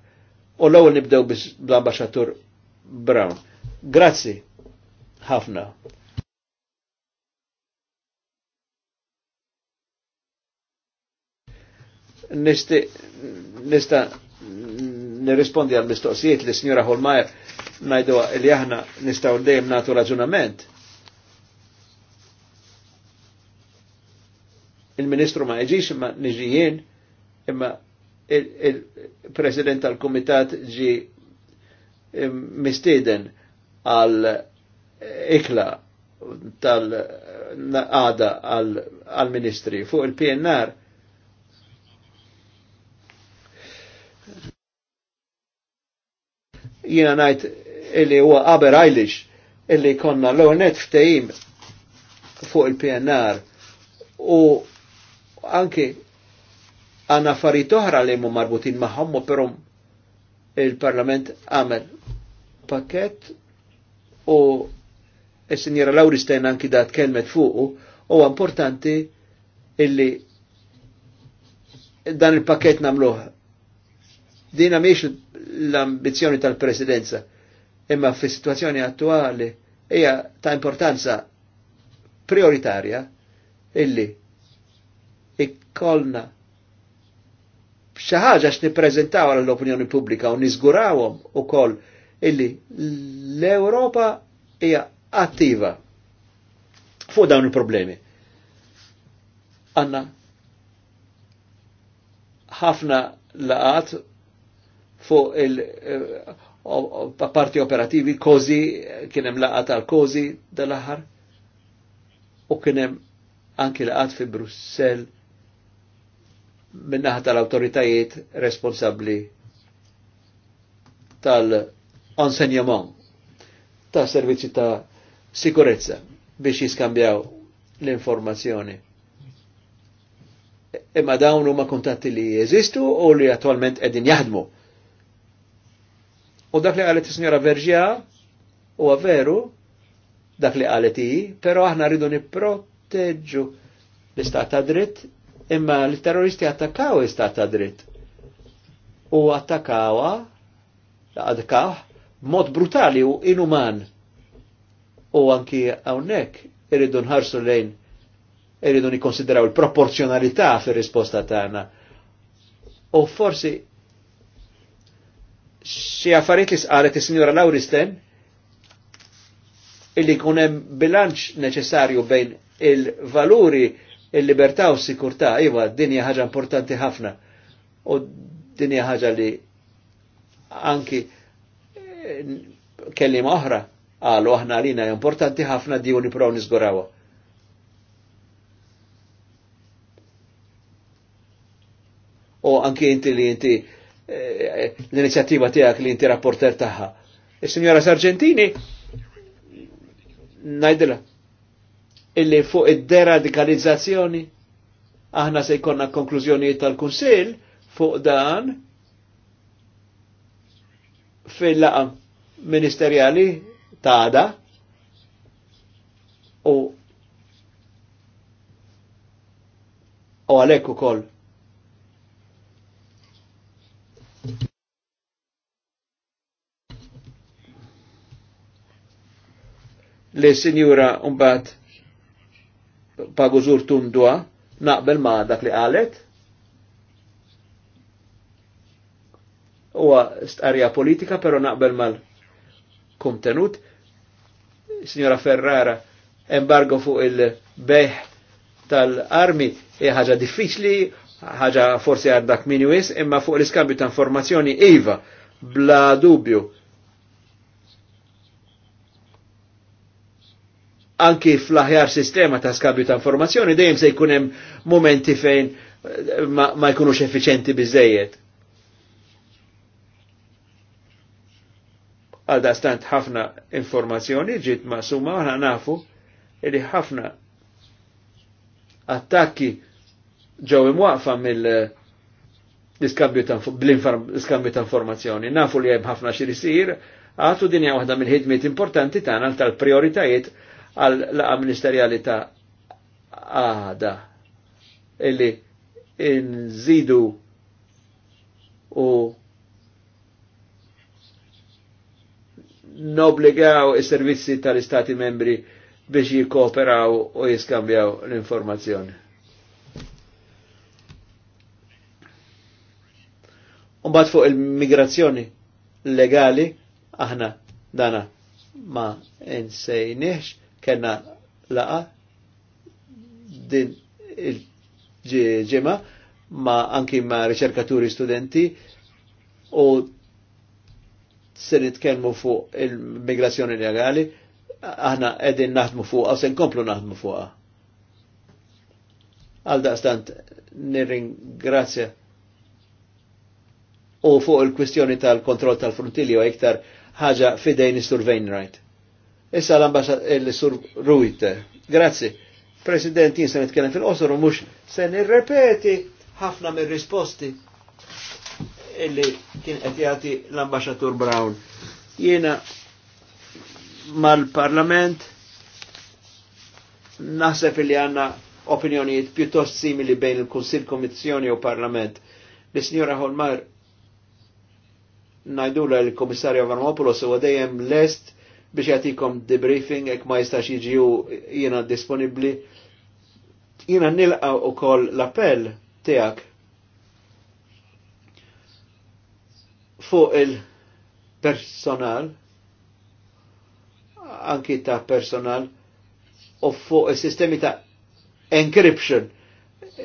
U l nibdew nibdew bl ambasġatur Brown. Grazzi ħafna. Nisti, nista nirrispondi għal mistoqsijiet li s-Njura Holmajer najdu li aħna nistaw dejjem natu raġunament. Il-ministru ma jġiex imma niġijien imma il-president il tal-komitat ġi mistiden għal ikla tal-għada għal-ministri fuq il-PNR jina najt illi huwa Aber Eilish illi konna l net ftejim fuq il-PNR u anki għanna farit oħra li mu marbutin maħom, pero il-Parlament għamel pakket u il-Sinjera Lauristein anki dat kelmet fuqu u importanti illi dan il-pakket namluħ. Dina miex l-ambizjoni tal-presidenza. Imma fi situazzjoni attuali hija ta' importanza prioritarja illi ikkolna xaħġa x'nippreżentaw għal l-opinjoni pubblika u niżgurawhom ukoll illi l-Ewropa hija attiva fuq dawn il-problemi. Għanna ħafna laqat fuq il-parti eh, operativi, kozi, kienem laqat għal kozi dal-aħar, u kienem anki laqat fi Brussel minnaħat tal-autoritajiet responsabli tal-ensegnament ta' servizzi ta' sikurezza biex jiskambjaw l-informazzjoni. Imma dawn huma kuntatti li jeżistu u li attualment qegħdin jaħdmu U dak li għalet il-Sinjora Verġja, u veru, dak li għalet i, pero aħna rridu niprotteġu l-istat ta' dritt, imma l-terroristi attakaw l-istat ta' dritt. U attakawa, għadkaħ, mod brutali u inuman. U anki għawnek, irridu nħarsu lejn, irridu nikonsideraw il-proporzjonalità fir risposta tagħna. U forsi xie affarijiet li sqaret Signora sinjora Lauristen illi kunem bilanċ neċessarju bejn il-valuri, il-libertà u s-sikurtà, iva, dinja ħaġa importanti ħafna. U dinja ħaġa li anki eh, kellim oħra għalu aħna għalina importanti ħafna di u nipraw nizgurawa. U anki inti li inti l-inizjattiva tiegħek li inti rapporter tagħha. Is-Sinjora Sargentini ngħidilha illi fuq id-deradikalizzazzjoni aħna se jkollna konklużjonijiet tal-Kunsill fuq dan fil laqam ministerjali ta'da u u għalek u koll li sinjura umbat pagużur tundwa naqbel ma dak li qalet. Huwa stqarja politika però naqbel mal-kontenut. Signora Ferrara, embargo fuq il-beħ tal-armi hija e ħaġa diffiċli, ħaġa forsi għaddak minwis, imma fuq l-iskambju ta' informazzjoni iva, bla dubju anki fl-aħjar sistema ta' skabju ta' informazzjoni dejjem se jkun hemm momenti fejn eh, ma, ma jkunux effiċenti biżejjed. Għalda stant ħafna informazzjoni ġiet maqsuma aħna nafu li ħafna attakki ġew imwaqfa mill eh, iskambju ta' informazzjoni. Nafu li hemm ħafna xi jsir, għatu dinja waħda mill-ħidmiet importanti tagħna tal-prioritajiet tal prioritajiet għal laqa ministerjali ta' għada illi nżidu u nobligaw is-servizzi tal-istati membri biex jikoperaw u jiskambjaw l-informazzjoni. Umbat fuq il-migrazzjoni legali, aħna dana ma insejniex, kena laqa din il ġema ma anki ma riċerkaturi studenti u se nitkellmu fuq il migrazjoni legali, aħna edin naħdmu fuqa, se nkomplu naħdmu fuqa. Għal daqstant nirringrazzja u fuq il-kwistjoni tal-kontroll tal-frontilju iktar ħaġa fidejn Istur right. Issa l ambasad il-sur Ruite. Grazzi. President, jinsa nitkellem fil-qosor u mux se nirrepeti ħafna mir risposti illi kien qed jagħti l ambasatur Brown. Jiena mal-Parlament naħseb li għandna opinjonijiet pjuttost simili bejn il kunsill Kommissjoni u Parlament. Li Signora Holmar najdula l-Komissarju Avramopoulos huwa dejjem lest biex jagħtikom debriefing jekk ma jistax jiġi jiena disponibbli. Jiena nilqa' wkoll l-appell tiegħek fuq il-personal, anki ta' personal, u fuq il-sistemi ta' encryption.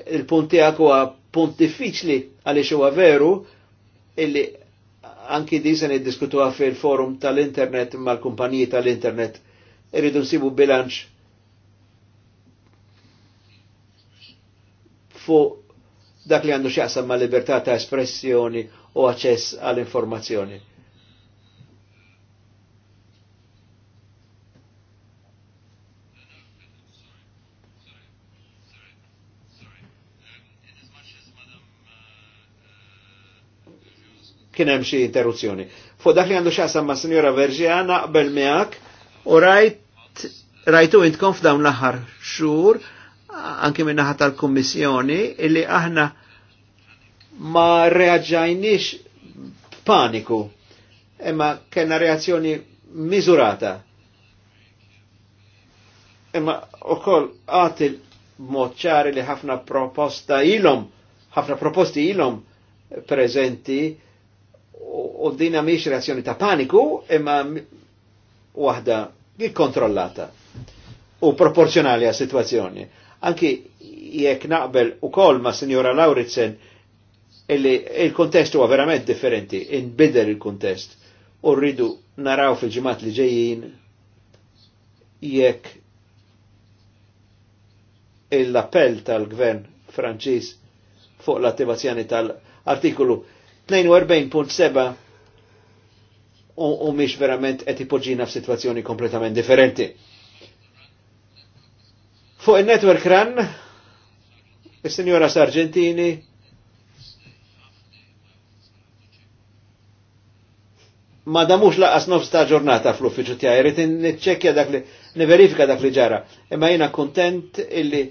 Il-punt tiegħek huwa punt diffiċli għaliex huwa veru illi anki di se niddiskutuha fil-forum tal-internet mal-kumpaniji tal-internet irridu nsibu bilanċ fuq dak li għandu xjaqsam ma' libertà ta' espressjoni u aċċess għall-informazzjoni. kien hemm xi interruzzjoni. Fu dak li għandu x'għasam ma' Sinjora Verġija naqbel miegħek u rajt rajtu intkom f'dawn l-aħħar xhur anke minn naħa tal-Kummissjoni illi aħna ma reaġajniex paniku imma kellna reazzjoni miżurata. Imma ukoll għatil mod ċari li ħafna proposta ilhom, ħafna proposti ilhom prezenti u dina miex reazzjoni ta' paniku, imma waħda kontrollata u proporzjonali għas situazzjoni. Anki jekk naqbel u kol ma' Signora Lauritsen, il-kontest huwa verament differenti, inbidel il-kontest, u rridu naraw fil-ġimat li ġejjin jekk il appell tal-gvern Franċiż fuq l-attivazzjoni tal-artikolu 42.7 u miex verament qed f f'sitwazzjoni kompletament differenti. Fuq il-network ran, il-Sinjora Sargentini, ma damux laqas nofs ta' ġurnata fl-uffiċu tiegħi, irid niċċekkja dak li niverifika dak li ġara. Imma jiena kuntent illi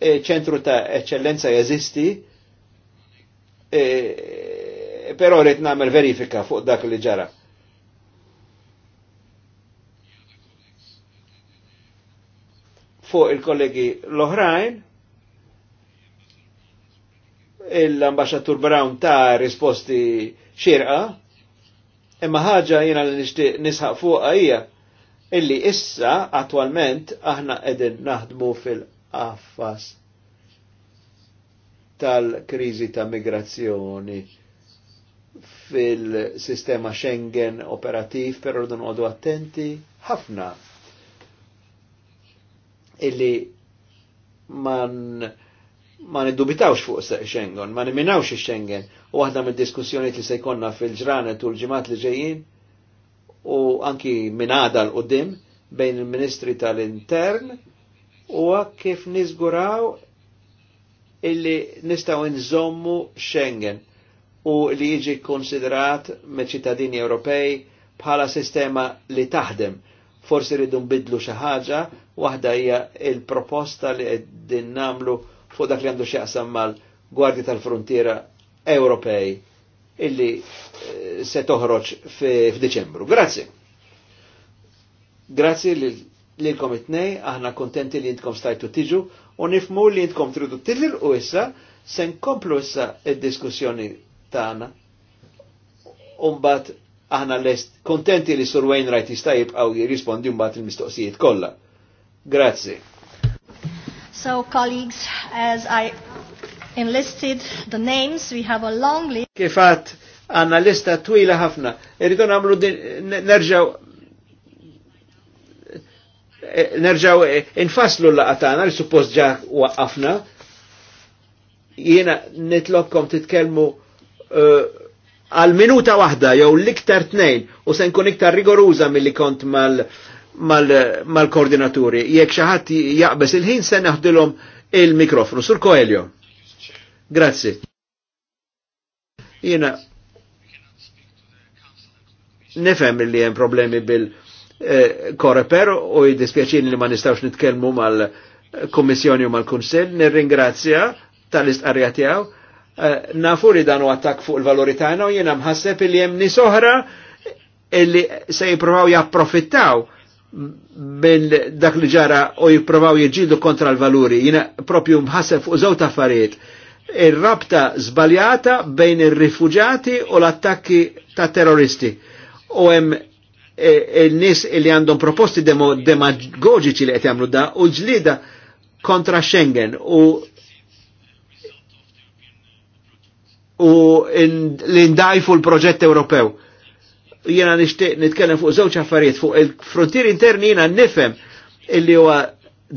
eh, ċentru ta' eccellenza jeżisti, eh, però rrit namel verifika fuq dak li ġara. Fuq il-kollegi l-oħrajn, l-ambasġatur Brown ta' risposti xirqa, imma ħaġa jena li nisħaq fuq hija illi issa attualment aħna qegħdin naħdmu fil affas tal-kriżi ta' migrazzjoni fil-sistema Schengen operativ, per rridu noqogħdu attenti ħafna illi man ma niddubitawx fuq Schengen, ma niminawx Schengen u għahda mid-diskussjoni li se jkollna fil-ġranet u l ġimat li ġejjin u anki minada l qoddim bejn il-Ministri tal-Intern u kif niżguraw illi nistgħu nżommu Schengen u li jiġi konsiderat me ċittadini Ewropej bħala sistema li taħdem. Forsi rridu nbidlu xi ħaġa, waħda hija il-proposta li qegħdin namlu fuq dak li għandu x'jaqsam mal-Gwardji tal-Frontiera Ewropej illi eh, se toħroġ f'Diċembru. Grazzi. Grazzi lilkom it tnejn aħna kontenti li intkom stajtu tiġu u nifmu li intkom tridu tilir u issa se nkomplu issa id-diskussjoni T'ana Umbat aħna l-est, kontenti li Sur Wainwright jista' jibqgħu jirrispondi umbat il-mistoqsijiet kollha. Grazzi. So colleagues, as I enlisted the names, we have a long list. Kifat għanna lista twila ħafna. Irridu nagħmlu nerġaw nerġaw infaslu la għatana, li suppost ġa waqqafna. Jena nitlobkom titkelmu. Eh, għal minuta waħda jew l-iktar tnejn u se nkun iktar rigoruża milli kont mal-koordinaturi. Mal, mal Jekk xi ħadd jaqbes il-ħin se naħdilhom il-mikrofonu. Sur Koelio. Grazzi. Jena. nifhem li hemm problemi bil-koreper eh, u jiddispjaċini li ma nistawx nitkellmu mal-Kummissjoni u mal kunsel Nirringrazzja tal istqarja tiegħu Eh, nafuri dan u attak fuq il-valori tagħna u jiena mħasseb li hemm nies oħra li se jippruvaw japprofittaw mill dak li ġara u jippruvaw jiġġieldu kontra l-valuri. Jiena propju mħasseb fuq żewġ affarijiet. Ir-rabta żbaljata bejn ir-rifuġati u l-attakki ta' terroristi. U hemm e, il-nis li għandhom proposti demagogiċi li qed jagħmlu da u ġlida kontra Schengen u u li ndajfu l-proġett Ewropew. Jena nishtiq nitkellem fuq żewġ affarijiet fuq il-frontier interni jena nifhem illi huwa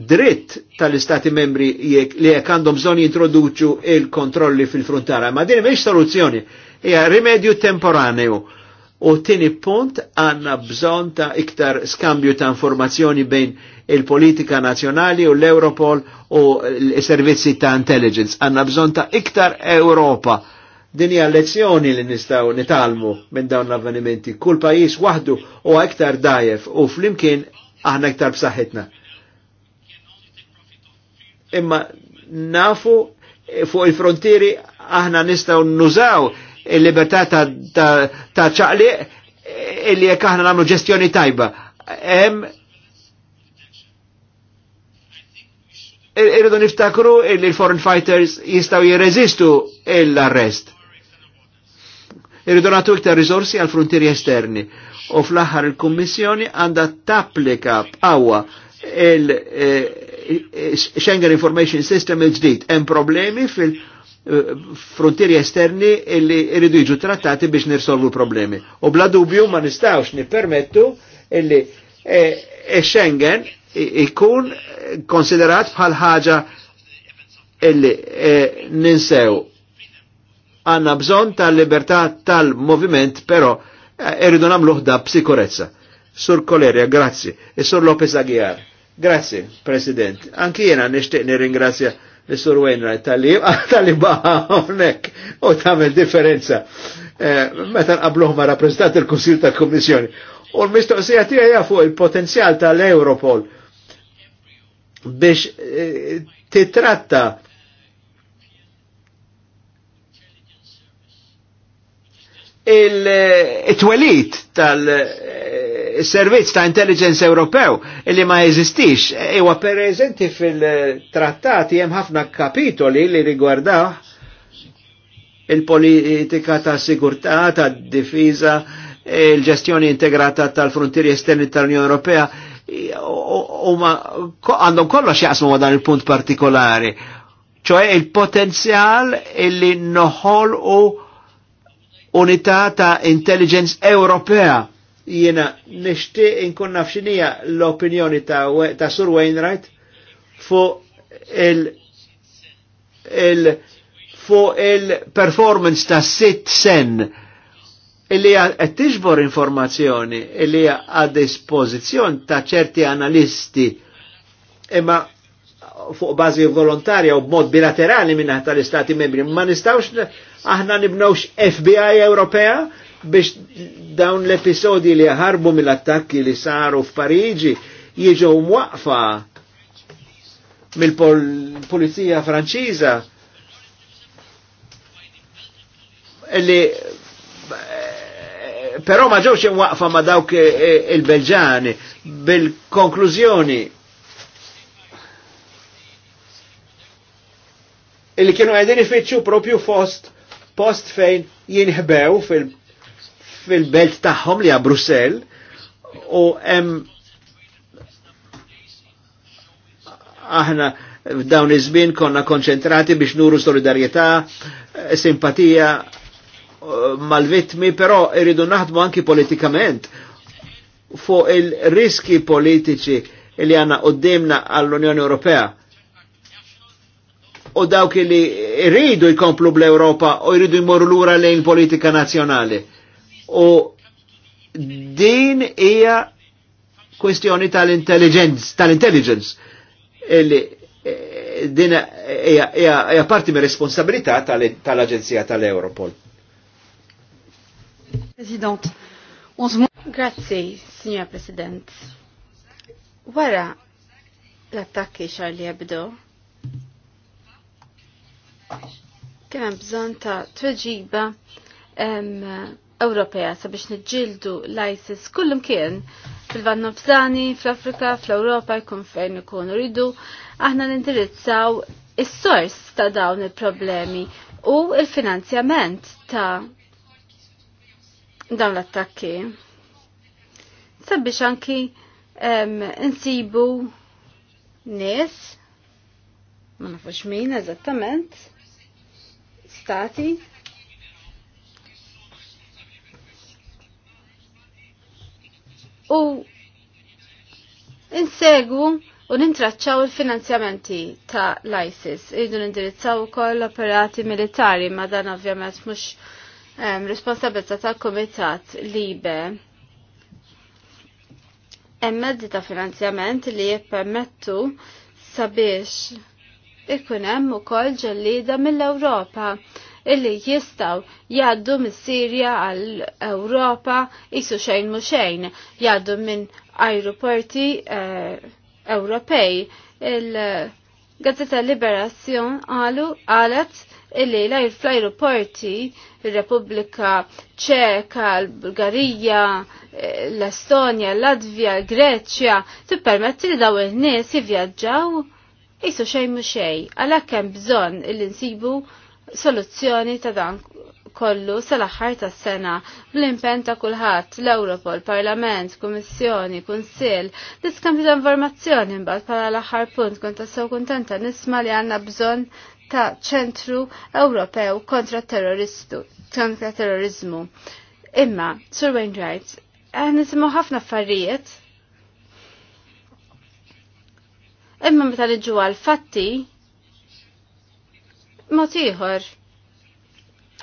dritt tal-istati membri jek, li jek għandhom bżonn jintroduċu il-kontrolli fil-frontara. Ma din mhix soluzzjoni, hija rimedju temporaneu. U tini punt għanna bżon ta' iktar skambju ta' informazzjoni bejn il-politika nazjonali u l-Europol u l-servizzi ta' intelligence. Għanna bżon ta' iktar Europa Din hija lezzjoni li nistgħu nitalmu minn dawn l-avvenimenti. Kull pajjiż waħdu u aktar dajef u flimkien aħna iktar b'saħħitna. Imma nafu fuq il-frontieri aħna nistgħu nużaw il-libertà ta' ċaqliq illi jekk aħna nagħmlu ġestjoni tajba. irridu niftakru il foreign fighters jistaw jirreżistu l-arrest irridu nagħtu iktar rizorsi għal frontieri esterni. U fl-aħħar il-Kummissjoni għandha tapplika b'qawwa il-Schengen eh, eh, Information System il-ġdid. Hemm problemi fil- eh, frontieri esterni illi irridu jiġu trattati biex nirsolvu problemi. U bla dubju ma nistawx nippermettu illi e Schengen ikun konsiderat bħal ħaġa illi e ninsew Għanna bżon tal-libertà tal-moviment, però eh, irridu namlu b'sikurezza. Sur Koleria, grazzi. E sur Lopez Aguiar. Grazzi, President. Anki jena nishtiq nirringrazzja l-Sur Wainwright tal-li *laughs* baħa unnek u tamel differenza. Eh, meta nqabluħ ma' rappresentant il-Konsil tal-Kommissjoni. U l-mistoqsija tiegħi fuq il-potenzjal tal-Europol biex eh, titratta il-twelit eh, tal-servizz eh, ta' intelligence Ewropew illi ma jeżistix. E, ewa per eżenti fil-trattati hemm ħafna kapitoli li riguarda il-politika ta' sigurtà, ta' difiża, il-ġestjoni integrata tal-frontieri esterni tal-Unjoni Ewropea huma għandhom kollox jaqsmu ma' il-punt partikolari, ċoħe il-potenzjal illi noħolqu unità ta' intelligence Ewropea. Jiena nixtieq inkun naf x'inhija l-opinjoni ta', ta Sur Wainwright fuq il, il fuq il-performance ta' sit sen illi għed tiġbor informazzjoni illi għad dispożizzjon ta' ċerti analisti imma fuq bazi volontarja u b'mod bilaterali minna tal-Istati membri. Ma nistawx aħna nibnawx FBI Ewropea biex dawn l-episodi li ħarbu mill-attakki li saru f'Pariġi jiġu mwaqfa mill-Polizija franċiza li eh, però ma ġewx imwaqfa ma dawk eh, il-Belġani bil-konklużjoni illi kienu għedin ifittxu propju fost post fejn jinħbew fil-belt fil tagħhom li Brussel u hemm aħna f'dawn iż-żmien konna konċentrati biex nuru solidarjetà, simpatija eh, mal-vittmi, però irridu naħdmu anki politikament fuq il-riski politiċi li għanna qoddimna għall-Unjoni Ewropea u dawk li rridu jkomplu bl-Europa u jridu jmorru lura lejn politika nazjonali. U din hija kwestjoni tal-intelligence, tal-intelligence, Illi eh, din hija parti mir responsabilità tal-Aġenzija tal-Europol. President, Grazie, signor President. Wara l-attakki xar li jabdu, Kien hemm bżonn ta' tweġiba Ewropea sabiex niġġieldu l-ISIS kullum kien fil-Van fl-Afrika, fl-Ewropa, jkun fejn ikun rridu, aħna nindirizzaw is-sors ta' dawn il-problemi u il-finanzjament ta' dawn l-attakki. Sabiex anki nsibu insibu nies, ma nafux min eżattament, stati u insegu u nintraċċaw il-finanzjamenti ta' l-ISIS. Irridu nindirizzaw ukoll operati militari ma dan ovvjament mhux um, responsabilità ta' komitat libe. Hemm mezzi ta' finanzjament li jippermettu sabiex ikun hemm ukoll ġellida mill-Ewropa illi jistaw jaddu mis sirja għal Ewropa jisu xejn mu xejn, jaddu minn aeroporti eh, Ewropej. Il-Gazzetta Liberazzjon għalu għalat illi fl-aeroporti il-Repubblika Ċeka, l-Bulgarija, l-Estonja, l-Latvija, l-Greċja, tippermetti li daw il-nies jivjaġġaw Isu xejn mu xej, għalhekk hemm bżonn il nsibu soluzzjoni ta' dan kollu sal-aħħar tas-sena bl-impenn ta' kulħadd l-Europol, Parlament, Kummissjoni, Kunsill, diskam ta' informazzjoni mbagħad bħala l-aħħar punt kont sew kontenta nisma' li għandna bżonn ta' ċentru Ewropew kontra terroristu, kontra terrorizmu. Imma, Sir Wainwright, għan eh, nisimu ħafna affarijiet Imma meta li ġu għal-fatti, mod ieħor.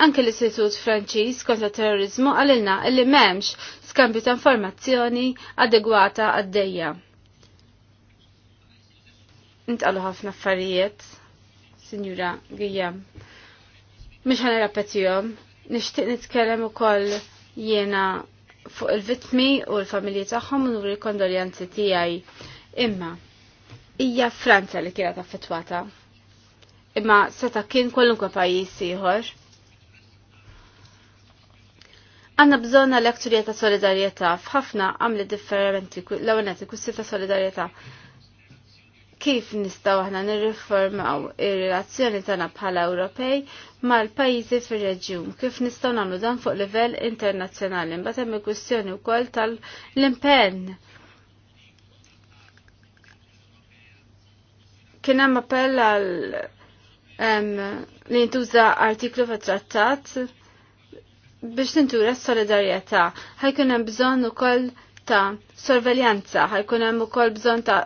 Anke l-Istitut Franċiż kontra terrorizmu għalilna illi m'hemmx skambju ta' informazzjoni adegwata għaddejja. Intqalu ħafna affarijiet, Sinjura Gijam. Mhux ħana rapetihom, nixtieq nitkellem ukoll jiena fuq il vittmi u l-familji tagħhom u nuri kondoljanzi tiegħi. Imma, hija Franza li kienet affettwata. Imma seta kien kwalunkwe pajjiż ieħor. Għanna bżonna l-ekturija ta' solidarieta f'ħafna għamli differenti l-għonet kussi ta' solidarieta. Kif nistaw aħna nirriformaw ir-relazzjoni tagħna bħala Ewropej mal-pajjiżi fir reġjum kif nistgħu nagħmlu dan fuq livell internazzjonali, mbagħad hemm kwistjoni wkoll tal-impenn Kien hemm appell għal li ntuża artiklu fit-trattat biex tintura s-solidarjetà. Ħajkun hemm bżonn ukoll ta' sorveljanza, ħajkun hemm ukoll bżonn ta'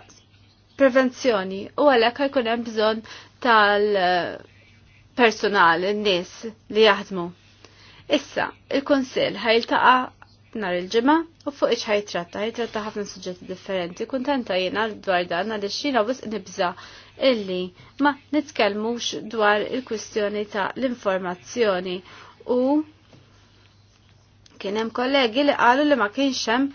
prevenzjoni u għalhekk ħajkun hemm bżonn tal-personal, n-nies li jaħdmu. Issa, il-Konsil ħajltaqa nar il-ġimgħa u fuq iċ ħajtratta, ħajtratta ħafna suġġetti differenti, kuntenta jiena dwar dan għaliex jiena wisq nibża illi ma nitkellmux dwar il-kwistjoni ta' l-informazzjoni u kien hemm kollegi li qalu li ma kienx hemm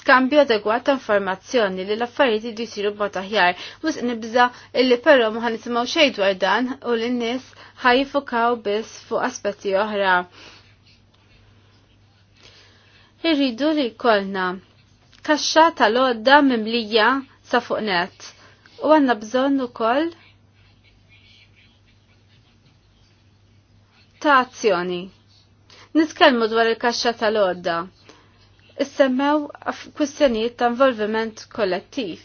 skambju adegwat ta' informazzjoni li l-affarijiet jiddu jsiru b'mod aħjar. Mhux nibża illi però ma ħanisimgħu xejn dwar dan u l nies ħajfukaw biss fuq aspetti oħra. Irridu li jkollna kaxxa tal-għodda mimlija sa' fuq net u għanna bżonn ukoll ta' azzjoni. Niskelmu dwar il-kaxxa tal-għodda. Issemmew kwistjonijiet ta' involviment kollettiv.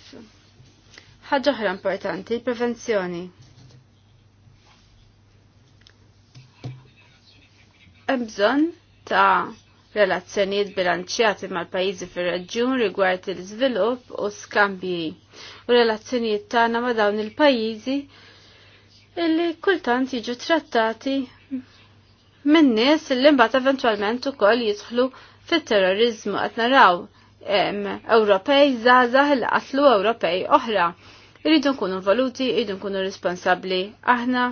Ħaġa oħra importanti, prevenzjoni. Hemm bżonn ta' relazzjonijiet bilanċjati mal-pajjiżi fir-reġjun rigward il-iżvilupp u skambji u relazzjonijiet tagħna ma' dawn il-pajjiżi illi kultant jiġu trattati minn nies illi mbagħad eventwalment ukoll jidħlu fit-terrorizmu qed naraw Ewropej żgħażagħ li qatlu Ewropej oħra. Irridu nkunu valuti, irridu nkunu responsabbli aħna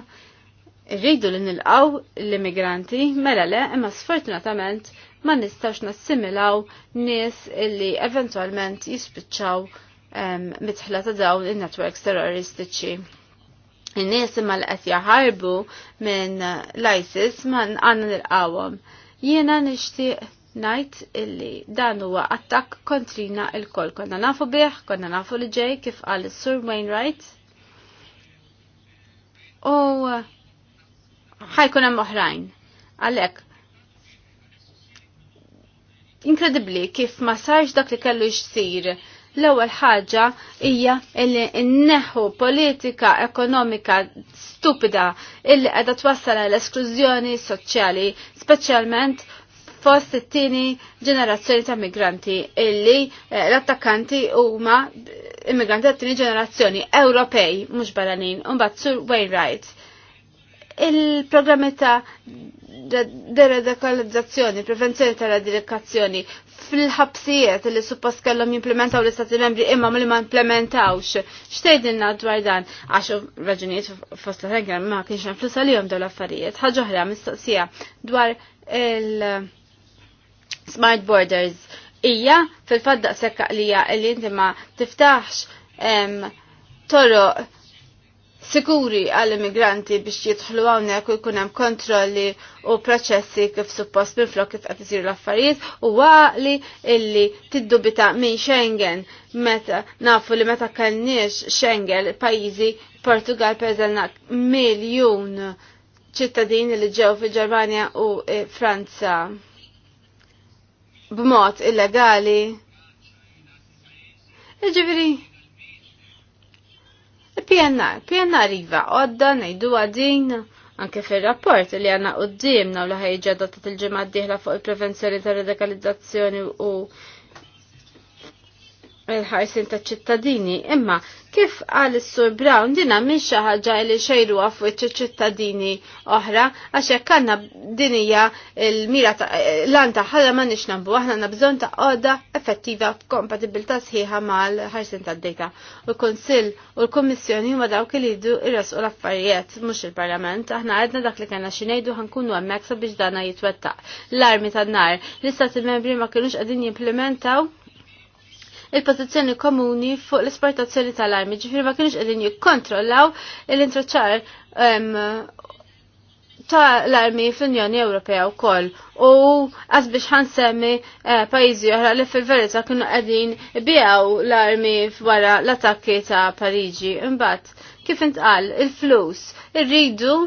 rridu li nilqaw l-immigranti mela le imma sfortunatament ma nistax nassimilaw nies illi eventwalment jispiċċaw mitħla ta' dawn in-networks terroristiċi. In-nies imma li qed jaħarbu minn l-ISIS ma għandna nilqawhom. Jiena nixtieq ngħid illi dan huwa attakk kontrina l koll Konna nafu bih, konna nafu li ġej kif qal sur Wainwright. U ħajkun hemm oħrajn. Għalhekk inkredibbli kif ma sarx dak li kellu jsir L-ewwel ħaġa hija li nneħħu politika ekonomika stupida illi qiegħda twassal għall esklużjoni soċjali, speċjalment fost it-tieni ġenerazzjoni ta' migranti illi eh, l-attakkanti huma immigranti tat-tieni ġenerazzjoni Ewropej mhux barranin u mbagħad sur Wainwright il-programmi ta' deradikalizzazzjoni, prevenzjoni ta' radikazzjoni fil-ħabsijiet li suppost kellhom jimplementaw l-Istati Membri imma li ma implementawx. Xtejdilna dwar dan għax raġunijiet fost l ma kienx hemm flus għalihom dawn l-affarijiet. Ħaġa oħra mistoqsija dwar il-Smart Borders hija fil-fatt daqshekk li li inti ma tiftaħx toroq sikuri għall-immigranti biex jidħlu hawnhekk u jkun hemm kontrolli u proċessi kif suppost minn flok kif qed isir l-affarijiet u għaqli illi tiddubita minn Schengen meta nafu li meta kellniex Schengen pajjiżi Portugal peżelna miljun ċittadini li ġew fil-Ġermanja u eh, Franza b'mod illegali. Ġifieri, Il-PNR, PNR iva għodda nejdu għadin anke fil-rapport li għanna u d-dimna u laħħi ġedda ta' il-ġemad diħla fuq il-prevenzjoni ta' radikalizzazzjoni u il-ħarsin ta' ċittadini, imma kif għal sur Brown dina minn xaħġa li xejru għafu ċittadini oħra, għax jekk għanna dinija il-mira ta' l-anta ħalla ma nix nambu, għahna nabżon ta' għoda effettiva kompatibilta sħiħa mal ħarsin ta' dejta U l-Konsil u l komissjoni huma dawk li jiddu irras u l-affarijiet, mux il-Parlament, aħna għedna dak li kena xinejdu ħankunu għammek sabiex dana jitwettaq. L-armi ta' nar, l-istati membri ma kienux għadin jimplementaw il-pozizjoni komuni fuq l-esportazzjoni tal-armi, ġifiri ma kienx qegħdin jikkontrollaw l introċar ta' l-armi fl-Unjoni Ewropea u koll u għaz biex semmi eh, pajizi oħra li fil-verita kienu għedin bijaw l-armi wara l-attakki ta' Pariġi. Imbat, kif intqal, il-flus, irridu,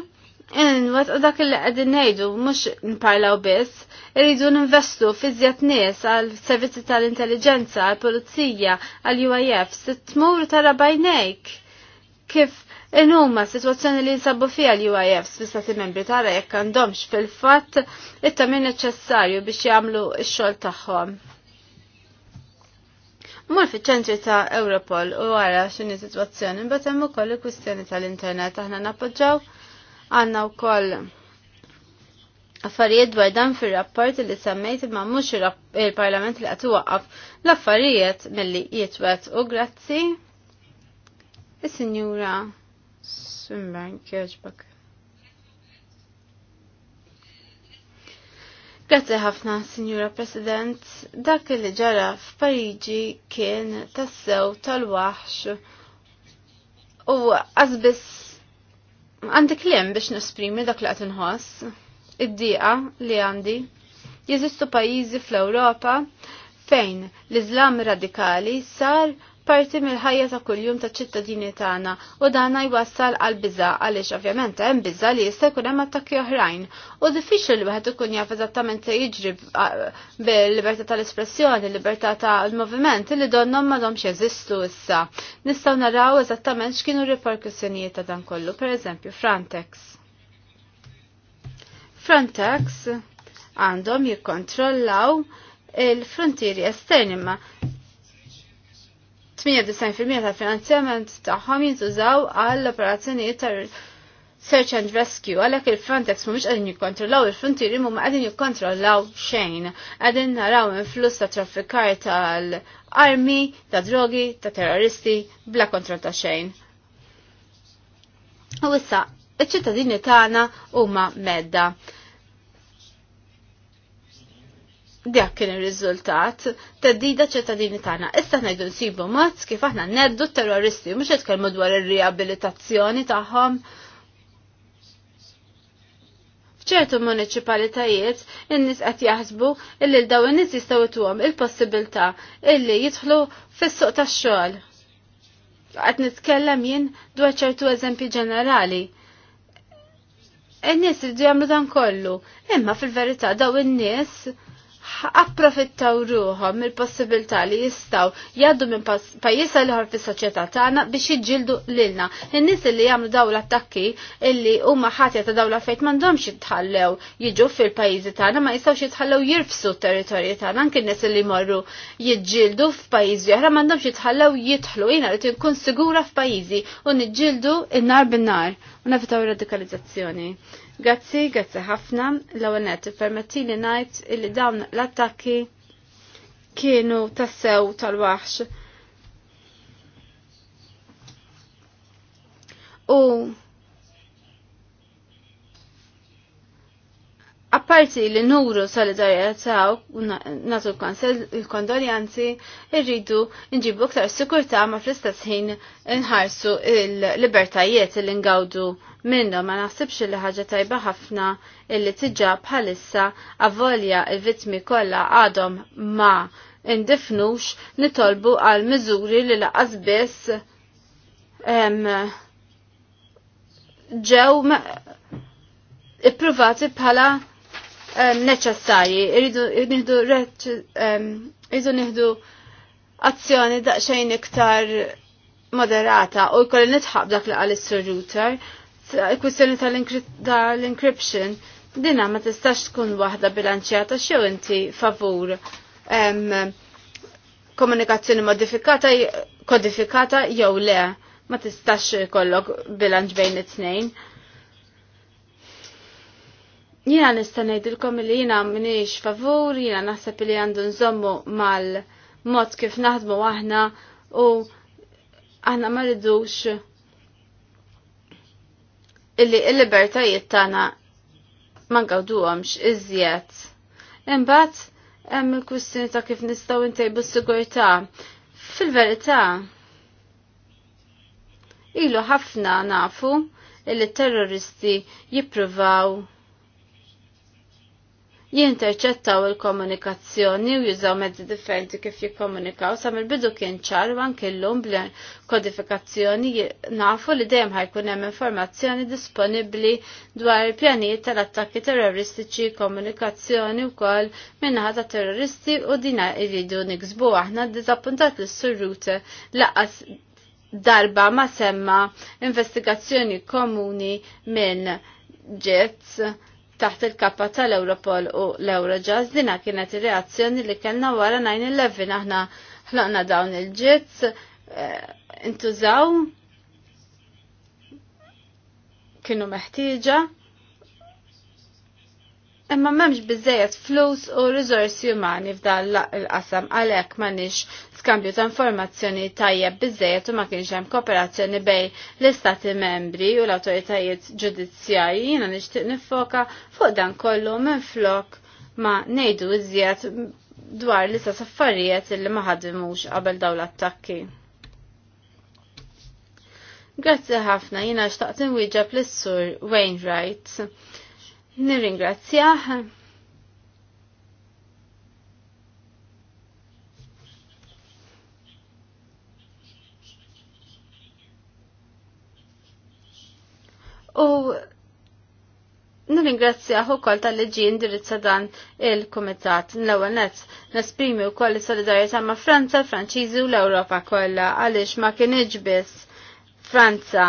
in, wat dak il-għedin nejdu, mux nparlaw biss, Irridu ninvestu fi nies għal servizzi tal-intelligenza, għal pulizija, għal UIF, sit-tmur tara bajnejk. Kif Inuma, situazzjoni li nsabbu fija l-UIFs s stati membri tara jekk għandhomx fil-fatt it-tamin neċessarju biex jagħmlu x-xogħol tagħhom. Mur fiċ-ċentri ta' Europol u għara x'inhi situazzjoni, imbagħad hemm ukoll il-kwistjoni tal-internet aħna nappoġġaw għandna wkoll affarijiet dwar dan fir-rapport li semmejt imma mhux il-Parlament li qed iwaqqaf l-affarijiet milli jitwet u grazzi is-Sinjura Swinburne Kirchbach. Grazzi ħafna, Sinjura President. Dak li ġara f'Pariġi kien tassew tal-waħx u għazbis li kliem biex nesprimi dak li qed inħoss id-dieqa li għandi. Jeżistu pajjiżi fl-Ewropa fejn l-Iżlam radikali sar parti mill-ħajja ta' kuljum ta' ċittadini tagħna u dana jwassal għal biża għaliex ovvjament hemm biża li jista' jkun hemm attakki oħrajn u diffiċli li wieħed ikun jaf eżattament se jiġri bil-libertà tal-espressjoni, libertà tal-moviment li donnhom m'għadhomx jeżistu issa. Nistgħu naraw eżattament x'kienu r-riperkussjonijiet ta' dan kollu, pereżempju Frontex. Frontex għandhom jikkontrollaw il-frontieri esterni ma 98% ta' finanzjament tagħhom jintużaw għall operazzjonijiet ta' search and rescue għalhekk il-Frontex mhumiex qegħdin jikkontrollaw il-frontieri huma qegħdin jikkontrollaw xejn. Qegħdin naraw influss ta' traffikar tal-armi, ta' drogi, ta' terroristi bla kontroll ta' xejn. U issa, iċ-ċittadini tagħna huma medda. dak kien ir-riżultat teddida ċittadini tagħna. Issa ngħidu nsibu mazz kif aħna neddu terroristi mhux qed kelmu dwar ir-riabilitazzjoni tagħhom. F'ċertu municipalitajiet in-nies qed jaħsbu illi l daw in-nies jistgħu għom il-possibilità illi jidħlu fis-suq tax-xogħol. Qed nitkellem jien dwar ċertu eżempji ġenerali. In-nies jridu jagħmlu dan kollu, imma fil-verità daw in-nies approfittaw ruħom il-possibilità li jistaw jaddu minn pajjiż liħor ħor fis-soċjetà tagħna biex jiġġieldu lilna. In-nies li jagħmlu dawn l-attakki illi huma ħatja ta' dawla fejt m'għandhomx jitħallew jiġu fil-pajjiżi tagħna ma jistgħux jitħallew jirfsu t-territorji tagħna anke n-nies li jmorru jiġġieldu f'pajjiżi oħra m'għandhomx jitħallew jidħlu jiena li tinkun sigura f'pajjiżi u niġġieldu n-nar bin-nar u nafitaw radikalizzazzjoni. Grazzi, grazzi ħafna, l-għonet, permetti li najt illi dawn l-attakki kienu tassew tal-waħx. U Parti li nuru solidarjetà u natu l-kondoljanzi, irridu nġibu ktar sikurtà ma fl-istess ħin nħarsu il-libertajiet li ngawdu minnu ma naħsibx li ħaġa tajba ħafna illi tiġa bħalissa avolja il-vitmi kollha għadhom ma indifnux nitolbu għal miżuri li laqas biss ġew ippruvati bħala Um, neċessarji, um, irridu nieħdu azzjoni daqsxejn iktar moderata u jkolli nitħab dak li għal router il-kwistjoni tal-encryption dina ma tistax tkun waħda bilanċjata xew inti favur um, komunikazzjoni modifikata kodifikata jew le ma tistax kollok bilanċ bejn it-tnejn Jena nista' ngħidilkom li jiena mniex favur, jiena naħseb li għandu nżommu mal-mod kif naħdmu aħna u aħna ma rridux illi l-libertajiet tagħna ma ngawduhomx iżjed. Imbagħad hemm il-kwistjoni ta' kif nistgħu ntejbu s-sigurtà. Fil-verità ilu ħafna nafu illi terroristi jippruvaw jinterċettaw il-komunikazzjoni u jużaw mezzi differenti kif jikkomunikaw sa mill-bidu kien ċar u anke llum bl-kodifikazzjoni nafu li dejjem ħajkun hemm informazzjoni disponibbli dwar pjanijiet tal-attakki terroristiċi, komunikazzjoni wkoll minnaħa ta' terroristi u dina jridu niksbu aħna dizappuntat l surrute laqas darba ma semma investigazzjoni komuni minn ġets taħt il-kappa tal-Europol u l-Eurojazz dina kienet reazzjoni li kellna wara 9-11 aħna ħloqna dawn il-ġitz eh, intużaw kienu meħtieġa Imma memx bizzejet flus u rizorsi umani f'dan l-qasam għalek manix skambju ta' informazzjoni tajjeb bizzejet u ma kienx hemm kooperazzjoni bej l-istati membri u l-autoritajiet ġudizzjarji jiena nixtieq nifoka fuq dan kollu minn flok ma ngħidu iżjed dwar l-istess affarijiet li ma ħadimux qabel dawn l-attakki. Grazzi ħafna jiena xtaqt inwieġeb lis-sur Wainwright Nirringrazzjah. U nirringrazzjah ukoll tal-liġi indirizza dan il-Kumitat l-ewwel nett nesprimi wkoll is-solidarjetà ma' Franza, l-Franċiżi u l-Ewropa kollha għaliex ma kienx biss Franza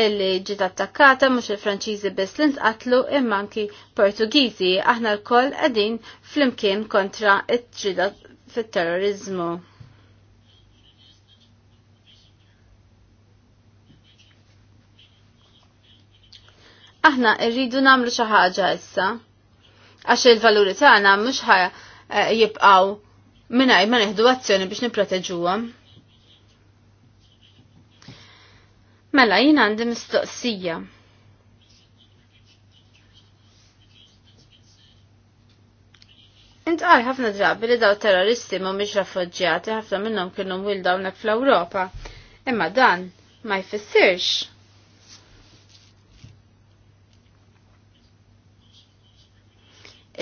illi ġiet attakkata mhux il-Franċiżi biss li nqatlu imma anki Portugiżi aħna lkoll qegħdin flimkien kontra t-trida fit-terrorizmu. Aħna rridu nagħmlu xi ħaġa issa għax il-valuri tagħna mhux ħa eh, jibqgħu mingħajr ma neħdu azzjoni biex nipproteġuhom. Mela, jien għandi mistoqsija. Intqal ħafna drabi li daw terroristi mhumiex raffoġġjati ħafna minnhom kienu wilda hawnhekk fl-Ewropa. Imma dan ma jfissirx.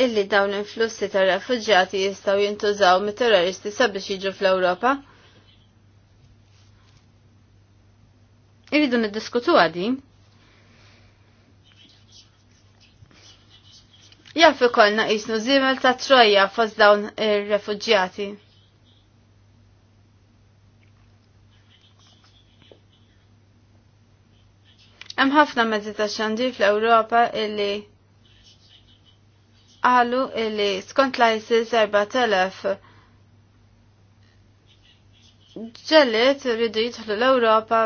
Illi dawn l-influssi tar-refuġġjati jistgħu jintużaw mit-terroristi sabiex jiġu fl-Ewropa. Iridu niddiskutu għadi. Jaf ikollna isnu zimel ta' trojja fost dawn ir-refuġjati. Hemm ħafna mezzi ta' xandi fl-Ewropa illi qalu illi skont l-ISIS 4000 ġellet rridu jidħlu l-Ewropa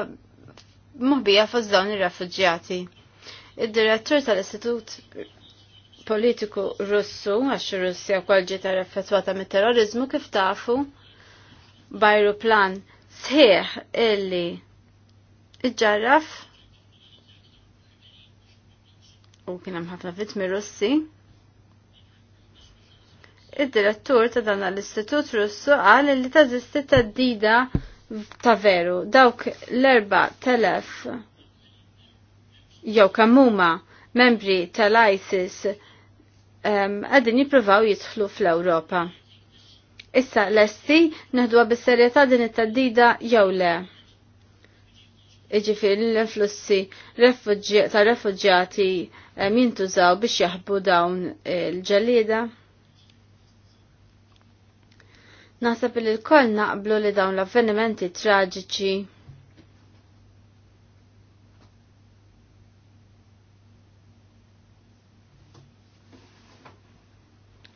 mobija fost dawn ir-refuġjati. Id-direttur tal-Istitut Politiku Russu, għax Russja wkoll ġiet effettwata mit-terrorizmu kif tafu, bajru plan sħiħ illi iġġarraf u kien hemm ħafna vittmi Russi. Id-direttur ta' dan l-Istitut Russu qal li tażisti tad-dida ta' veru dawk l-erba telef jew kamuma membri tal-ISIS għadin um, jipruvaw jitħlu fl-Europa. Issa l-esti neħduwa bis-serjetà din it-taddida jew le Iġifir l-influssi ta' refugġjati jintużaw biex jaħbu dawn il-ġallida? Naħseb li l-koll naqblu li dawn l-avvenimenti traġiċi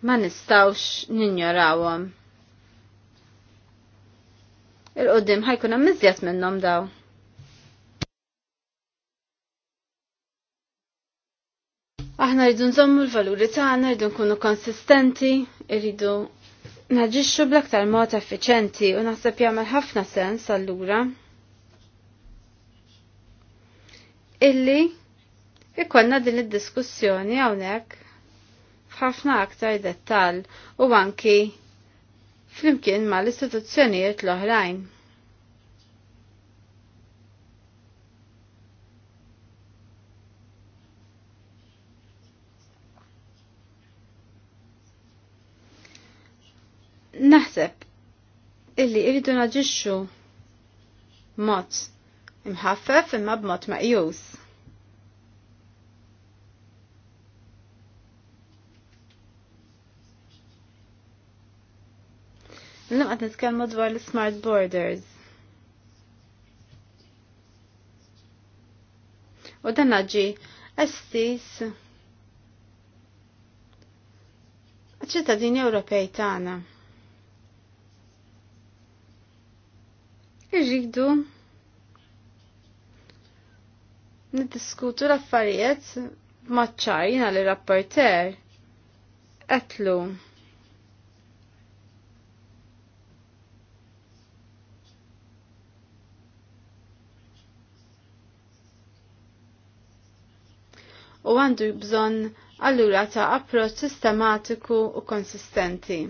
ma nistawx ninjorawhom. Il-qoddim ħajkun hemm iżjed minnhom daw. Aħna rridu nżommu l-valuri tagħna, rridu nkunu konsistenti, rridu naġixxu bl-aktar mod effiċenti u naħseb jagħmel ħafna sens allura illi ikollna din id-diskussjoni hawnhekk f'ħafna aktar dettall u anki flimkien mal-istituzzjonijiet l-oħrajn. Naħseb illi iridu naġixxu mod imħaffef imma b'mod maqjus. Nlum qed nitkellmu dwar l-smart borders. U dan naġi estis ċittadini Ewropej tagħna. irridu niddiskutu l-affarijiet maċċar jina li rapporter etlu u għandu bżonn allura ta' approċ sistematiku u konsistenti.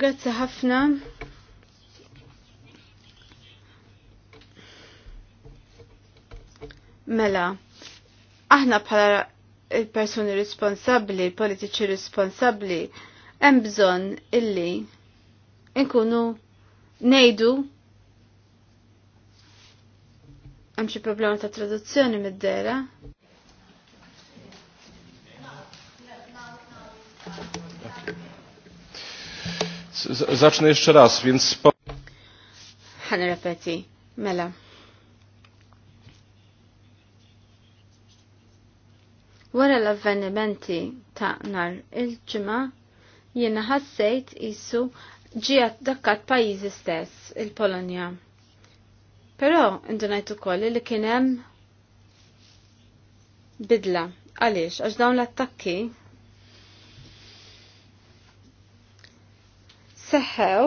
Grazzi ħafna. Mela, aħna bħala il-persuni responsabli, il-politiċi responsabli, hemm bżonn illi nkunu nejdu hemm xi problema ta' traduzzjoni mid-dera. zacznę jeszcze raz, więc... Ħan repeti, mela. Wara l-avvenimenti ta' nar il-ġimgħa jiena ħassejt jissu ġijat dakkat pajjiżi stess il-Polonja. Però indunajt ukoll li kien hemm bidla għaliex għax dawn l-attakki seħħew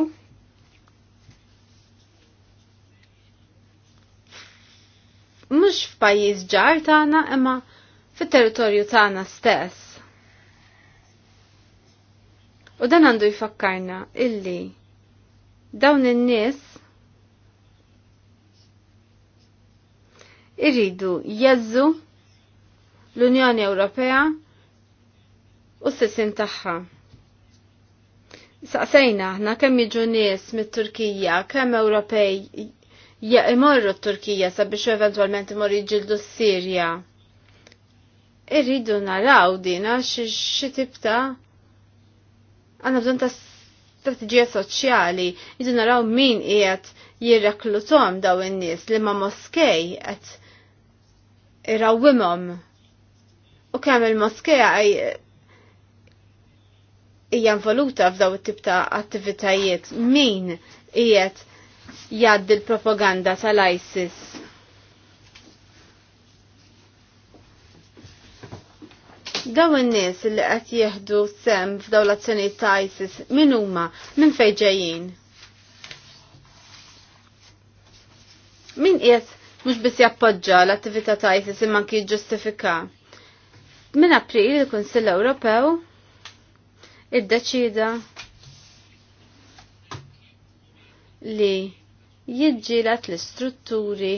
mhux f'pajis ġar tagħna imma fit-territorju tagħna stess. U dan għandu jfakkarna illi dawn in-nies irridu jeżu l-Unjoni Ewropea u s-sissin tagħha. Saqsejna aħna kemm jiġu nies mit-Turkija, kemm Ewropej imorru t-Turkija sabiex eventwalment imorru jġildu s-Sirja. Irridu naraw dina xi tip ta' għandna bżonn ta' strateġija soċjali, jridu naraw min qiegħed jirreklutom daw in-nies li ma' moskej qed irawwimhom. U kemm il-moskeja hija involuta f'daw it-tip ta' attivitajiet min qiegħed jgħaddi l-propaganda tal-ISIS. Daw in-nies li qed jieħdu sem f'daw l-azzjonijiet ta' ISIS min huma minn fejn ġejjin? Min qiegħed mhux biss jappoġġa l-attività ta' ISIS imma ki ġustifika. Min April il-Kunsill Ewropew iddeċida li jidġilat l-istrutturi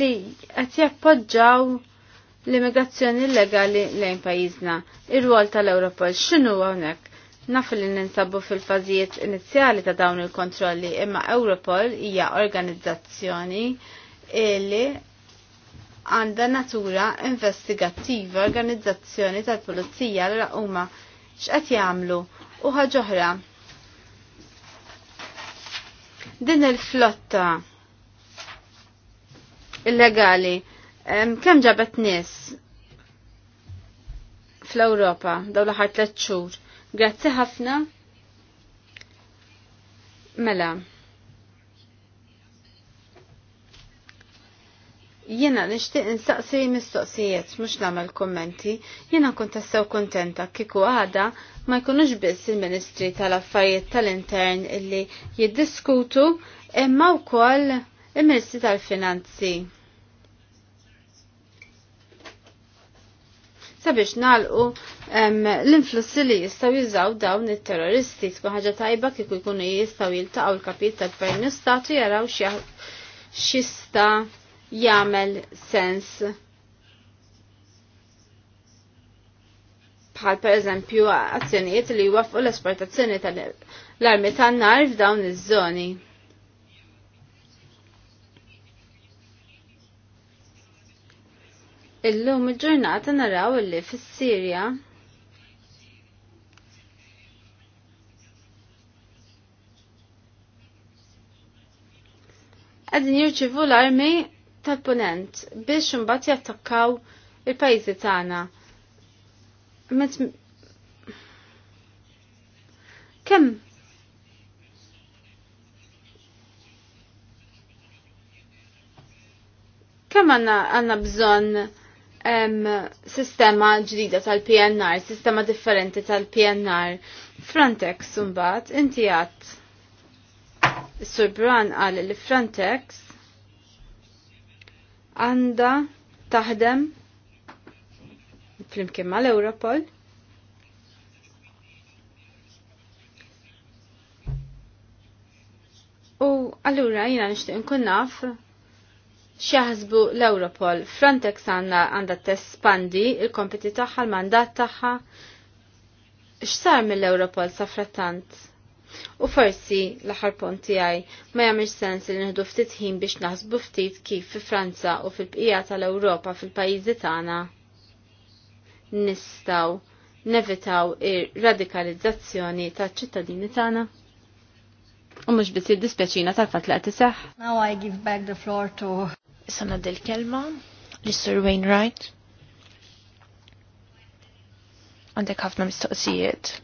li qed jappoġġaw l-immigrazzjoni illegali lejn pajjiżna. Ir-rwol tal-Ewropol x'inhu hawnhekk? Naf li ninsabu fil-fażijiet inizjali ta' dawn il-kontrolli imma Europol hija organizzazzjoni illi għanda natura investigattiva organizzazzjoni tal-pulizija l huma x'qed jagħmlu u ħaġoħra. Din il-flotta illegali kemm ġabet nies fl-Ewropa daw l-aħħar tliet xhur. Grazzi ħafna. Mela. Jena nishtiq nsaqsi mistoqsijiet mux namel kommenti, jena kont tassew kontenta kiku għada ma jkunux biss il-Ministri tal-Affarijiet tal-Intern illi jiddiskutu imma wkoll il-Ministri tal-Finanzi. Sabiex nalqu l-influssi li jistaw jiżaw dawn it-terroristi tkun ħaġa tajba kiku jkunu jistaw jiltaqgħu l-kapit tal-Gvern Statu jaraw xi xista' jagħmel sens. Bħal per eżempju azzjonijiet li jwaffqu l-esportazzjoni tal-armi tan-nar f'dawn iż-żoni. Illum il-ġurnata naraw li fis-Sirja għadin jirċivu l-armi tal-punent biex imbagħad jattakkaw il-pajjiżi tagħna. Kemm kemm għandna għandna bżonn sistema ġdida tal-PNR, sistema differenti tal-PNR. Frontex, mbagħad, inti għat. Sur Bran għal li Frontex għanda taħdem flimkien mal-Europol U allura jina nishtiq nkun naf xaħsbu l-Europol. Frontex għanna għanda t-espandi il-kompeti taħħa, l-mandat taħħa. X'sar mill-Europol sa frattant? U forsi l-aħħar punt tiegħi ma jagħmel sens li nieħdu ftit ħin biex naħsbu ftit kif fi Franza u fil-bqija tal-Ewropa fil-pajjiżi tagħna nistgħu nevitaw ir-radikalizzazzjoni taċ-ċittadini tagħna. U mhux biss id dispjaċina tal-fatt li qed iseħħ. Now I give back the floor to Sana del kelma Mr. sir Wainwright. Għandek ħafna mistoqsijiet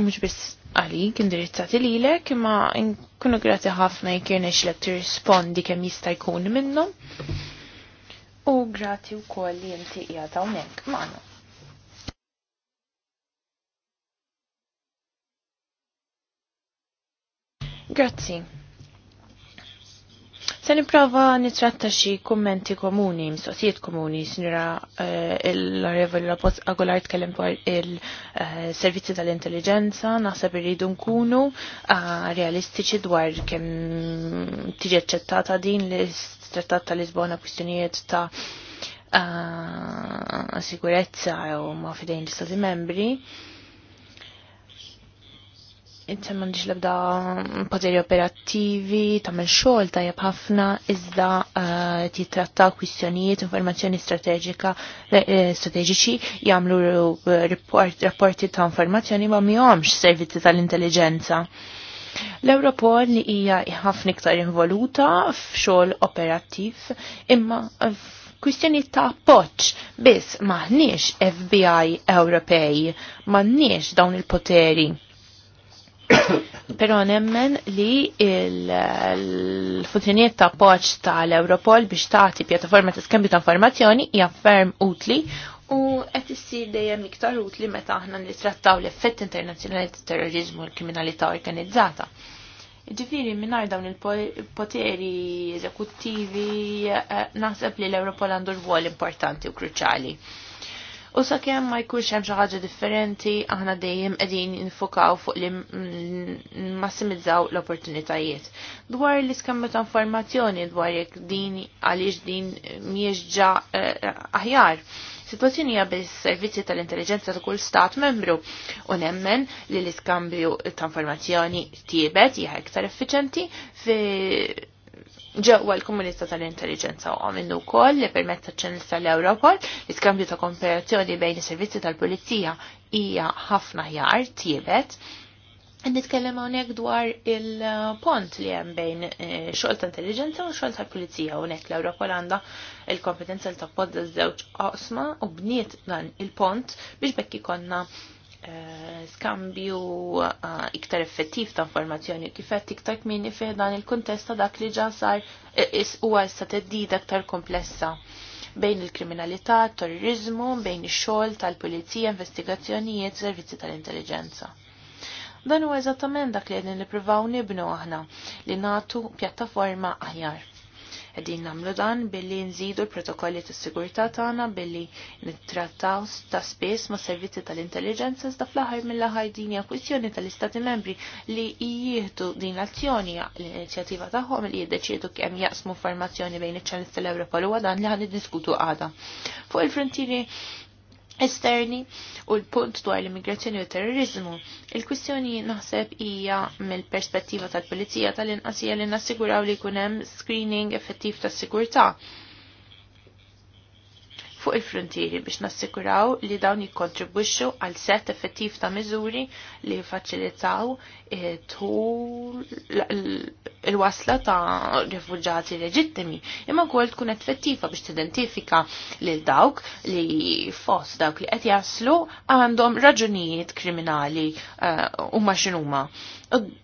mux biss għalik indirizzati li lek, ma nkunu grati ħafna jkirna xlek tirrispondi kem jista jkun U grati u koll li jinti jgħata unek maħna. Grazzi. Se niprofa nitratta xi kummenti komuni, mistoqsijiet komuni, sinjura eh, l-Arevoli Rapos Agolar tkellem dwar il-servizzi eh, tal-intelligenza, naħseb irridu nkunu eh, realistiċi dwar kemm tiġi ċettata din l-istrettat tal-Lisbona kwistjonijiet ta' sigurezza u ma' fidejn l-Istati membri jintem m'għandix l-ebda poteri operattivi, tagħmel xogħol tajjeb ħafna iżda eh, tratta kwistjonijiet, informazzjoni strategika, eh, strateġiċi jagħmlu eh, rapporti ta' informazzjoni ma għomx servizzi tal-intelligenza. L-Europol li hija ħafna iktar involuta f'xogħol operattiv imma kwistjoni ta' poċ biss maħniex FBI Ewropej, maħniex dawn il-poteri. *coughs* Pero nemmen li il-funzjoniet ta' poċ tal-Europol biex tagħti pjattaforma ta' skambju ta' informazzjoni hija ferm utli u qed issir dejjem iktar utli meta aħna nittrattaw l-effett internazzjonali ta' terrorizmu u l-kriminalità organizzata. Ġifiri minnar dawn il-poteri eżekuttivi eh, naħseb li l-Europol għandu rwol importanti u kruċali. U sakemm ma jkunx hemm xi ħaġa differenti, aħna dejjem qegħdin infokaw fuq li massimizzaw l-opportunitajiet. Dwar l-iskemmu ta' informazzjoni dwar jekk din għaliex din mhijiex ġa eh, aħjar. Situazzjoni hija bis servizzi tal-intelligenza ta' kull stat membru u nemmen li l-iskambju ta' informazzjoni tiebet hija iktar effiċenti fi ġewwa l-komunità tal-intelligenza u għamendu wkoll li permetta ċ-ċenil tal-Europol li skambju ta' komparazzjoni bejn is-servizzi tal-Pulizija hija ħafna jar tiebet. Nitkellem hawnhekk dwar il-pont li hemm bejn eh, xogħol ta' intelligenza u xogħol tal-Pulizija hawnhekk l-Europol għandha il-kompetenza li tappoġġa żewġ qosma u bniet dan il-pont biex bekk ikonna Eh, skambju eh, iktar effettiv ta' informazzjoni kifet iktar kmini fih dan il-kontest ta' dak li ġa sar eh, huwa issa teddida iktar komplessa bejn il-kriminalità, terrorizmu, bejn ix-xogħol tal-pulizija, investigazzjonijiet, servizzi tal-intelligenza. Dan huwa eżattament dak li qegħdin nippruvaw nibnu aħna li nagħtu pjattaforma aħjar Qegħdin nagħmlu dan billi nżidu l-protokolli tas-sigurtà tagħna billi nittrattaw ta' spiss ma' servizzi tal intelligenza da' fl-aħħar mill-aħħar din kwistjoni tal-Istati Membri li jieħdu din l-azzjoni l-inizjattiva tagħhom li jiddeċiedu kemm jaqsmu informazzjoni bejn iċ-ċanis tal-Ewropa u dan li ħan diskutu għada. Fuq il-frontieri esterni u l-punt dwar l-immigrazzjoni u terrorizmu. Il-kwistjoni naħseb hija mill-perspettiva tal-Pulizija tal-inqasija li nassiguraw li jkun hemm screening effettiv tas-sigurtà fuq il-frontieri biex nassikuraw li dawn jikkontribwixxu għal set effettiv ta' miżuri li jfaċilitaw il-wasla ta' rifugġati leġittimi imma wkoll tkun effettiva biex tidentifika lil dawk li fost dawk li qed jaslu għandhom raġunijiet kriminali huma eh, x'inhuma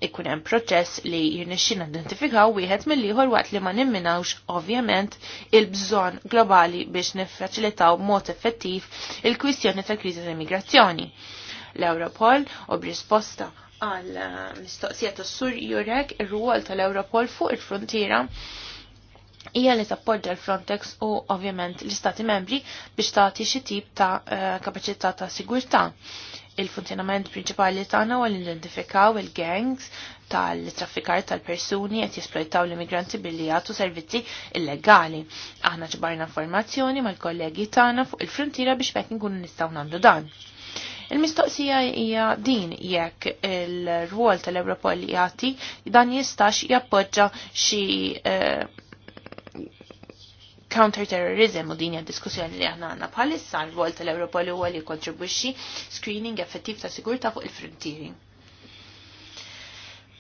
ikun hemm proċess li jirnexxin identifikaw wieħed mill-ieħor waqt li ma nimminawx ovvjament il-bżonn globali biex niffaċilitaw b'mod effettiv il-kwistjoni tal-kriżi tal-immigrazzjoni. L-Europol u b'risposta għal eh, mistoqsija tas sur Jurek ir rwol tal-Europol fuq il-frontiera hija li tappoġġa l-Frontex u ovvjament l-Istati membri biex tagħti xi tip ta' eh, kapaċità ta' sigurtà il-funzjonament prinċipali tagħna huwa l-identifikaw il-gangs tal-traffikar tal-persuni qed jesploitaw l-immigranti billi jagħtu servizzi illegali. Aħna ġbarna informazzjoni mal-kollegi tagħna fuq il-frontiera biex mek nkunu nistgħu nagħmlu dan. Il-mistoqsija hija din jekk il-rwol tal ewropol jagħti dan jistax jappoġġa xi eh, counterterrorism u din diskussjoni li aħna għandna bħalissa l-vol tal-Ewropa li huwa li jikkontribwixxi screening effettiv ta' sigurta fuq il frontiering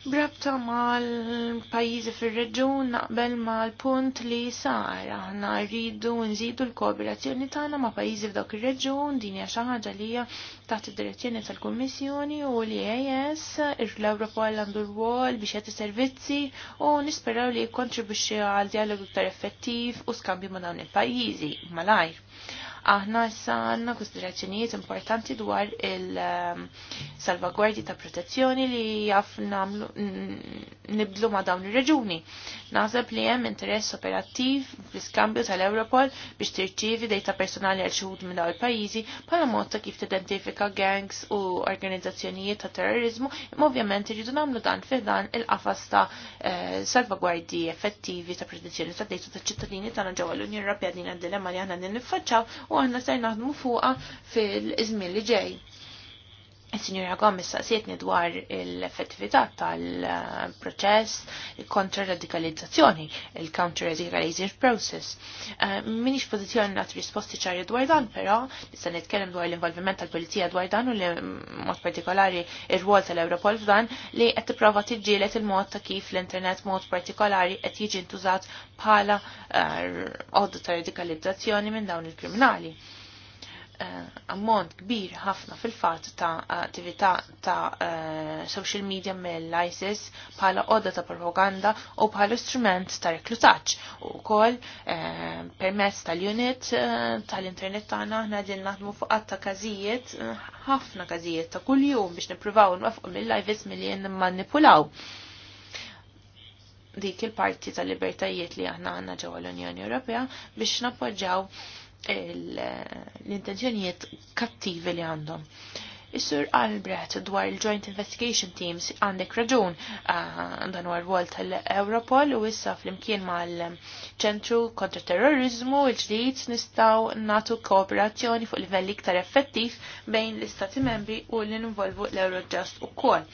Brabta mal-pajizi fil-reġun naqbel mal-punt li sar, aħna rridu nżidu l-kooperazzjoni tagħna ma' pajizi f'dak ir-reġun, din hija xi ħaġa li hija taħt id-direzzjoni tal-Kummissjoni u li as l ewropa għandu rwol biex jagħti servizzi u nisperaw li jikkontribwixxi għal dialogu iktar effettiv u skambju ma' dawn il-pajjiżi malajr. Aħna issa għandna konsiderazzjonijiet importanti dwar il-salvagwardji ehm, ta' protezzjoni li jaf nibdlu ma' dawn ir-reġuni. Naħseb li hemm interess operattiv fl-iskambju tal-Europol biex tirċievi dejta personali għal xuhud minn dawn il-pajjiżi bħala mod ta' kif tidentifika gangs u organizzazzjonijiet ta' terrorizmu, imma ovvjament irridu nagħmlu dan fih il-qafas ta' eh, salvagwardji effettivi ta' protezzjoni ta' dejta ta' ċittadini tagħna ġewwa l-Unjoni Ewropea din dilemma li aħna niffaċċaw u għanna sejnaħdmu fuqa fil-izmin li ġej. Signora Gomez saqsietni dwar l-effettività tal-proċess kontra radikalizzazzjoni, il-counter radicalizing process. Eh, minix pozizjoni għat risposti ċarri dwar dan, però nista' nitkellem dwar l-involviment tal-Polizija dwar dan u li mod partikolari ir-rwol tal-Europol f'dan li qed tipprova tiġġielet il-mod ta' kif l-internet mod partikolari qed jiġi ntużat bħala għodda eh, ta' radikalizzazzjoni minn dawn il-kriminali. Eh, ammont kbir ħafna fil-fat ta' attività ta' eh, social media mill-ISIS bħala qodda ta' propaganda u bħala strument ta' reklutaċ u kol eh, permess tal-unit tal-internet tagħna aħna din naħdmu fuq ta' każijiet ħafna każijiet ta' kuljum biex nippruvaw nwafqu mill-ISIS milli manipulaw dik il-parti tal-libertajiet li aħna għandna ġewwa l-Unjoni Ewropea biex nappoġġaw l-intenzjonijiet kattivi li għandhom. Is-Sur Albrecht dwar il-Joint Investigation Teams għandek raġun ah, dan huwa rwol tal-Europol u issa flimkien mal-ċentru kontra terrorizmu il-ġdid nistgħu nagħtu kooperazzjoni fuq livelli iktar effettiv bejn l-Istati membri u li involvu l-Eurojust ukoll.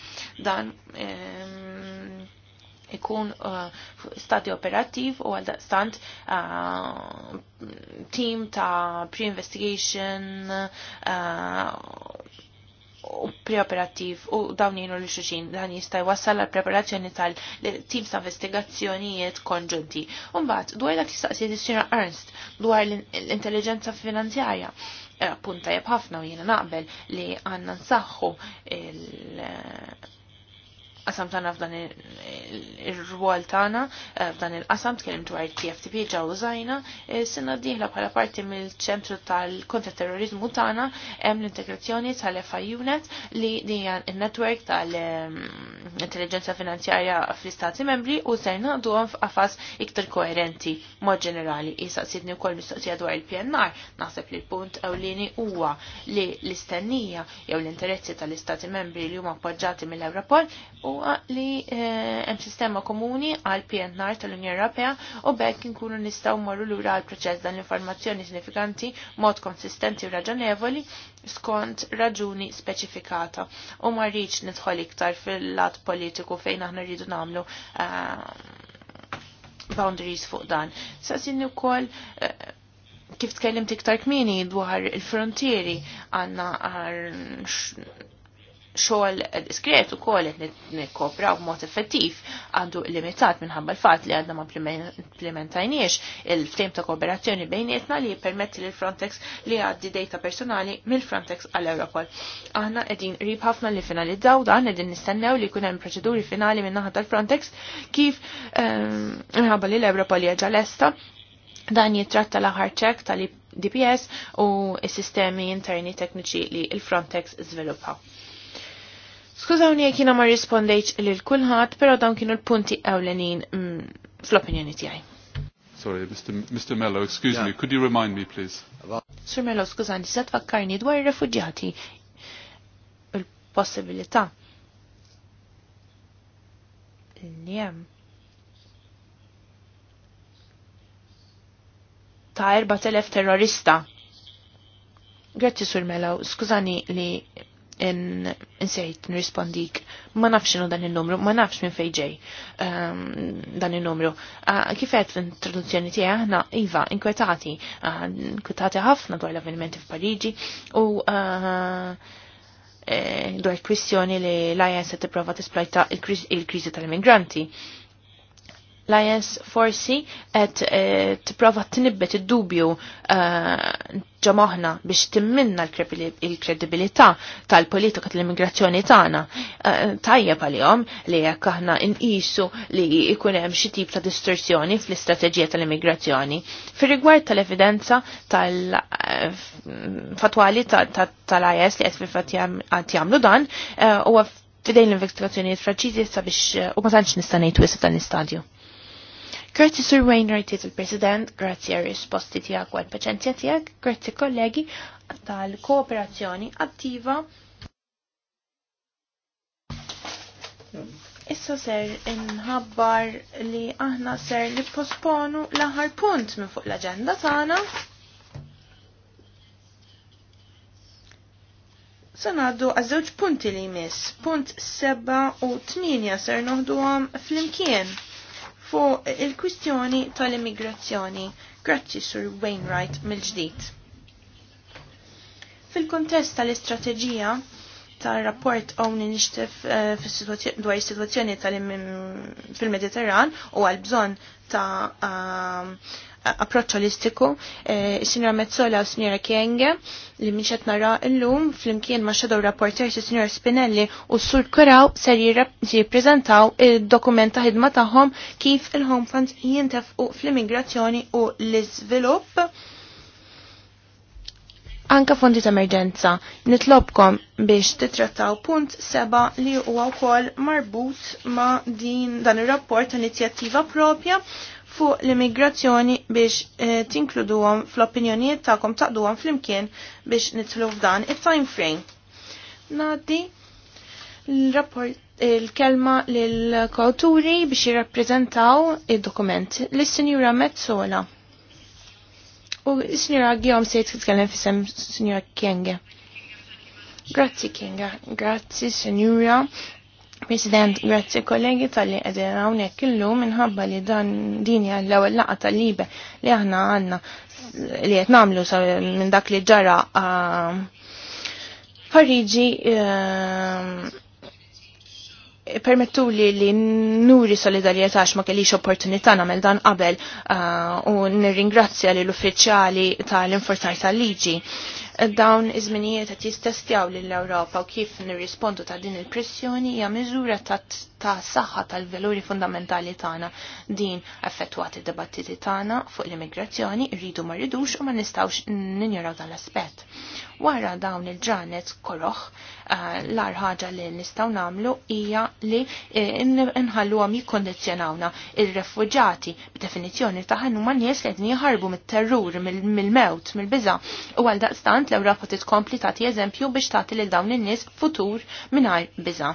Dan ehm, ikun uh, stadju operattiv u għal daqstant uh, team ta' pre-investigation uh, pre preoperattiv u dawn jienu li xuxin dan jista' jwassal għal preparazzjoni tal teams ta' investigazzjonijiet konġunti. Umbagħad dwar dak jistaqsijiet is-Sina Ernst dwar l-intelligenza finanzjarja eh, punta ħafna u jiena naqbel li għandna nsaħħu il- qasam tagħna f'dan ir-rwol tagħna eh, f'dan il-qasam tkellim dwar TFTP ġaw użajna, eh, sinna diħla bħala parti mill-ċentru tal-kontraterrorizmu tagħna hemm l-integrazzjoni tal-FIUNet li dija n-netwerk tal-intelligenza mm, finanzjarja fl-istati membri u ser naqduhom f'qafas iktar koerenti mod ġenerali. Issa sidni wkoll mistoqsija dwar il-PNR, naħseb li l-punt ewlieni huwa li l-istennija jew l-interessi tal-istati membri li huma appoġġati mill-Europol u huwa li eh, hemm sistema komuni għal PNR tal-Unjoni Ewropea u bekk inkunu nistgħu mmorru lura għal proċess dan l-informazzjoni sinifikanti mod konsistenti u raġonevoli skont raġuni speċifikata u ma rridx nidħol iktar fil-lat politiku fejn aħna rridu nagħmlu eh, boundaries fuq dan. Sasin ukoll eh, kif tkellimt iktar kmini dwar il-frontieri għandna xogħol diskret u koll nekopra u b'mod effettiv għandu limitat minħabba l fat li għadna ma implementajniex il frame ta' kooperazzjoni bejnietna li jippermetti lil Frontex li għaddi data personali mill-Frontex għal Europol. Aħna qegħdin rib ħafna li finalizzaw dan qegħdin nistennew li jkun hemm proċeduri finali minnaħat naħa tal-Frontex kif ehm, minħabba li l-Europol hija esta dan jitratta l-aħħar ċek tal-DPS u s-sistemi interni tekniċi li il-Frontex żviluppaw. Skużawni jek jina ma rispondejċ li l-kulħat, pero dawn kienu l-punti ewlenin mm, fl-opinjoni tijaj. Sorry, Mr. Mr. Mello, excuse yeah. me, could you remind me, please? Sur Mello, skużani, sa fakkarni dwar il-refugjati l-possibilita il-njem ta' 4.000 terrorista. Grazie, Sur Mello, skużani li insejt nrispondik, ma nafx inu dan il-numru, ma nafx minn fejġej um, dan il-numru. Ah, kifet l-introduzzjoni tiegħi aħna iva inkwetati, ah, inkwetati ħafna dwar l-avvenimenti f'Pariġi u ah, eh, dwar kwistjoni li l-IS prova tipprova tisplajta il-kriżi tal-immigranti. Lions forsi et eh, t-prova t-nibbet id-dubju eh, ġamohna biex timminna l-kredibilità tal-politika tal-immigrazzjoni tagħna. Eh, tajjeb għalihom li jekk aħna nqisu li jkun hemm xi tip ta' distorsjoni fl-istrateġija tal-immigrazzjoni. Fir-rigward tal-evidenza tal-fatwali tal-IS li qed fil-fatt jagħmlu dan huwa fidejn l-investigazzjonijiet Franċiżi sabiex u ma tantx nista' ngħid dan l-istadju. Grazzi Sir Wainwright il-President, grazzi għal risposti tijak u għal paċenzja tijak, grazzi kollegi tal-kooperazzjoni attiva. Issa ser inħabbar li aħna ser li posponu l punt minn fuq l-agenda tagħna. sanaddu għazzewġ punti li jmiss, punt seba u 8 ser noħdu għam fl-imkien fuq il-kwistjoni tal-immigrazzjoni. Grazzi Sur Wainwright mill-ġdid. Fil-kontest tal-istrateġija tar-rapport Own Initiative eh, dwar is-sitwazzjoni tal-fil-Mediterran u għal bżonn ta' eh, approċċ holistiku, s eh, sinjora Mezzola u Sinjora Kienge li minn qed nara llum flimkien ma' Shadow rapporter s sinjora Spinelli u s Sur Kuraw ser jippreżentaw id-dokument ta' ħidma tagħhom kif il-home funds jintefqu fl-immigrazzjoni u l-iżvilupp anka fondi ta' emerġenza. Nitlobkom biex titrattaw punt seba li huwa wkoll marbut ma' din dan ir-rapport inizjattiva propja fuq l-immigrazzjoni biex eh, tinkluduhom fl-opinjonijiet tagħkom taqduhom flimkien biex nitlu f'dan it-time frame. Nadi l-rapport il-kelma lill-kawturi biex jirrappreżentaw id-dokument lis-Sinjura Mezzola. U l sinjura Gjom se jitkellem fissem Sinjura Kienge. Grazzi Kinga, grazzi Sinjura. President, grazzi kollegi tal-li għedin għawnek illu minħabba li dan dini l ewwel laqa tal-libe li aħna għanna li għet namlu minn dak li ġara Parigi eh, permettu li li nuri solidarieta għax ma kellix opportunità namel dan qabel eh, u nirringrazzja li l-uffiċjali tal-inforzaj tal-liġi. Uh, dawn iż-żminijiet qed jistestjaw lill-Ewropa u kif nirrispondu ta' din il-pressjoni hija miżura ta' ta' saħħa tal-veluri fundamentali tagħna. Din affettwat id-dibattiti tagħna fuq l-immigrazzjoni rridu ma rridux u ma nistgħux ninjoraw dan l-aspett. Wara dawn il-ġranet koroħ eh, l-ar ħaġa li nistgħu nagħmlu hija li inħalluhom eh, jikkondizzjonawna ir-refuġati b'definizzjoni taħan huma nies li qegħdin jħarbu mit-terrur, mill-mewt, mill-biża' u għal daqstant l-Ewropa titkompli tagħti eżempju biex tagħti lil dawn in-nies futur mingħajr biża.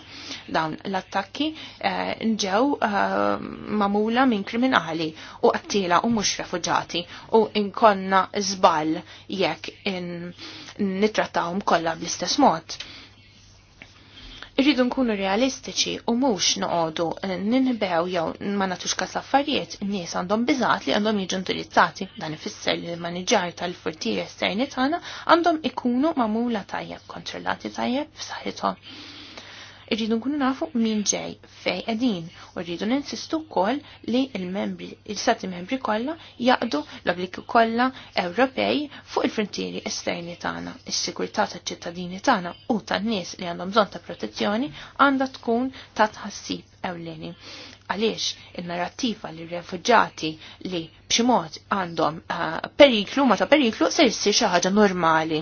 Dawn l-attakki Eh, ġew eh, mamula minn kriminali u għattila u mhux refugġati u inkonna żball jekk nittrattawhom kollha bl-istess mod. Irridu nkunu realistiċi u mhux noqogħdu eh, ninbew jew ma nagħtux kas affarijiet nies għandhom biżgħat li għandhom jiġu utilizzati, dan ifisser li l-maniġar tal-furtier esterni tagħna għandhom ikunu ma'mula tajjeb kontrollati tajjeb f'saħħithom irridu nkunu nafu min ġej fej qegħdin u rridu ninsistu wkoll li l-membri il sati membri kollha jaqdu l-obbligi kollha Ewropej fuq il-frontieri esterni tagħna. Is-sigurtà taċ-ċittadini tagħna u tan-nies li għandhom bżonn ta' protezzjoni għandha tkun ta' tħassib ewleni għaliex il-narrativa li refugġati li bximot għandhom uh, periklu ma ta' periklu se jissir xi ħaġa normali.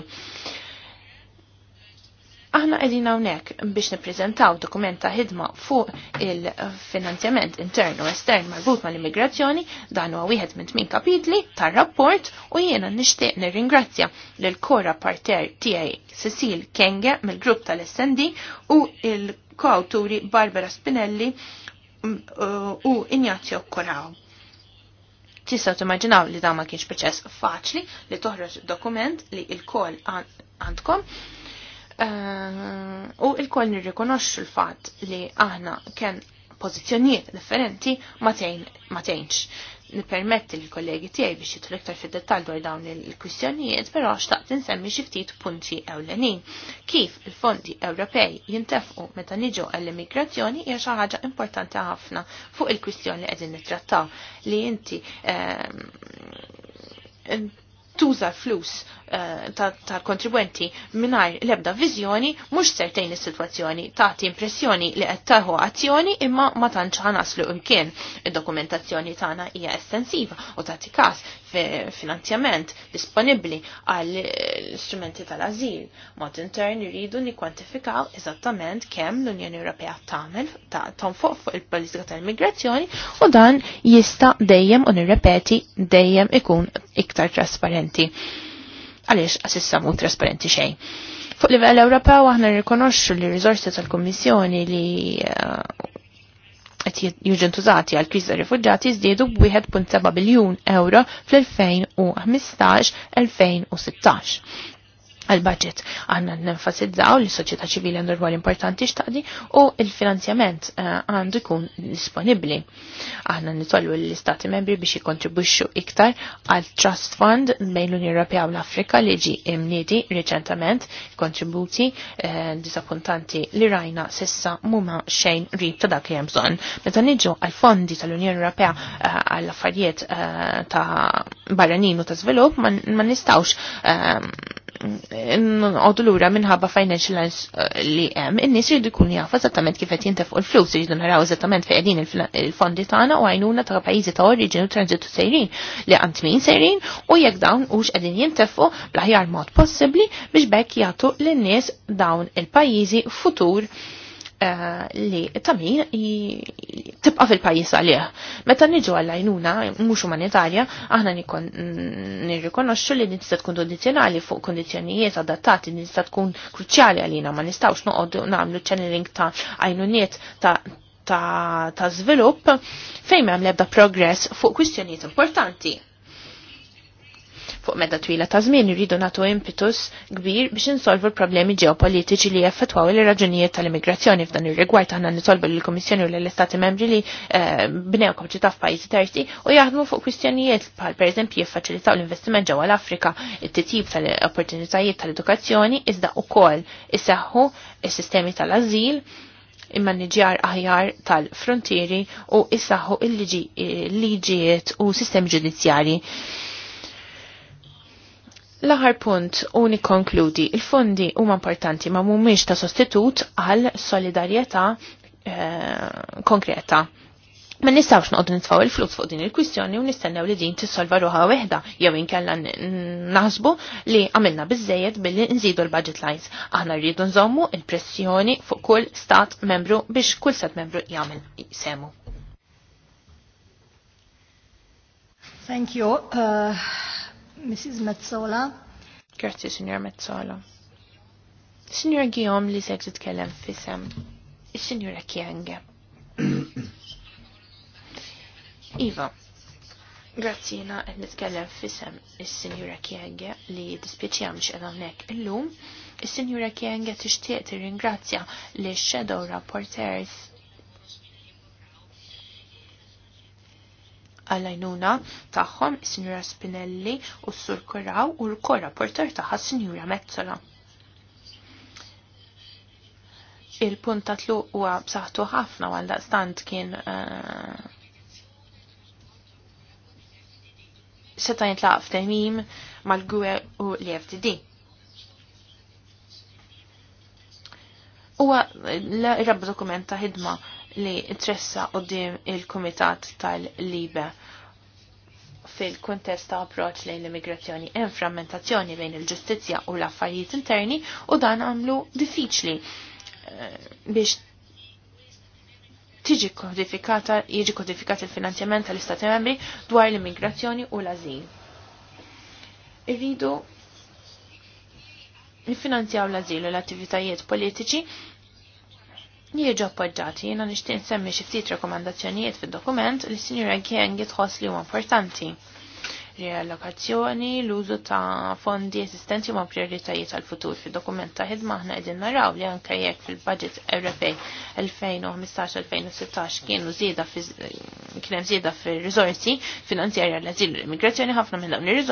Aħna qegħdin hawnhekk biex nippreżentaw dokumenta ħidma fuq il-finanzjament intern u estern marbut mal-immigrazzjoni dan huwa wieħed minn tmien kapitli tar-rapport u jiena nixtieq nirringrazzja lil kora parter tiegħi Cecil Kenge mill-grupp tal-SND u il-koawturi Barbara Spinelli mm, u Ignazio Corao. Tista' timmaġinaw li dan ma kienx proċess faċli li toħroġ dokument li il-kol għandkom. An Eh, u il-koll nirrikonoxxu l-fatt li aħna ken pożizzjonijiet differenti ma tgħinx. Nipermetti li kollegi tiegħi biex jitru iktar fid-dettall dwar dawn il-kwistjonijiet, però xtaqt insemmi xi ftit punti ewlenin. Kif il-fondi Ewropej jintefqu meta niġu għall-immigrazzjoni hija xi ħaġa importanti ħafna fuq il-kwistjoni li qegħdin nittrattaw li inti ehm, tuża flus Eh, tal-kontribwenti minar lebda vizjoni mux sertejn is-situazzjoni tagħti impressjoni li qed taħu azzjoni imma ma tantx ħanaslu imkien. il dokumentazzjoni tagħna hija estensiva u tagħti każ finanzjament disponibbli għall istrumenti tal-azil. Mod intern ni nikkwantifikaw eżattament kemm l-Unjoni Ewropea tagħmel tonfoq fuq il-politika tal-immigrazzjoni u dan jista' dejjem u nirrepeti dejjem ikun iktar trasparenti għaliex għasissa mu trasparenti xejn. Fuq livell Ewropew aħna nirrikonoxxu li riżorsi tal-Kummissjoni li eh, qed tużati għal kriżi rifuġġati żdiedu b'1.7 biljun euro fl-2015-2016 għal-budget. Għanna n-enfasizzaw li soċieta ċivili għandu rwol importanti xtaqdi u il-finanzjament eh, għandu jkun disponibli. Għanna nitollu l-istati membri biex jikontribuxxu iktar għal Trust Fund bejn l-Unjoni Ewropea u l-Afrika li ġi imniedi reċentament kontributi eh, disappuntanti li rajna sissa muma xejn rib ta' dak li hemm bżonn. Meta niġu għal-fondi tal-Unjoni Ewropea eh, għall-affarijiet ta' barranin u ta' żvilupp ma nistawx l lura minħabba financial eh, li hemm, in-nies jridu jkunu jafu eżattament kif qed u l-flus jridu naraw eżattament fejn qegħdin il-fondi tagħna u għajnuna ta' pajjiżi ta' u transitu sejrin li għand min sejrin u jekk dawn hux qegħdin jintefu bl-aħjar mod possibbli biex bekk jagħtu lin-nies dawn il-pajjiżi futur Eh, li tamin tibqa fil-pajis għalih. Meta niġu għall-għajnuna, mux umanitarja, aħna nirrikonoxxu li nista tkun kondizjonali fuq kondizjonijiet adattati, nista tkun kruċjali għalina, ma nistawx noqogħdu nagħmlu channeling ta' għajnuniet ta' ta' ta' zvilup fejn hemm l-ebda progress fuq kwistjonijiet importanti fuq medda twila ta' żmien jridu nagħtu impetus kbir biex insolvu l-problemi ġeopolitiċi li jaffettwaw il-raġunijiet tal-immigrazzjoni f'dan ir-rigward aħna nitolbu lill-Kummissjoni u lill-Istati Membri li eh, bnew komunità f'pajjiżi terzi u jaħdmu fuq kwistjonijiet bħal pereżempju jiffaċilitaw l-investiment ġewwa l-Afrika, it-titjib tal-opportunitajiet tal-edukazzjoni iżda wkoll isseħħu is-sistemi tal-ażil imma nġjar aħjar tal-frontieri u issaħħu il-liġijiet u sistemi ġudizzjari. L-aħar punt u nikkonkludi, il-fondi huma importanti ma mhumiex ta' sostitut għal solidarjetà eh, konkreta. Ma nistawx noqdu nitfaw il-flus fuq din il-kwistjoni u nistennew li din tissolva ruħa weħda jew inkella naħsbu li għamilna biżejjed billi nżidu l-budget lines. Aħna rridu nżommu il-pressjoni fuq kull stat membru biex kull stat membru jagħmel semu. Thank you. Uh... Mrs. Mezzola. Grazie, Signor Mezzola. Signor Guillaume li se titkellem kellem Is-Signora Kienge. *coughs* iva, grazzina għed nitkellem fisem is sinjura Kienge li dispieċja mx edha hawnhekk illum. Is-Sinjura Kienge tixtieq tirringrazzja li shadow rapporters. Għal-għajnuna taħħom Sinjura Spinelli u s-Sur Koraw u l-Kora porter taħħa Sinjura Mezzola. Il-punt ta' tluq huwa b'saħħtu ħafna għal stand kien eh, seta' jintlaq f'temim mal-GUE u l-FDD. Huwa l-rabba dokumenta ħidma li tressa dim il-Kumitat tal-Libe fil-kuntest ta' approċ lejn l-immigrazzjoni hemm frammentazzjoni bejn il-ġustizzja u l-affarijiet interni u dan għamlu diffiċli eh, biex tiġi kodifikata, jiġi kodifikat il-finanzjament tal-Istati membri dwar l-immigrazzjoni u l-azil. Irridu nifinanzjaw l-azil u l-attivitajiet politiċi jieġu appoġġati jiena nixtieq nsemmi xi ftit rekomandazzjonijiet fid-dokument li s sinjura Kieng jitħoss li huwa importanti. Riallokazzjoni, l-użu ta' fondi esistenti ma' prioritajiet għal futur fid dokument ta' ħidma aħna qegħdin naraw li anke jekk fil-budget Ewropej 2015-2016 kienu zida kien hemm żieda fir-riżorsi finanzjarja l-ażil u l-immigrazzjoni ħafna minn dawn ir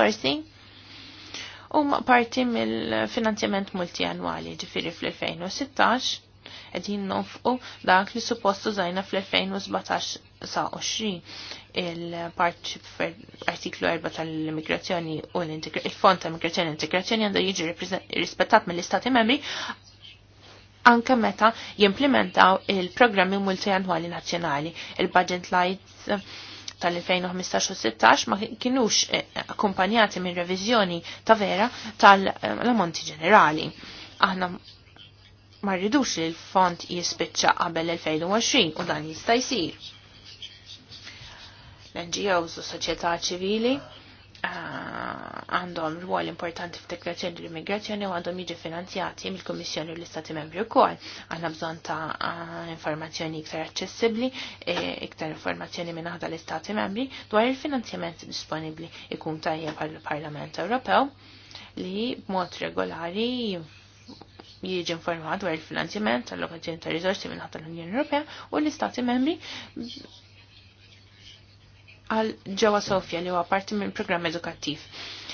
U ma parti mill-finanzjament multianwali ġifiri fl-2016 edin nofqu dak li suppostu zajna fl-2017 sa 20 il-part artiklu 4 tal-immigrazzjoni u il-fond ta' immigrazzjoni integrazjoni għandu jiġi rispettat mill-istati membri anke meta jimplementaw il-programmi multijanwali nazzjonali. Il-budget lights tal-2015 u 16 ma kienux eh, akkumpanjati minn reviżjoni ta' vera tal-ammonti eh, ġenerali. Aħna ma rridux li l fond jispiċċa qabel 2020 u dan jista' jsir. L-NGOs u soċjetà ċivili ah, għandhom rwol importanti f'deklarazzjoni l-immigrazzjoni u għandhom jiġi finanzjati mill-Kummissjoni u l-Istati Membri wkoll. Għandna bżonn ta' informazzjoni iktar aċċessibbli, e, iktar informazzjoni minn aħda l-Istati Membri dwar il-finanzjament disponibbli ikun tajjeb għall-Parlament Ewropew li b'mod regolari jiġi informat dwar il-finanzjament tal-lokazzjoni ta' risorsi minn ħatta l-Unjoni Ewropea u l-Istati membri għal ġewwa Sofja li huwa parti minn programm edukattiv.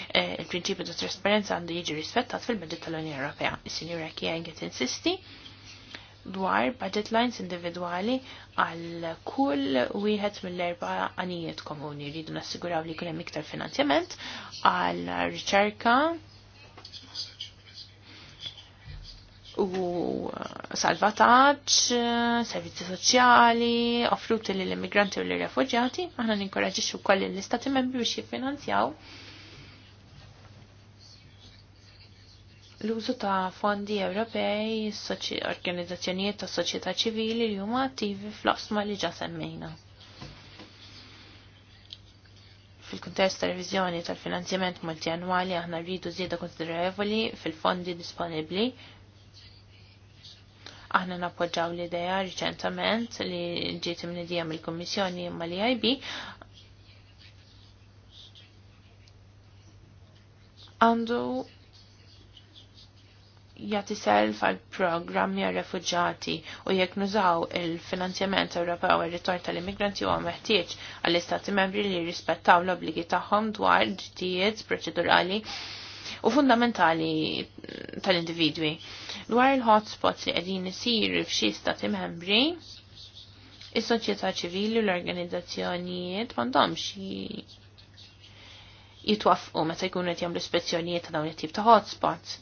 Eh, il-prinċipju ta' trasparenza għandu jiġi rispettat fil-budget tal-Unjoni Ewropea. Is-Sinjura Kija qed insisti dwar budget lines individuali għal kull wieħed mill-erba għanijiet komuni. Rridu nassiguraw li hemm iktar finanzjament għal riċerka u uh, salvataġġ, uh, servizzi soċjali, offruti lill immigranti u l-refugjati, aħna ninkoraġġixxu wkoll l-istati membri biex jiffinanzjaw l-użu ta' fondi Ewropej, organizzazzjonijiet ta' soċjetà ċivili li huma attivi fl-osma li ġa semmejna. Fil-kuntest ta' revizjoni tal-finanzjament multianwali aħna rridu żieda konsiderevoli fil-fondi disponibbli Aħna nappoġġaw l-idea riċentament li ġiet imnidija mill-Kummissjoni imma li IB għandu jati self għal programmi għal refugġati u jekk nużaw il-finanzjament Ewropew għal ritorn tal-immigranti huwa meħtieġ għall istati membri li jirrispettaw l-obbligi tagħhom dwar ġdijiet proċedurali u fundamentali tal-individwi. Dwar il-hotspots li qegħdin nisir f'xi stati membri, is-soċjetà ċivili u l-organizzazzjonijiet m'għandhomx jitwaffqu meta jkunu qed jagħmlu ispezzjonijiet ta' dawn it-tip ta' hotspots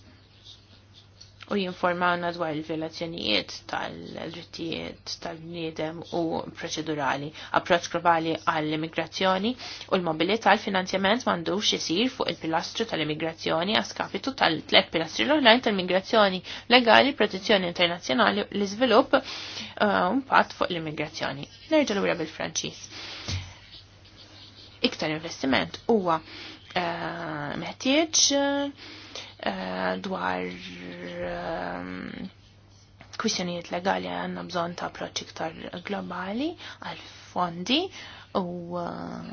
u jinformawna dwar il-violazzjonijiet tal-drittijiet tal-bniedem u proċedurali. Approċ globali għall-immigrazzjoni u l-mobilità l-finanzjament mandux isir fuq il-pilastru tal-immigrazzjoni għaskapitu tal-tlet pilastri l-oħrajn tal-immigrazzjoni legali, protezzjoni internazzjonali, l iżvilupp un uh, pat fuq l-immigrazzjoni. Nerġa l-ura bil-Franċis. Iktar investiment huwa uh, meħtieġ Eh, dwar ehm, kwistjonijiet legali għanna bżon ta' approċċ iktar globali għal fondi u eh,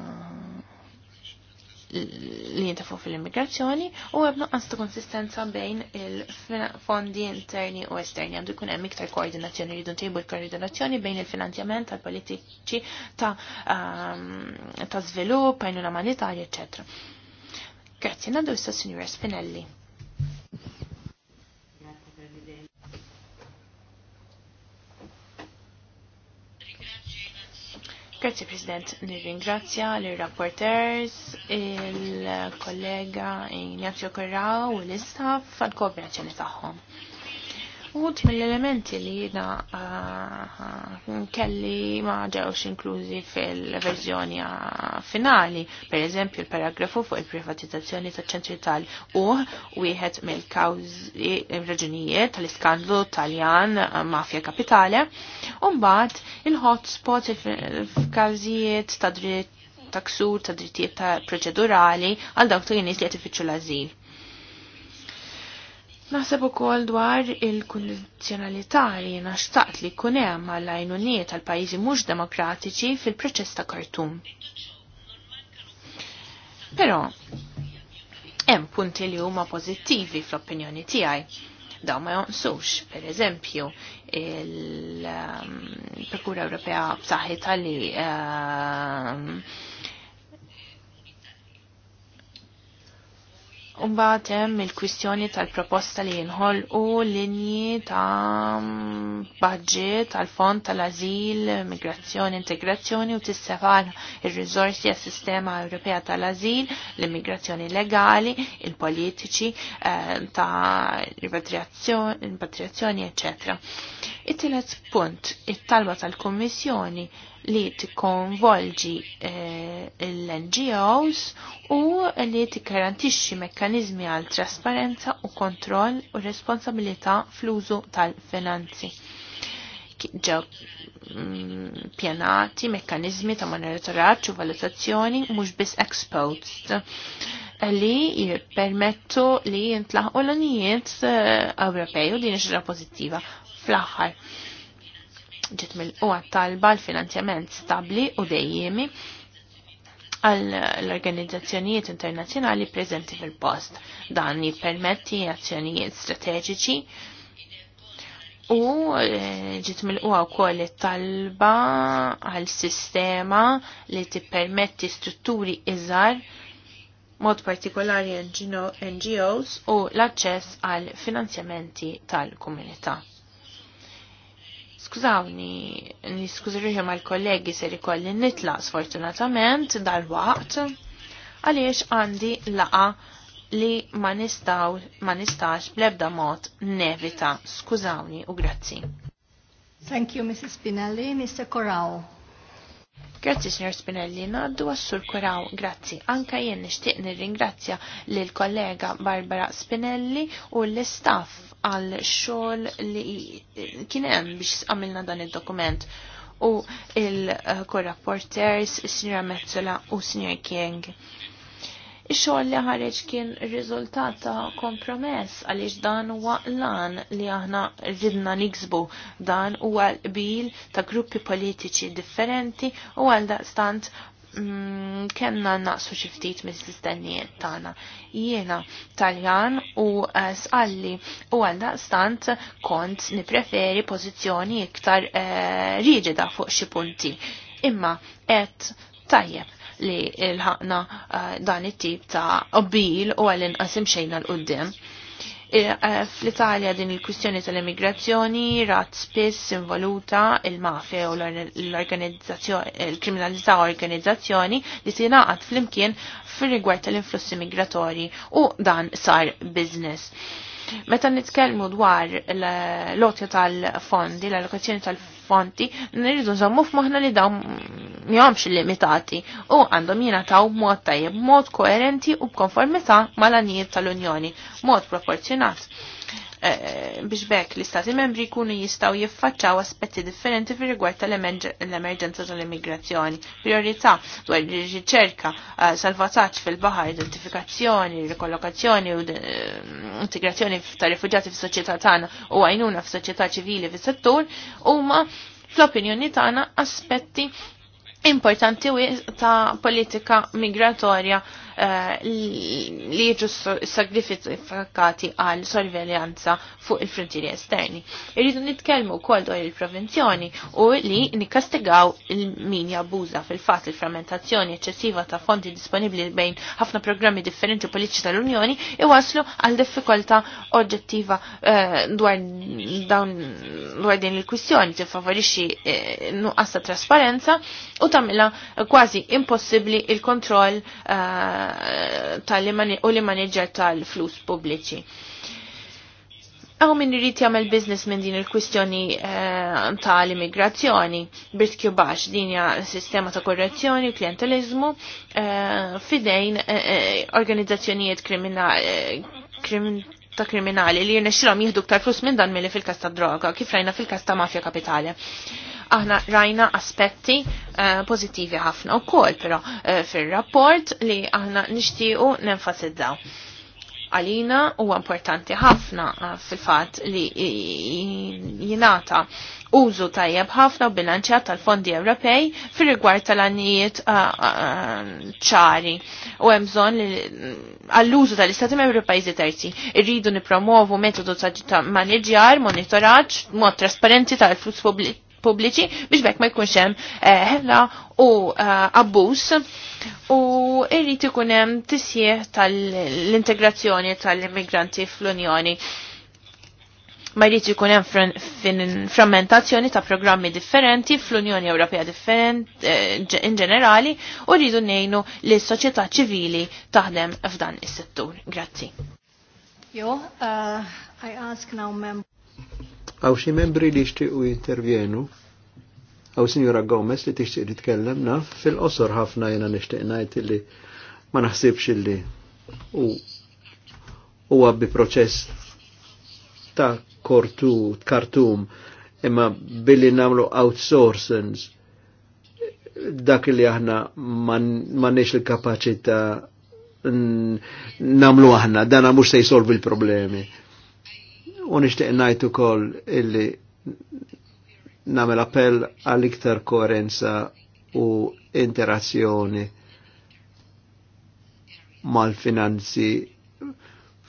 li jintafu fil-immigrazzjoni u għabnu għastu konsistenza bejn il-fondi interni u esterni għandu jkun hemm iktar koordinazzjoni li tibu koordinazzjoni bejn il-finanzjament tal-politiċi ta' ehm, ta' svilupp, għajnuna umanitarja, eccetera. Grazie, nadu s Signora Spinelli. Grazie President, nirringrazzja l-rapporters, il-kollega Ignazio Corrao u l-istaff għal-kooperazzjoni tagħhom. Uħut mill-elementi li jina ah, ah, kelli ma ġewx inklużi fil-verżjoni ah, finali, per eżempju il-paragrafu fuq il-privatizzazzjoni ta' ċentri tal-uħ u wieħed mill-kawzi raġunijiet tal-iskandlu taljan mafja kapitale, mbagħad il-hotspot il-kawzijiet ta' dritt taksur ta' drittijiet ta' proċedurali għal dawk ta' jenis li għet ifittxu l-azil. Naħseb ukoll dwar il-kondizjonalità li naxtaqt li jkun hemm għall għajnuniet tal pajjiżi mhux demokratiċi fil-proċess ta' Kartum. Però hemm punti li huma pożittivi fl-opinjoni tiegħi. Daw ma jonqsux, per eżempju, il-Prokura um, Ewropea b'saħħitha li um, Umbat hemm il-kwistjoni tal-proposta li jinħol u linji ta' budget tal-fond tal-azil, migrazzjoni, integrazzjoni u tissefar il-rizorsi għas sistema Ewropea tal-azil, l-immigrazzjoni legali, il-politiċi eh, ta' ripatriazzjoni, eccetera. It-tielet punt, it-talba tal-Kommissjoni li tikkonvolġi eh, l-NGOs u li tikkarantixxi mekkanizmi għal trasparenza u kontroll u responsabilità fl-użu tal-finanzi. Ġew mm, pjanati mekkanizmi ta' monitoraġġ u valutazzjoni mhux biss exposed eh, li jippermettu li jintlaħqu l unijiet eh, Ewropej u din xra pozittiva fl-aħħar. Ġiet mill-qwa talba l-finanzjament stabli u dejjemi għall-organizzazzjonijiet internazzjonali preżenti fil-post. Dan jippermetti azzjonijiet strateġiċi U eh, ġiet mill qwa wkoll it-talba għal sistema li tippermetti strutturi iżgħar mod partikolari NGOs u l-aċċess għal finanzjamenti tal-komunità. Skużawni, niskużi ma l kollegi ser ikolli nitla sfortunatament dal-waqt għaliex għandi laqa li ma nistaw ma nistax blebda mod nevita. Skużawni u grazzi. Thank you, Mrs. Spinelli. Mr. Corral. Grazzi, signor Spinelli. Naddu għassur Corral. Grazzi. Anka jien nishtiq nirringrazzja l-kollega Barbara Spinelli u l-istaff għal xogħol li kien hemm biex għamilna dan id-dokument u il-korrapporters, Sinjora Mezzola u Sinjor King. Ix-xogħol li ħareġ kien riżultat ta' kompromess għaliex dan huwa lan li aħna ridna niksbu dan huwa l bil ta' gruppi politiċi differenti u għal stant Mm, kemna naqsu xiftit mis-istennijiet tagħna. Jiena Taljan u eh, sqalli u għal daqstant kont nipreferi pożizzjoni iktar eh, riġida fuq xi punti. Imma qed tajjeb li l-ħakna eh, dan it-tip ta' qbil u għal inqasim xejn l-qoddim. Eh, Fl-Italja din il-kwistjoni tal-immigrazzjoni rat spiss involuta il-mafja u l-kriminalità organizzazzjoni li sinaqat fl-imkien fil rigward tal-influssi migratori u dan sar business. Meta nitkellmu dwar l-lotja tal-fondi, l-allokazzjoni tal-fondi, nirridu nżommu f'moħna li dawn mihomx limitati u għandhom jingħataw b'mod tajjeb, b'mod koerenti u b'konformità mal-anijiet tal-Unjoni, mod proporzjonat. Eh, eh, biex bekk l-istati membri kunu jistaw jiffaċċaw aspetti differenti fir rigward tal-emerġenza tal-immigrazzjoni, priorità dwar riċerka, eh, salvataġġ fil-baħar, identifikazzjoni, rikollokazzjoni u integrazzjoni ta' rifugjati fis-soċjetà tagħna u għajnuna fis soċieta ċivili fis-settur huma fl-opinjoni tagħna aspetti importanti ta' politika migratorja Eh, li jiġu sagrifikati għal sorveljanza fuq il-frontieri esterni. Irridu nitkellmu wkoll dwar il-prevenzjoni u li nikkastigaw min jabbuża fil-fatt il-frammentazzjoni eċċessiva ta' fondi disponibbli bejn ħafna programmi differenti u politiċi tal-Unjoni iwaslu għal diffikolta oġġettiva eh, dwar dawn dwar din il-kwistjoni favorixxi eh, nuqqas ta' trasparenza u tagħmilha kważi impossibbli il-kontroll uh, u li manager tal-flus pubbliċi. Għaw min irrit jagħmel business minn din il-kwistjoni eh, tal-immigrazzjoni, briskju bax din hija sistema ta' korrezzjoni, u klientelizmu, eh, fidejn eh, organizzazzjonijiet ta' kriminali li jirnexxilhom jieħdu ktar flus minn dan milli fil kasta droga, kif rajna fil kasta ta' mafja kapitali. Aħna rajna aspetti uh, pozittivi ħafna u kol, pero uh, eh, fil-rapport li aħna nishtiqu nenfasizzaw għalina u importanti ħafna eh, fil-fat li jinata użu tajjeb ħafna u bilanċjat tal-fondi Ewropej fir rigward tal-annijiet ċari u hemm bżonn għall-użu tal-Istati Ewropej terzi. Irridu nipromovu metodu ta' maneġjar, monitoraġġ, mod trasparenti tal fluss pubbliku pubbliċi biex bekk ma jkunx hemm eh, ħella u eh, abbuż u irrid ikun hemm tisjieħ tal-integrazzjoni tal-immigranti fl-Unjoni. Ma jrid ikun hemm frammentazzjoni ta' programmi differenti fl-Unjoni Ewropea differenti eh, in ġenerali u rridu ngħinu li s-soċjetà ċivili taħdem f'dan is-settur. Grazzi. Jo, uh, I ask now member. Għaw xi membri li u jintervjenu, għaw Sinjura Gomez li tixtieq li tkellem naf, fil-qosor ħafna jena nixtieq najt li ma naħsibx li u huwa bi proċess ta' kortu, kartum, imma billi namlu outsourcings dak li aħna mannix il-kapacita namlu aħna, dana mux se jisolvi il-problemi u nishtiq ngħid ukoll illi nagħmel appell għal iktar koerenza u interazzjoni mal-finanzi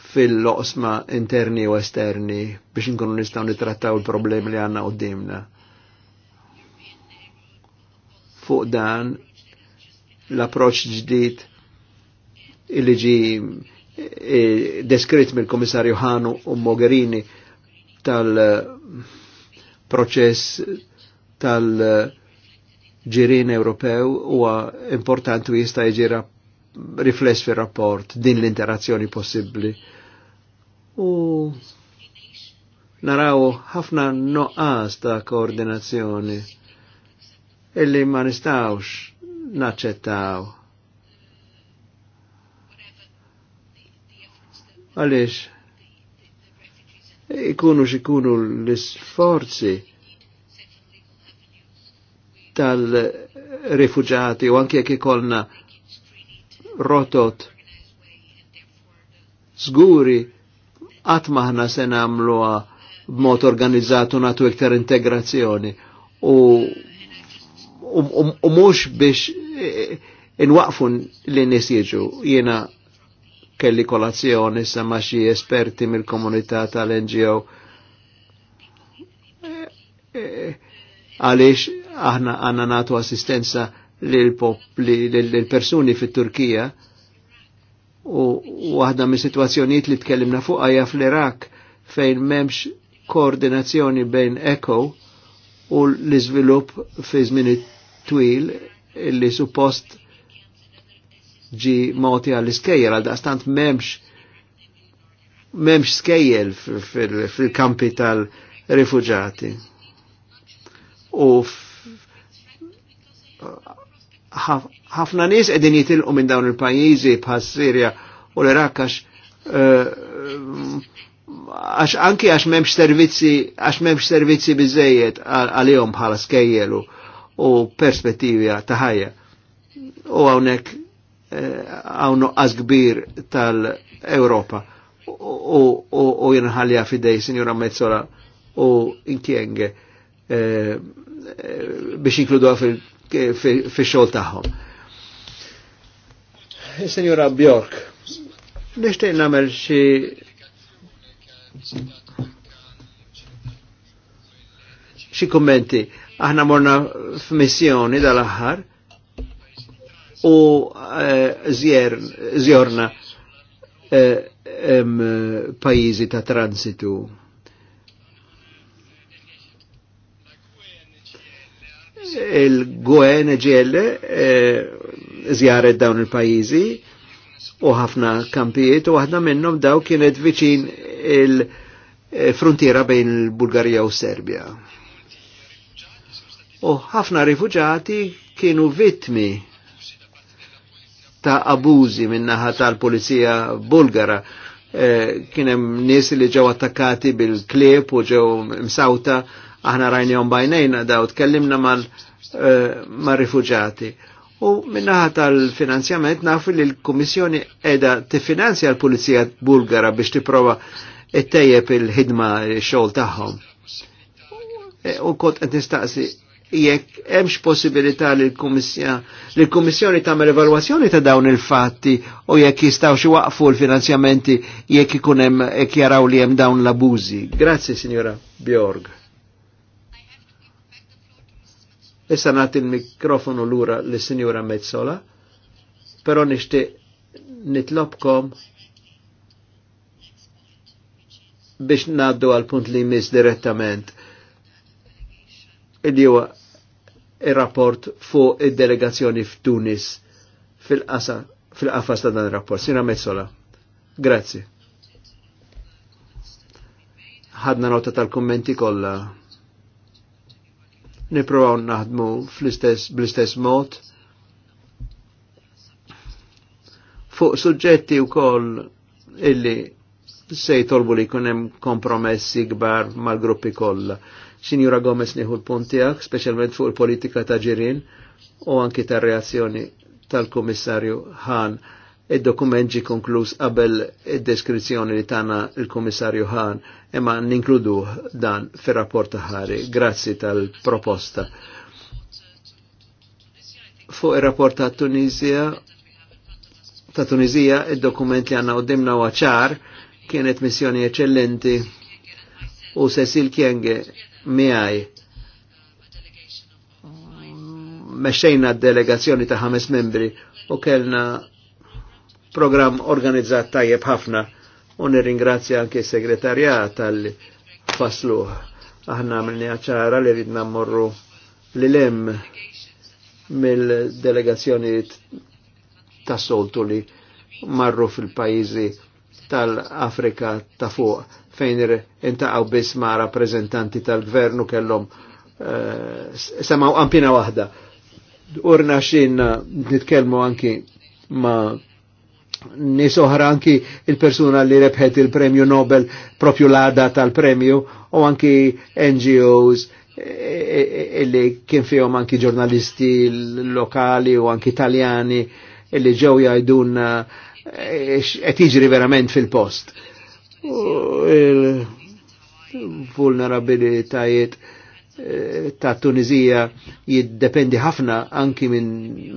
fil-loqsma interni u esterni biex nkunu nistgħu nittrattaw il-problemi li għandna qudiemna. Fuq dan l-approċċ ġdid illi ġi E, deskritt mill-Komissarju Hanu u Mogherini tal-proċess tal-ġirin Ewropew huwa importanti u jista' jiġi rifless fir-rapport din l-interazzjoni possibbli. U naraw ħafna noqqas ta' koordinazzjoni illi ma nistawx naċċettaw għalix ikunu xikunu l-sforzi tal-rifugġati u anke jekk ikolna rotot zguri għatmaħna sen se namluha b'mod organizzatu natu iktar integrazzjoni u u mhux biex e, e, inwaqfu li nis jiġu jiena kelli kolazzjoni sama xi esperti mill-komunità tal-NGO e, e, għaliex aħna għanna natu assistenza lil-persuni fit-Turkija u waħda mis situazzjonijiet li tkellimna fuq għajja fl-Irak fejn memx koordinazzjoni bejn ECHO u l-iżvilupp fi żmien twil li suppost ġi moti għall skejjel, għal daqstant memx memx skejjel fil-kampi tal-rifugġati. U ħafna nies qegħdin jitilqu minn dawn il-pajjiżi bħal Sirja u l-Iraq għax eh, għax anki għax memx servizzi għax memx servizzi għal għalihom bħala skejjel u perspettivi ta' ħajja. U għawnek għawnu għazgbir tal-Europa u jenħalja fidej Signora Mezzola u inkienge eh, eh, biex inkludu fil-xol taħħom. Signora Bjork, nishtiq namel xie xie kommenti. Aħna morna f-missjoni dal-aħħar u eh, zjorna eh, pajizi ta' transitu. il-Gwen ġielle eh, zjaret dawn il-pajizi u ħafna kampijiet u ħafna minnom daw kienet viċin il-frontiera bejn il-Bulgarija u Serbia. U ħafna rifuġati kienu vittmi ta' abużi minnaħa tal-Polizija Bulgara. Eh, kienem nis li ġew attakkati bil klep u ġew msawta, aħna rajnijom bajnejna daw, tkellimna mal-rifuġati. Eh, e, u minnaħa tal-finanzjament nafu li l-Komissjoni edha t-finanzja l-Pulizija Bulgara biex tipprova it-tejjeb il-ħidma xogħol tagħhom. Eh, u kont għed nistaqsi jekk hemmx possibilità li l-Kummissjoni tagħmel evalwazzjoni ta' dawn il-fatti u jekk jistgħu xi waqfu l-finanzjamenti jekk ikun hemm jekk jaraw li hemm dawn l-abużi. Grazzi, Signora Bjorg. Issa nagħti il-mikrofonu lura lis-Sinjura Mezzola, però nixtieq nitlobkom biex naddu għal punt li jmiss direttament li huwa ir-rapport fuq il delegazzjoni f'Tunis fil-qasa fil-qafas ta' dan il rapport Sina Mezzola. Grazie. Ħadna nota tal-kommenti kollha. Nipprovaw naħdmu fl-istess bl-istess mod. Fuq suġġetti wkoll illi se jtolbu li kunem hemm kompromessi kbar mal-gruppi kollha Sinjura Gomez nieħu l-puntijak, specialment fuq il-politika ta' ġirin u anki ta' reazzjoni tal-Komissarju Hahn. Id-dokument ġi konkluż qabel id-deskrizzjoni li tana il-Komissarju Hahn, imma ninkludu dan fir-rapport ta' ħari. Grazzi tal-proposta. Fuq ir-rapport ta' Tunizija, ta' Tunizija, id-dokument li għanna għoddimna waċar, kienet missjoni eccellenti u Cecil Kienge miħaj meċċejna delegazzjoni ta' ħames membri u kellna program organizzat tajjeb ħafna u nirringrazzja anke segretarjat tal fasluħ. Aħna għamilni ċara li ridna morru li lem mill-delegazzjoni ta' soltu li marru fil-pajizi tal-Afrika ta' fuq fejn intaqgħu biss ma' rappreżentanti tal-gvernu kellhom uh, semaw ampina waħda. Urna xin eh, nitkellmu anki ma' nis oħra anki il-persuna li rebħet il-premju Nobel propju l-għada tal-premju u anki NGOs eh, illi kien fihom anki ġurnalisti lokali u anki italjani illi ġew jajdun qed jiġri verament fil-post il-vulnerabilitajiet eh, ta' Tunizija jiddependi ħafna anki minn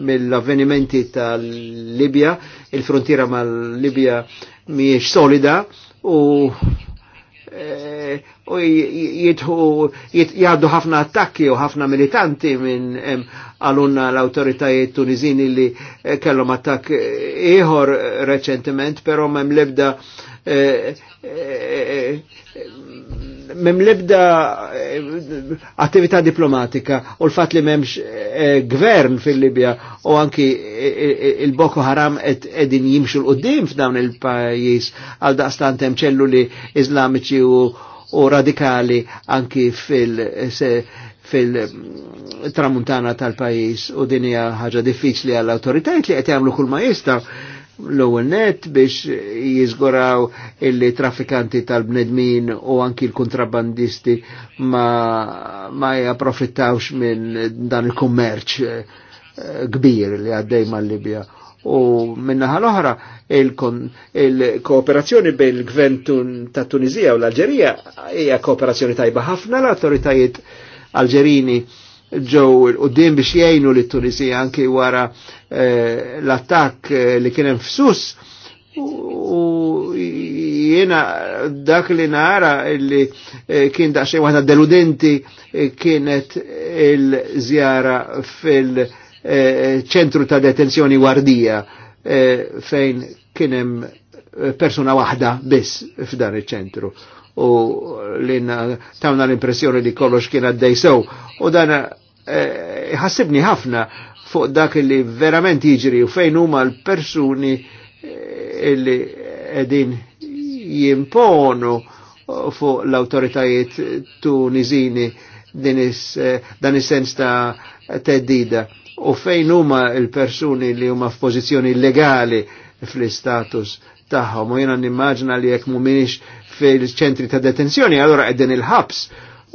mill-avvenimenti ta' libja il-frontiera mal-Libja miex solida u eh, jgħaddu ħafna attakki u ħafna militanti minn għalunna l-autoritajiet tunizini li eh, kellhom attakk ieħor reċentement, però m'hemm lebda Eh, Eh, eh, eh, mem lebda attività diplomatika u l-fat li memx gvern fil-Libja u anki il-Boko Haram edin jimxu l-qoddim f'dawn il-pajis għal daqstan hemm ċelluli islamici u radikali anki fil- fil-tramuntana tal-pajis u dinja ħaġa diffiċli għall-autoritajt li qed jagħmlu kull ma l-ewwel net biex jiżguraw illi traffikanti tal-bnedmin u anki l-kontrabbandisti ma, ma japprofittawx minn dan il-kummerċ eh, kbir li għaddej mal-Libja. U minnaħa l-oħra, il-kooperazzjoni bejn il-gvern ta' Tunizija u l-Alġerija hija kooperazzjoni tajba ħafna l-autoritajiet Alġerini ġew il-qoddim biex jgħinu li Tunisija anki wara eh, l-attak eh, li kien hemm f'Sus u jiena dak li nara li eh, kien xejn waħda deludenti kienet il-żjara fil-ċentru ta' detenzjoni wardija fejn kien hemm persuna waħda biss f'dan iċ-ċentru u li tawna l-impressjoni li kollox kien għaddej sew u dana Eh, ħassibni ħafna fuq dak li verament jiġri u fejn huma l-persuni eh, li qegħdin jimponu fuq l-autoritajiet tunizini eh, dan is-sens ta' teddida u fejn huma l-persuni li huma f'pożizzjoni legali fl-istatus tagħhom u jiena nimmaġina li jekk mhumiex fil-ċentri ta' detenzjoni allora qegħdin il-ħabs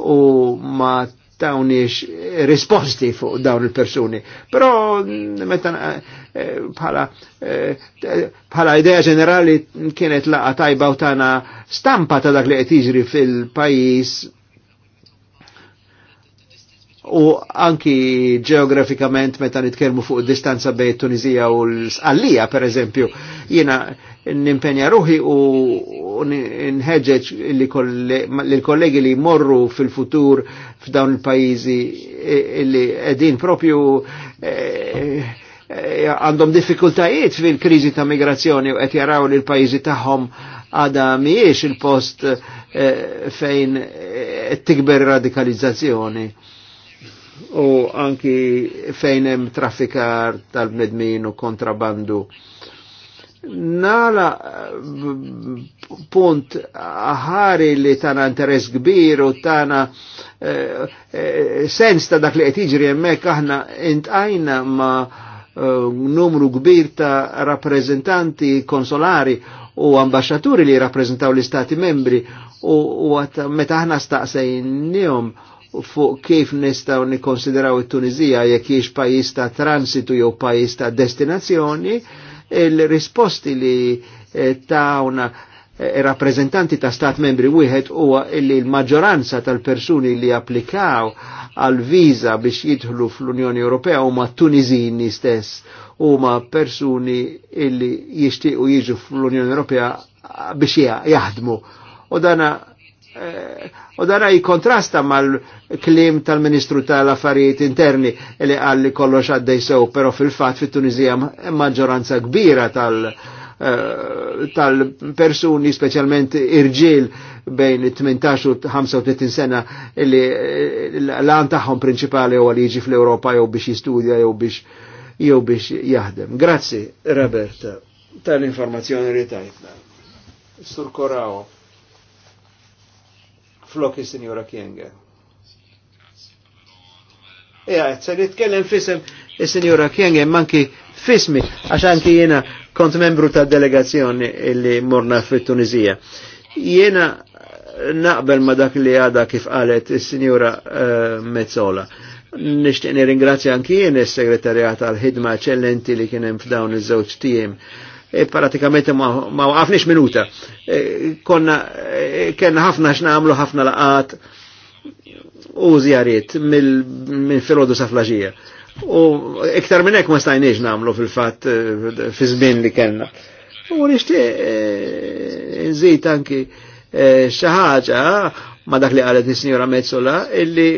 u ma' tawniex risposti fuq dawn il-persuni. Però meta eh, bħala eh, bħala idea ġenerali kienet laqa tajba u tana stampa ta' dak li qed jiġri fil-pajjiż u anki ġeografikament meta nitkellmu fuq distanza bejn Tunizija u l-Sqallija per eżempju, jiena nimpenja ruħi u nħeġġeġ l-kollegi li morru fil-futur f'dawn il-pajizi e, e, li edin propju e, għandhom diffikultajiet fil-krizi ta' migrazzjoni u qed jaraw li l-pajizi tagħhom għada miex il-post fejn tikber radikalizzazzjoni u anki fejn hemm traffikar tal-bnedmin u kontrabandu Nala punt ħari li tana interess kbir u tana eh, eh, sens ta' dak li qed jiġri hemmhekk aħna intqajna ma' eh, numru kbir ta' rappreżentanti konsolari u ambasċaturi li rappresentaw l-istati membri u għat meta aħna staqsejnihom fuq kif nistaw nikonsideraw it-Tunizija jekk hiex pajjiż ta' transitu jew pajjiż ta' destinazzjoni, il-risposti li eh, tawna eh, rappresentanti ta' stat membri wieħed huwa li l-maġġoranza tal-persuni li applikaw għal viza biex jidħlu fl-Unjoni Ewropea huma Tunizini stess huma persuni illi jixtiequ jiġu fl-Unjoni Ewropea biex jaħdmu. U dana Eh, u dara jikontrasta mal-klim tal-Ministru tal-Affarijiet Interni li għalli kollox għaddej sew, pero fil-fat fit-Tunizija maġġoranza kbira tal- eh, tal-persuni specialment irġil bejn 18 u 35 sena li eh, l-għan taħħom principali u għal fl-Europa jew biex jistudja jew biex jew biex jaħdem. Grazzi, Roberta, tal-informazzjoni li tajtna. Sur Korao. Floki sinjora Kienge. Ija, se nitkellem fissem il sinjora Kienge manki fismi, għax anki jena kont membru ta' delegazzjoni illi morna fit tunizija Jena naqbel ma dak li għada kif għalet il sinjora uh, eh, Mezzola. Nishtiqni ringrazzja anki jena il-Segretarjat għal-ħidma ċellenti li kienem f'dawn iż-żewġ tijem E, pratikament ma waqafniex minuta. E, konna e, kena ħafna x'namlu ħafna laqat u zjariet minn filodu saflaġija. U iktar minn hekk ma stajniex namlu fil fat fi żmien li kellna. U nishti nżid anki xaħġa ma dak li qalet is-Sinjora Mezzola illi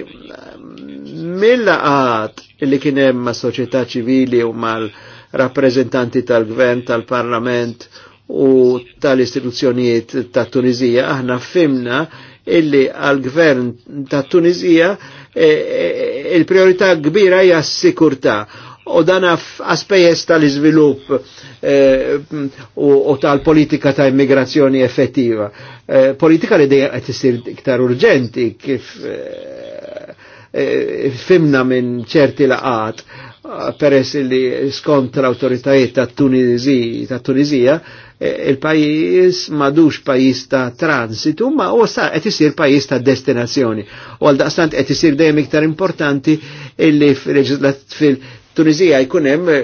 mill-laqat illi kien hemm mas-soċjetà ċivili u mal- rappresentanti tal-gvern, tal-parlament u tal-istituzzjonijiet ta' Tunizija. Aħna fimna illi għal-gvern ta' Tunizija e, e, il-priorità kbira hija s-sikurtà u dan aspejjeż tal-iżvilupp e, u tal-politika ta' immigrazzjoni effettiva. Politika li dejjem qed isir iktar urġenti kif fimna minn ċerti laqat peress li skont l-autoritajiet ta' Tunizija, e, il-pajis madux pajis ta' transitu, ma' u sa' qed isir pajis ta' destinazzjoni. U għal daqstant qed isir dejjem iktar importanti illi fil-Tunizija jkun hemm e,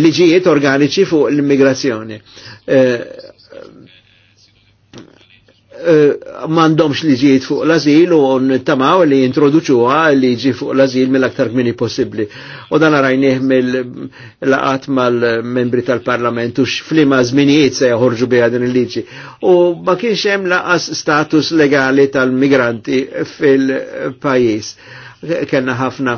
liġijiet organiċi fuq l-immigrazzjoni. E, Eh, mandomx liġijiet fuq l-azil u n-tamaw li introduċuha liġi fuq l-azil mill-aktar kmini possibli. U dan rajnieh mill-laqat mal-membri tal-parlament u x-flima żminijiet se joħorġu biha din il-liġi. U ma kienx hemm laqas status legali tal-migranti fil-pajjiż. Kenna ħafna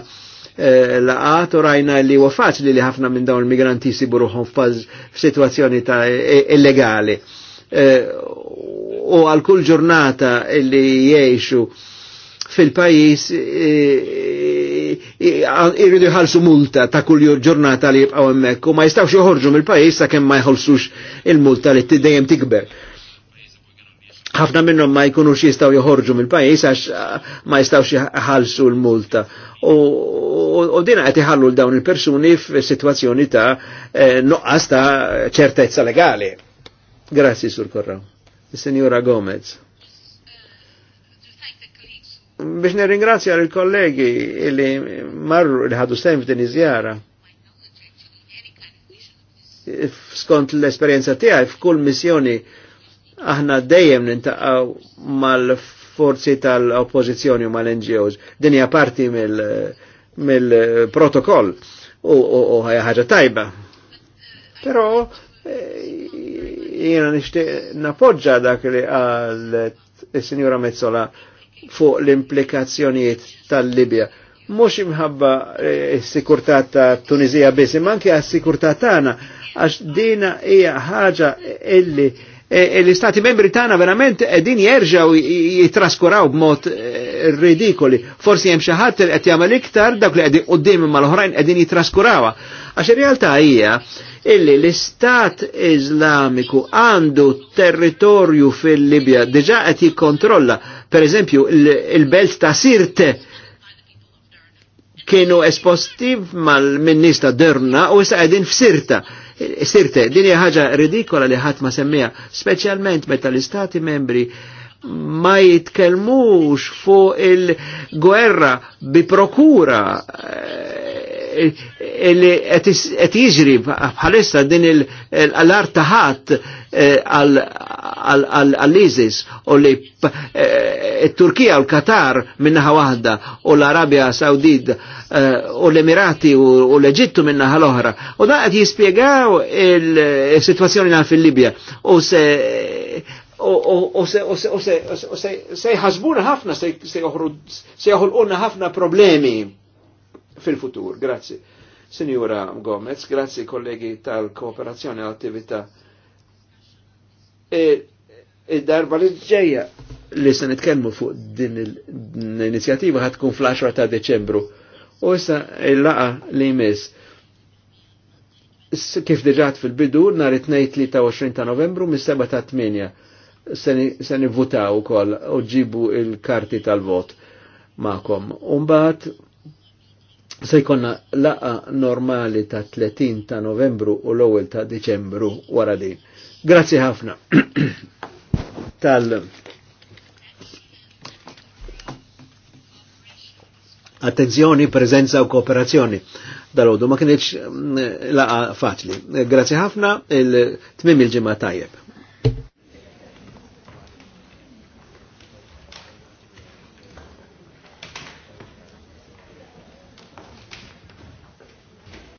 eh, laqat u rajna li huwa faċli li ħafna minn dawn il-migranti buruħum f f'sitwazzjoni ta' illegali. Eh, u għal kull ġurnata li jiexu fil-pajis e, e, e, irridu jħalsu multa ta' kull ġurnata li jibqaw emmek u ma jistawx joħorġu mill-pajis sa' kemm ma jħolsux il-multa li t-dejjem tikber. ħafna minnhom ma jkunux jistaw joħorġu mill-pajis għax ma jistawx jħalsu l-multa. U dina qed iħallu l-dawn il-persuni f'sitwazzjoni ta' nuqqas ta' ċertezza legali. Grazzi, Sur Korraw. Signora Gomez. Biex nirringrazzja l-kollegi li marru li ħadu sejm f'din iżjara. Skont l-esperjenza tiegħi f'kull missjoni aħna dejjem nintaqgħu mal-forzi tal-oppożizzjoni u mal-NGOs. Din hija parti mill-protokoll u ħajja ħaġa tajba. Però eh, Jena nishtiq napoġġa dak li għal il-Sinjura Mezzola fuq l-implikazzjonijiet tal-Libja. Mux imħabba il e, sikurtà ta' Tunizija biss, manki anke għas-sikurtà tagħna għax dina hija ħaġa illi E, e l-istati membri tana verament edin jerġaw jitraskuraw b'mod e, ridikoli. Forsi jem xaħat li għet jamal iktar dak li għedin qoddim mal ħorajn għedin jitraskurawa. Għax realtà hija illi l-istat islamiku għandu territorju fil-Libja diġa għet jikontrolla. per eżempju, il-belt ta' Sirte kienu esposti mal-minnista Derna u issa qegħdin f'Sirta. Sirte, din hija ħaġa ridikola li ħadd ma semmija, speċjalment meta l-istati membri ma jitkelmux fuq il-gwerra bi prokura eh, et qed jiġri bħalissa din l alar taħat eh, għall-ISIS u li eh, Turkija u l-Katar minnaħa wahda u l arabia Saudid eh, u l-Emirati u l-Eġittu minnaħa l-oħra. U da qed jispiegaw il-sitwazzjoni situazzjoni fil-Libja u se u se jħasbuna ħafna se jħolqunna ħafna problemi fil-futur. Grazzi. Sinjura Gomez, grazzi kollegi tal-kooperazzjoni għall-attività. E, e darba li ġeja li se nitkellmu fuq din l-inizjattiva ħad tkun fl-10 ta' Deċembru. U issa il-laqa li jmiss. Kif diġat fil-bidu, nar 23 ta' novembru mis-7 ta' 8 se nivvutaw ukoll u ġibu il-karti tal-vot ma'kom. Umbat Se jkonna laqa normali ta' 30 ta' novembru u l-ewwel ta' Deċembru wara din. Grazzi ħafna *clears throat* tal attenzjoni, prezenza u kooperazzjoni dal-ħodu. Ma kienieċ mm, laqa faċli. Grazzi ħafna il-tmim il-ġimma tajjeb.